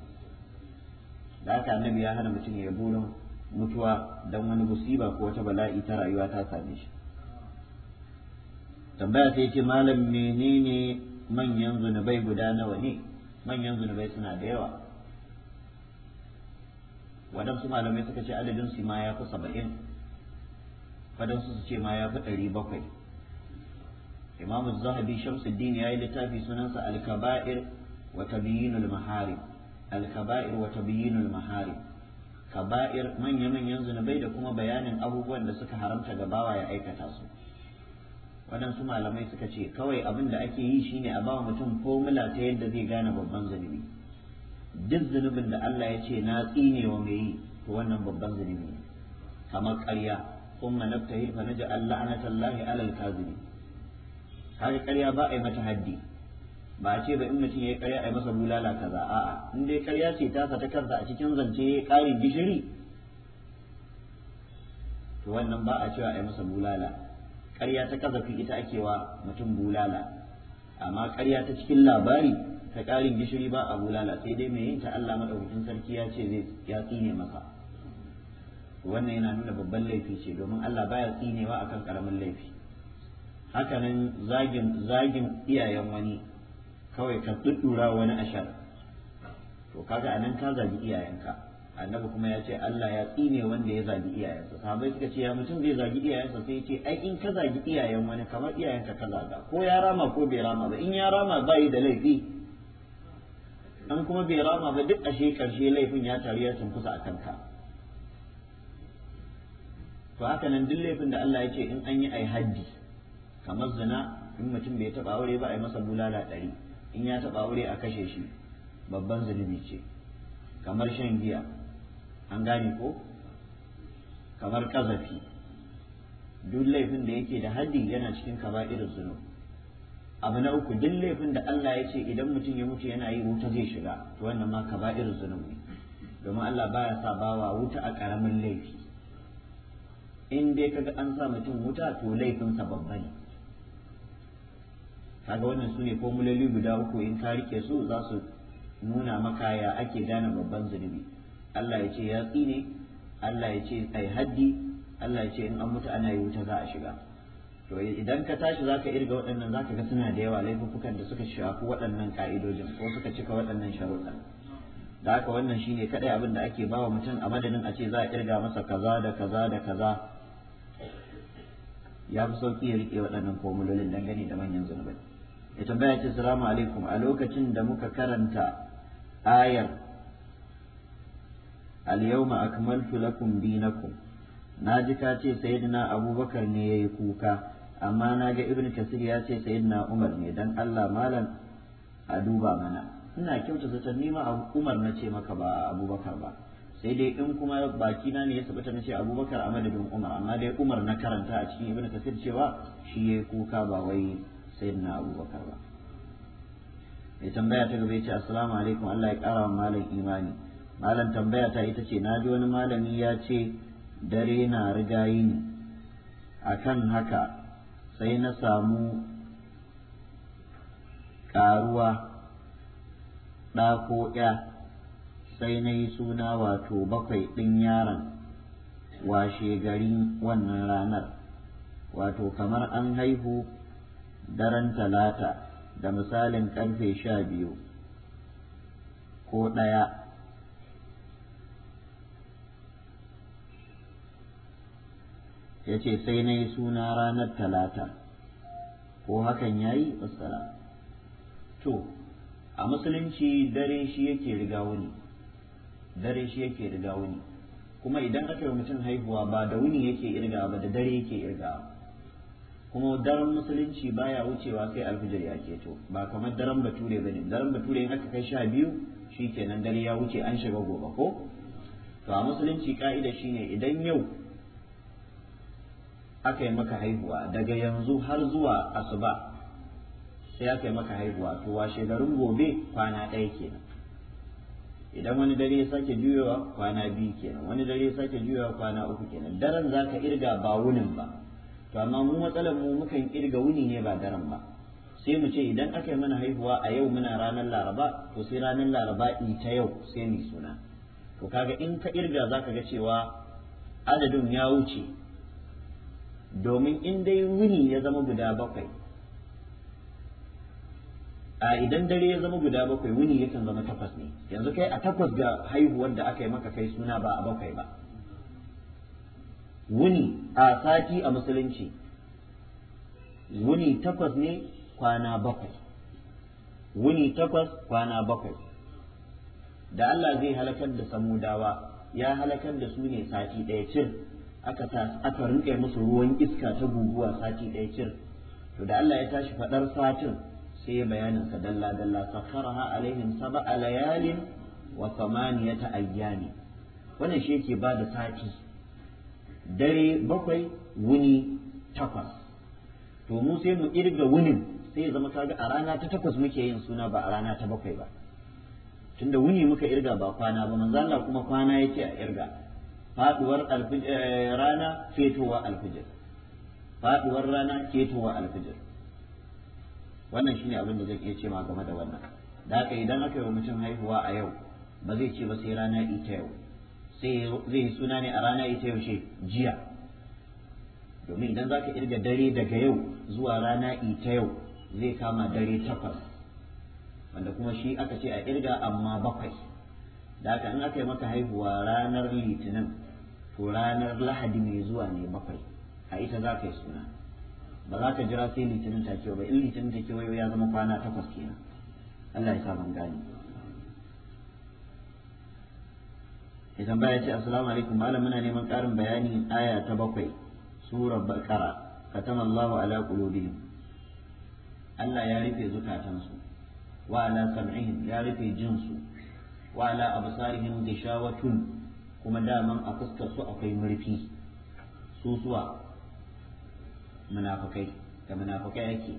da haka annabi ya hana mutum ya burin mutuwa dan wani musiba ko wata bala'i ta rayuwa ta same shi tambaya sai ce malam menene manyan zunubai guda nawa ne manyan zunubai suna da yawa waɗansu malamai suka ce adadin su ma ya fi saba'in waɗansu su ce ma ya fi ɗari bakwai imamu zahabi shamsuddin ya yi littafi sunansa alkaba'ir wa biyinul mahari alkaba'ir wa biyinul mahari kaba'ir manya-manyan zunubai da kuma bayanin abubuwan da suka haramta ga bawa ya aikata su waɗansu malamai suka ce kawai abin da ake yi shine a bawa mutum formula ta yadda zai gane babban zunubi duk zunubin da Allah ya ce na tsine wa mai yi to wannan babban zunubi ne kamar ƙarya na ji Allah ana tallahi alal kazibi har ƙarya ba a yi mata haddi ba a ce ba in mutum ya yi ƙarya a yi masa bulala kaza a'a in dai ƙarya ce ta takarda kansa a cikin zance ya ƙari gishiri to wannan ba a cewa a yi masa bulala ƙarya ta kazafi ita ake wa mutum bulala amma ƙarya ta cikin labari ta ƙarin gishiri ba a bulala sai dai mai yin ta Allah madaukakin sarki ya ce zai ya tsine masa wannan yana nuna babban laifi ce domin Allah baya tsinewa akan karamin laifi nan zagin zagin iyayen wani kawai ka tuddura wani ashar to kaga anan ka zagi iyayenka annabi kuma ya ce Allah ya tsine wanda ya zagi iyayensa sahabbai suka ce ya mutum zai zagi iyayensa sai ce ai in ka zagi iyayen wani kamar iyayenka ka zaga ko ya rama ko bai rama ba in ya rama ba yi da laifi an kuma bai rama ba duk ashe karshe laifin ya taru ya tunkusa a kanka to haka nan duk laifin da Allah ya ce in an yi ai haddi kamar zina in mutum bai taba aure ba ai masa bulala ɗari in ya taba aure a kashe shi babban zunubi ce kamar shan giya an gane ko kamar kazafi duk laifin da yake da haddi yana cikin kaba'irin zuno abu na uku duk laifin da Allah ya ce idan mutum ya mutu yana yi wuta zai shiga to wannan ma kaba'irin zuno ne domin Allah baya sa bawa wuta a karamin laifi in dai kaga an sa mutum wuta to laifinsa babba ne kaga wannan su ne guda uku in ka rike su za su nuna maka ya ake gane babban zunubi Allah ya ce ya tsine Allah ya ce ai haddi Allah ya ce in an mutu ana yi wuta za a shiga to idan ka tashi zaka irga waɗannan ka ga suna da yawa laifukan da suka shafi waɗannan ka'idojin ko suka cika waɗannan sharuɗa da haka wannan shine kaɗai abin da ake bawa mutum a madadin a ce za a kirga masa kaza da kaza da kaza ya fi sauki ya rike waɗannan formulolin dangane da manyan zunubai ya tambaya ce salamu alaikum a lokacin da muka karanta ayar al-yawma akmaltu lakum dinakum na ji ka ce sayyidina abubakar ne yayi kuka amma na ga ibnu kasir ya ce sayyidina umar ne dan Allah malam a duba mana ina kyautata ta nima umar na ce maka ba abubakar ba sai dai in kuma baki na ne ya sabata na ce abubakar a madadin umar amma dai umar na karanta a cikin ibnu kasir cewa shi yayi kuka ba wai sayyidina abubakar ba mai tambaya ta gaba ya ce assalamu alaikum Allah ya kara wa malam imani malam tambaya ta ita ce na ji wani malami ya ce dare na riga yini akan haka sai na samu ƙaruwa ɗa ko ɗaya sai na yi suna wato bakwai ɗin yaron washe garin wannan ranar wato kamar an haihu daren talata da misalin ƙarfe sha biyu ko ɗaya ya ce sai na yi suna ranar talata ko hakan ya yi wasala to a musulunci dare shi yake riga wuni dare shi yake riga wuni kuma idan aka yi mutum haihuwa ba da wuni yake irga ba da dare yake irga kuma daren musulunci baya wucewa sai alfijir ya to, ba kamar daren bature ba bane daren bature in aka kai sha biyu shi shikenan dare ya wuce an shiga gobe ko to a musulunci ka'ida shine idan yau aka yi maka haihuwa daga yanzu har zuwa asuba sai aka yi maka haihuwa to washe garin gobe kwana ɗaya kenan idan wani dare ya sake juyawa kwana biyu kenan wani dare ya sake juyawa kwana uku kenan daren za ka irga ba wunin ba to amma mu matsalar mu mukan irga wuni ne ba daren ba sai mu ce idan aka yi mana haihuwa a yau muna ranar laraba to sai ranar laraba in ta yau sai mu suna to kaga in ka irga za ka ga cewa adadin ya wuce domin in dai wuni ya zama guda bakwai a idan dare ya zama guda bakwai wuni yakan zama takwas ne yanzu kai a takwas ga haihuwar da aka yi maka kai suna ba a bakwai ba wuni a sati a musulunci wuni takwas ne kwana bakwai wuni takwas kwana bakwai da Allah zai halakar da samudawa ya halakar da su ne sati ɗaya cin aka ta aka rinka musu ruwan iska ta guguwa sati ɗaya cir to da Allah ya tashi faɗar satin sai bayanin sa dalla dalla sakharaha alaihim sab'a layalin wa thamaniyata ayyami wannan shi yake ba da sati dare bakwai wuni takwas to mu sai mu kirga wunin sai zama kaga a rana ta takwas muke yin suna ba a rana ta bakwai ba tunda wuni muka irga ba kwana ba manzo Allah kuma kwana yake a irga faduwar eh, rana ketowa alfijir faduwar rana ketowa alfijir wannan shine abin da zan iya ce ma game da wannan da haka idan aka yi mutum haihuwa a yau ba zai ce ba sai rana ita yau sai zai yi suna ne a rana ita yau jiya domin idan za ka irga dare daga yau zuwa rana ita yau zai kama dare takwas wanda kuma shi aka ce a irga amma bakwai da haka in aka yi maka haihuwa ranar litinin to ranar lahadi mai zuwa ne bakwai a ita za ka yi suna ba za ka jira sai litinin ta kewa ba in litinin ta kewa ya zama kwana takwas kenan Allah ya sa ban gane ya tambaya ce assalamu alaikum malam muna neman karin bayani aya ta bakwai surar bakara katama Allah ala Allah ya rufe zukatansu wa ala sam'ihim ya rufe jinsu wa ala absarihim gishawatun kuma daman a fuskar su akwai murfi su suwa munafukai da munafukai yake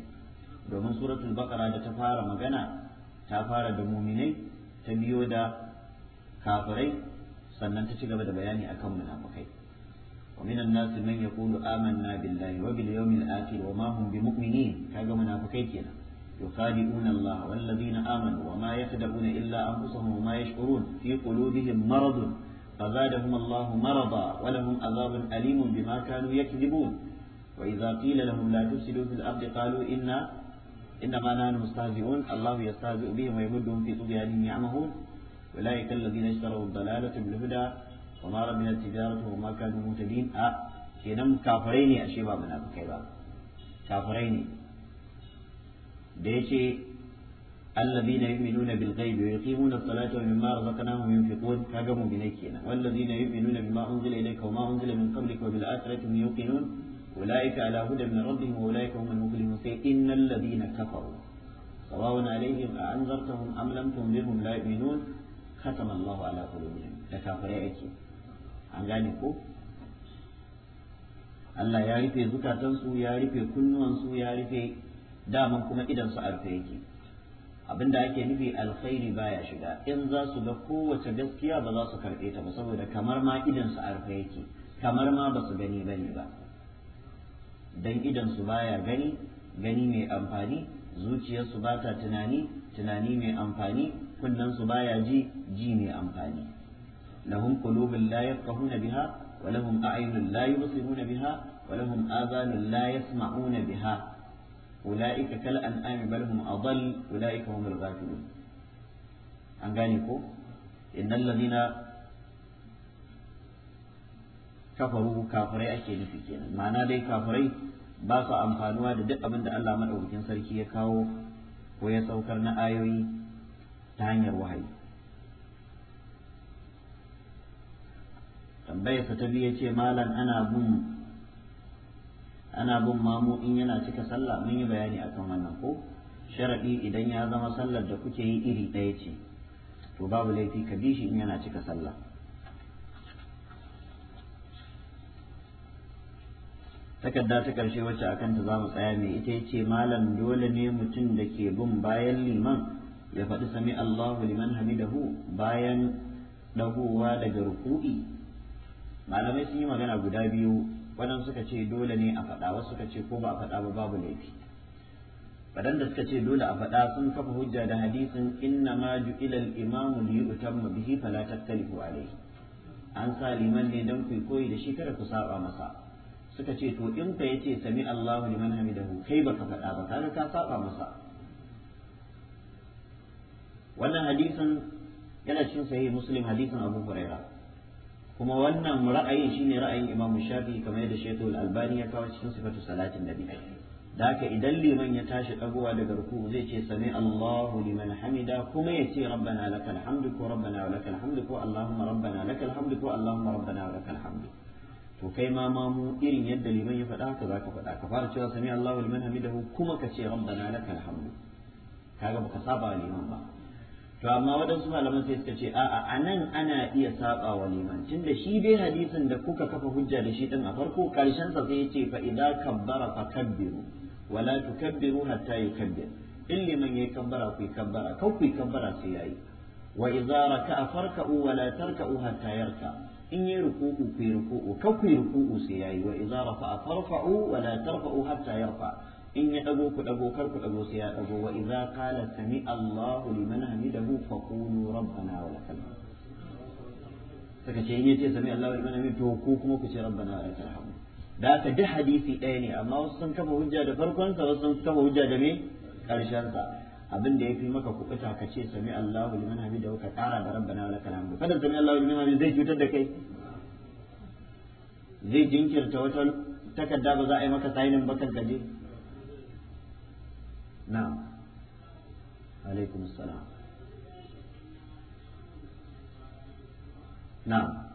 domin suratul baqara da ta fara magana ta fara da muminai ta biyo da kafirai sannan ta ci gaba da bayani akan munafukai ومن الناس من يقول آمنا بالله وباليوم الآخر وما هم بمؤمنين كذا منافقين كنا يخادعون الله والذين آمنوا وما يخدعون إلا أنفسهم وما يشعرون في قلوبهم مرض فزادهم الله مرضا ولهم عذاب أليم بما كانوا يكذبون وإذا قيل لهم لا تفسدوا في الأرض قالوا إنا إنما نحن مستهزئون الله يستهزئ بهم ويمدهم في طغيانهم يعمهون أولئك الذين اشتروا الضلالة بالهدى وما من التجارة وما كانوا مهتدين آه، أ kenan كافرين ne ashe ba munafikai ba kafirai الذين يؤمنون بالغيب ويقيمون الصلاة ومما رزقناهم ينفقون كاجموا بنيكينا والذين يؤمنون بما أنزل إليك وما أنزل من قبلك وبالآخرة هم يوقنون أولئك على هدى من ربهم وأولئك هم المفلحون إن الذين كفروا سواء عليهم أأنذرتهم أم لم تنذرهم لا يؤمنون ختم الله على قلوبهم لكافريك عن ذلك Allah ya rufe zukatansu ya rufe kunnuwansu ya rufe daman kuma idan su arfe yake Abin da ake nufi alkhairi baya shiga in za su ga kowace gaskiya ba za su karɓe ta ba saboda kamar ma idan su arfa yake kamar ma ba su gani bane ba dan idan su baya gani gani mai amfani zuciyarsu ba ta tunani tunani mai amfani kunnen su baya ji ji mai amfani lahum qulubun la yafqahuna biha wa lahum a'yunun la yubsiruna biha wa lahum adhanun la yasma'una biha ulaika kal an'ami bal hum adall ulaika humul ghafilun an gane ko innal ladina kafaru kafurai ake nufi kenan ma'ana dai kafurai ba su amfanuwa da duk abin da Allah madaukakin sarki ya kawo ko ya saukar na ayoyi ta hanyar wahayi tambayarsa ta biyu ce malam ana bin ana bin mamu in yana cika sallah mun yi bayani akan wannan ko sharadi idan ya zama sallar da kuke yi iri ɗaya ce to babu laifi ka bi shi in yana cika sallah takarda ta karshe wacce akan ta zamu tsaya mai ita yace malam dole ne mutum da ke bin bayan liman ya faɗi sami Allahu liman hamidahu bayan dagowa daga ruku'i malamai sun yi magana guda biyu wannan suka ce dole ne a faɗa wasu suka ce ko ba a faɗa ba babu laifi waɗanda suka ce dole a faɗa sun kafa hujja da hadisin inna ma ju'ila al-imamu li yutamma bihi fala tattalifu alayhi an sa liman ne dan ku koyi da shi kada ku saba masa suka ce to in ka yace sami Allahu liman hamidahu kai baka faɗa ba kaga ka saba masa wannan hadisin yana cikin sahih muslim hadisin Abu Hurairah kuma wannan ra'ayin shine ra'ayin Imam shafi kamar yadda Shaykhul Albani ya kawo cikin sifatu salatin nabi da haka idan liman ya tashi dagowa daga ruku zai ce sami Allahu liman hamida kuma ya ce rabbana lakal hamdu ko rabbana wa lakal hamdu ko Allahumma rabbana lakal hamdu ko Allahumma rabbana wa lakal hamdu to kai ma mamu irin yadda liman ya faɗa haka zaka faɗa ka fara cewa sami Allahu liman hamidahu kuma ka ce rabbana lakal hamdu kaga baka saba liman ba to amma waɗansu malaman sai suka ce a'a a nan ana iya saba wa liman tunda shi dai hadisin da kuka kafa hujja da shi din a farko karshen sa sai yace fa idza kabbara fa kabbiru wala tukabbiru hatta yukabbir in liman yayi kabbara ku kabbara kau ku kabbara sai yayi wa idza raka'a farka'u wala tarka'u hatta yarka in yi ruku'u ku yi ruku'u kau ku yi ruku'u sai yayi wa idza rafa'a farfa'u wala tarfa'u hatta yarfa' in ya dago ku dago kar ku dago sai ya dago wa idza qala sami Allahu liman hamidahu faqulu rabbana wa lakal saka ce in ce sami Allahu liman hamidahu to ku kuma ku ce rabbana wa lakal hamd da aka da hadisi ɗaya ne amma wasu sun kafa hujja da farkon sa wasu sun kafa hujja da me karshen sa abin da yafi maka kubuta ka ce sami Allahu liman hamidahu ka kara da rabbana wa lakal hamd kada sami Allahu liman hamidahu zai cutar da kai zai jinkirta wata takarda ba za a yi maka sainin ba kan gaje نعم عليكم السلام نعم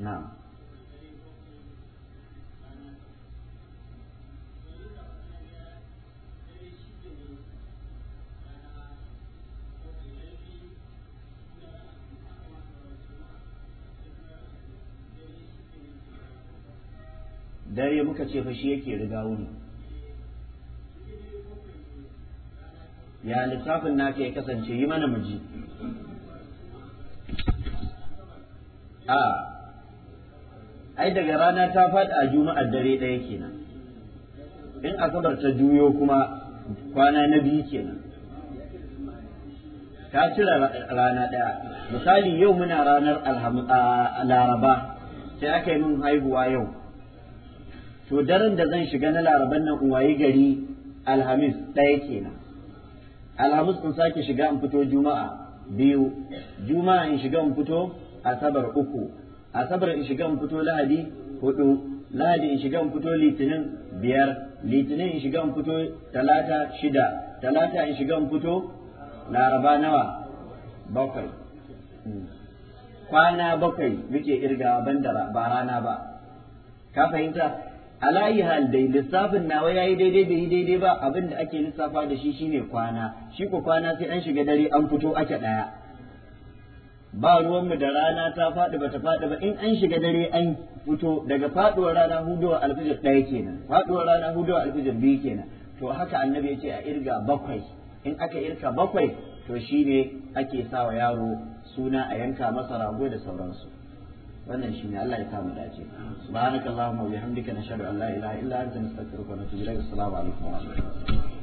نعم dare muka ce fa shi yake riga wuni ya lissafin naka ya kasance yi mana miji a ai daga rana ta faɗa a juma'ar dare ɗaya kenan in asabar ta juyo kuma kwana na biyu kenan ta cire rana ɗaya misali yau muna ranar laraba sai aka yi min haihuwa yau to daren da zan shiga na laraban nan waye gari alhamis ɗaya kenan alhamis in sake shiga in fito juma'a biyu juma'a in shiga in fito asabar uku asabar in shiga in fito lahadi hudu lahadi in shiga in fito litinin biyar litinin in shiga in fito talata shida talata in shiga in fito laraba nawa bakwai hmm. kwana bakwai muke irgawa ban da ba rana ba ka fahimta ala hal dai lissafin nawa yayi daidai bai daidai ba abin da ake lissafa da shi shine kwana shi ko kwana sai an shiga dare an fito ake daya ba ruwanmu da rana ta faɗi ta faɗi ba in an shiga dare an fito daga faɗuwar rana hudowa alfijir ɗaya kenan faɗuwar rana hudowa alfijir biyu kenan to haka annabi ya ce a irga bakwai in aka irka bakwai to shine ake sawa yaro suna a yanka masa rago da sauransu wannan shi ne Allah ya samu dace subhanakallahumma wa bihamdika nashhadu an la ilaha illa anta nastaghfiruka wa natubu ilayk assalamu alaikum wa rahmatullahi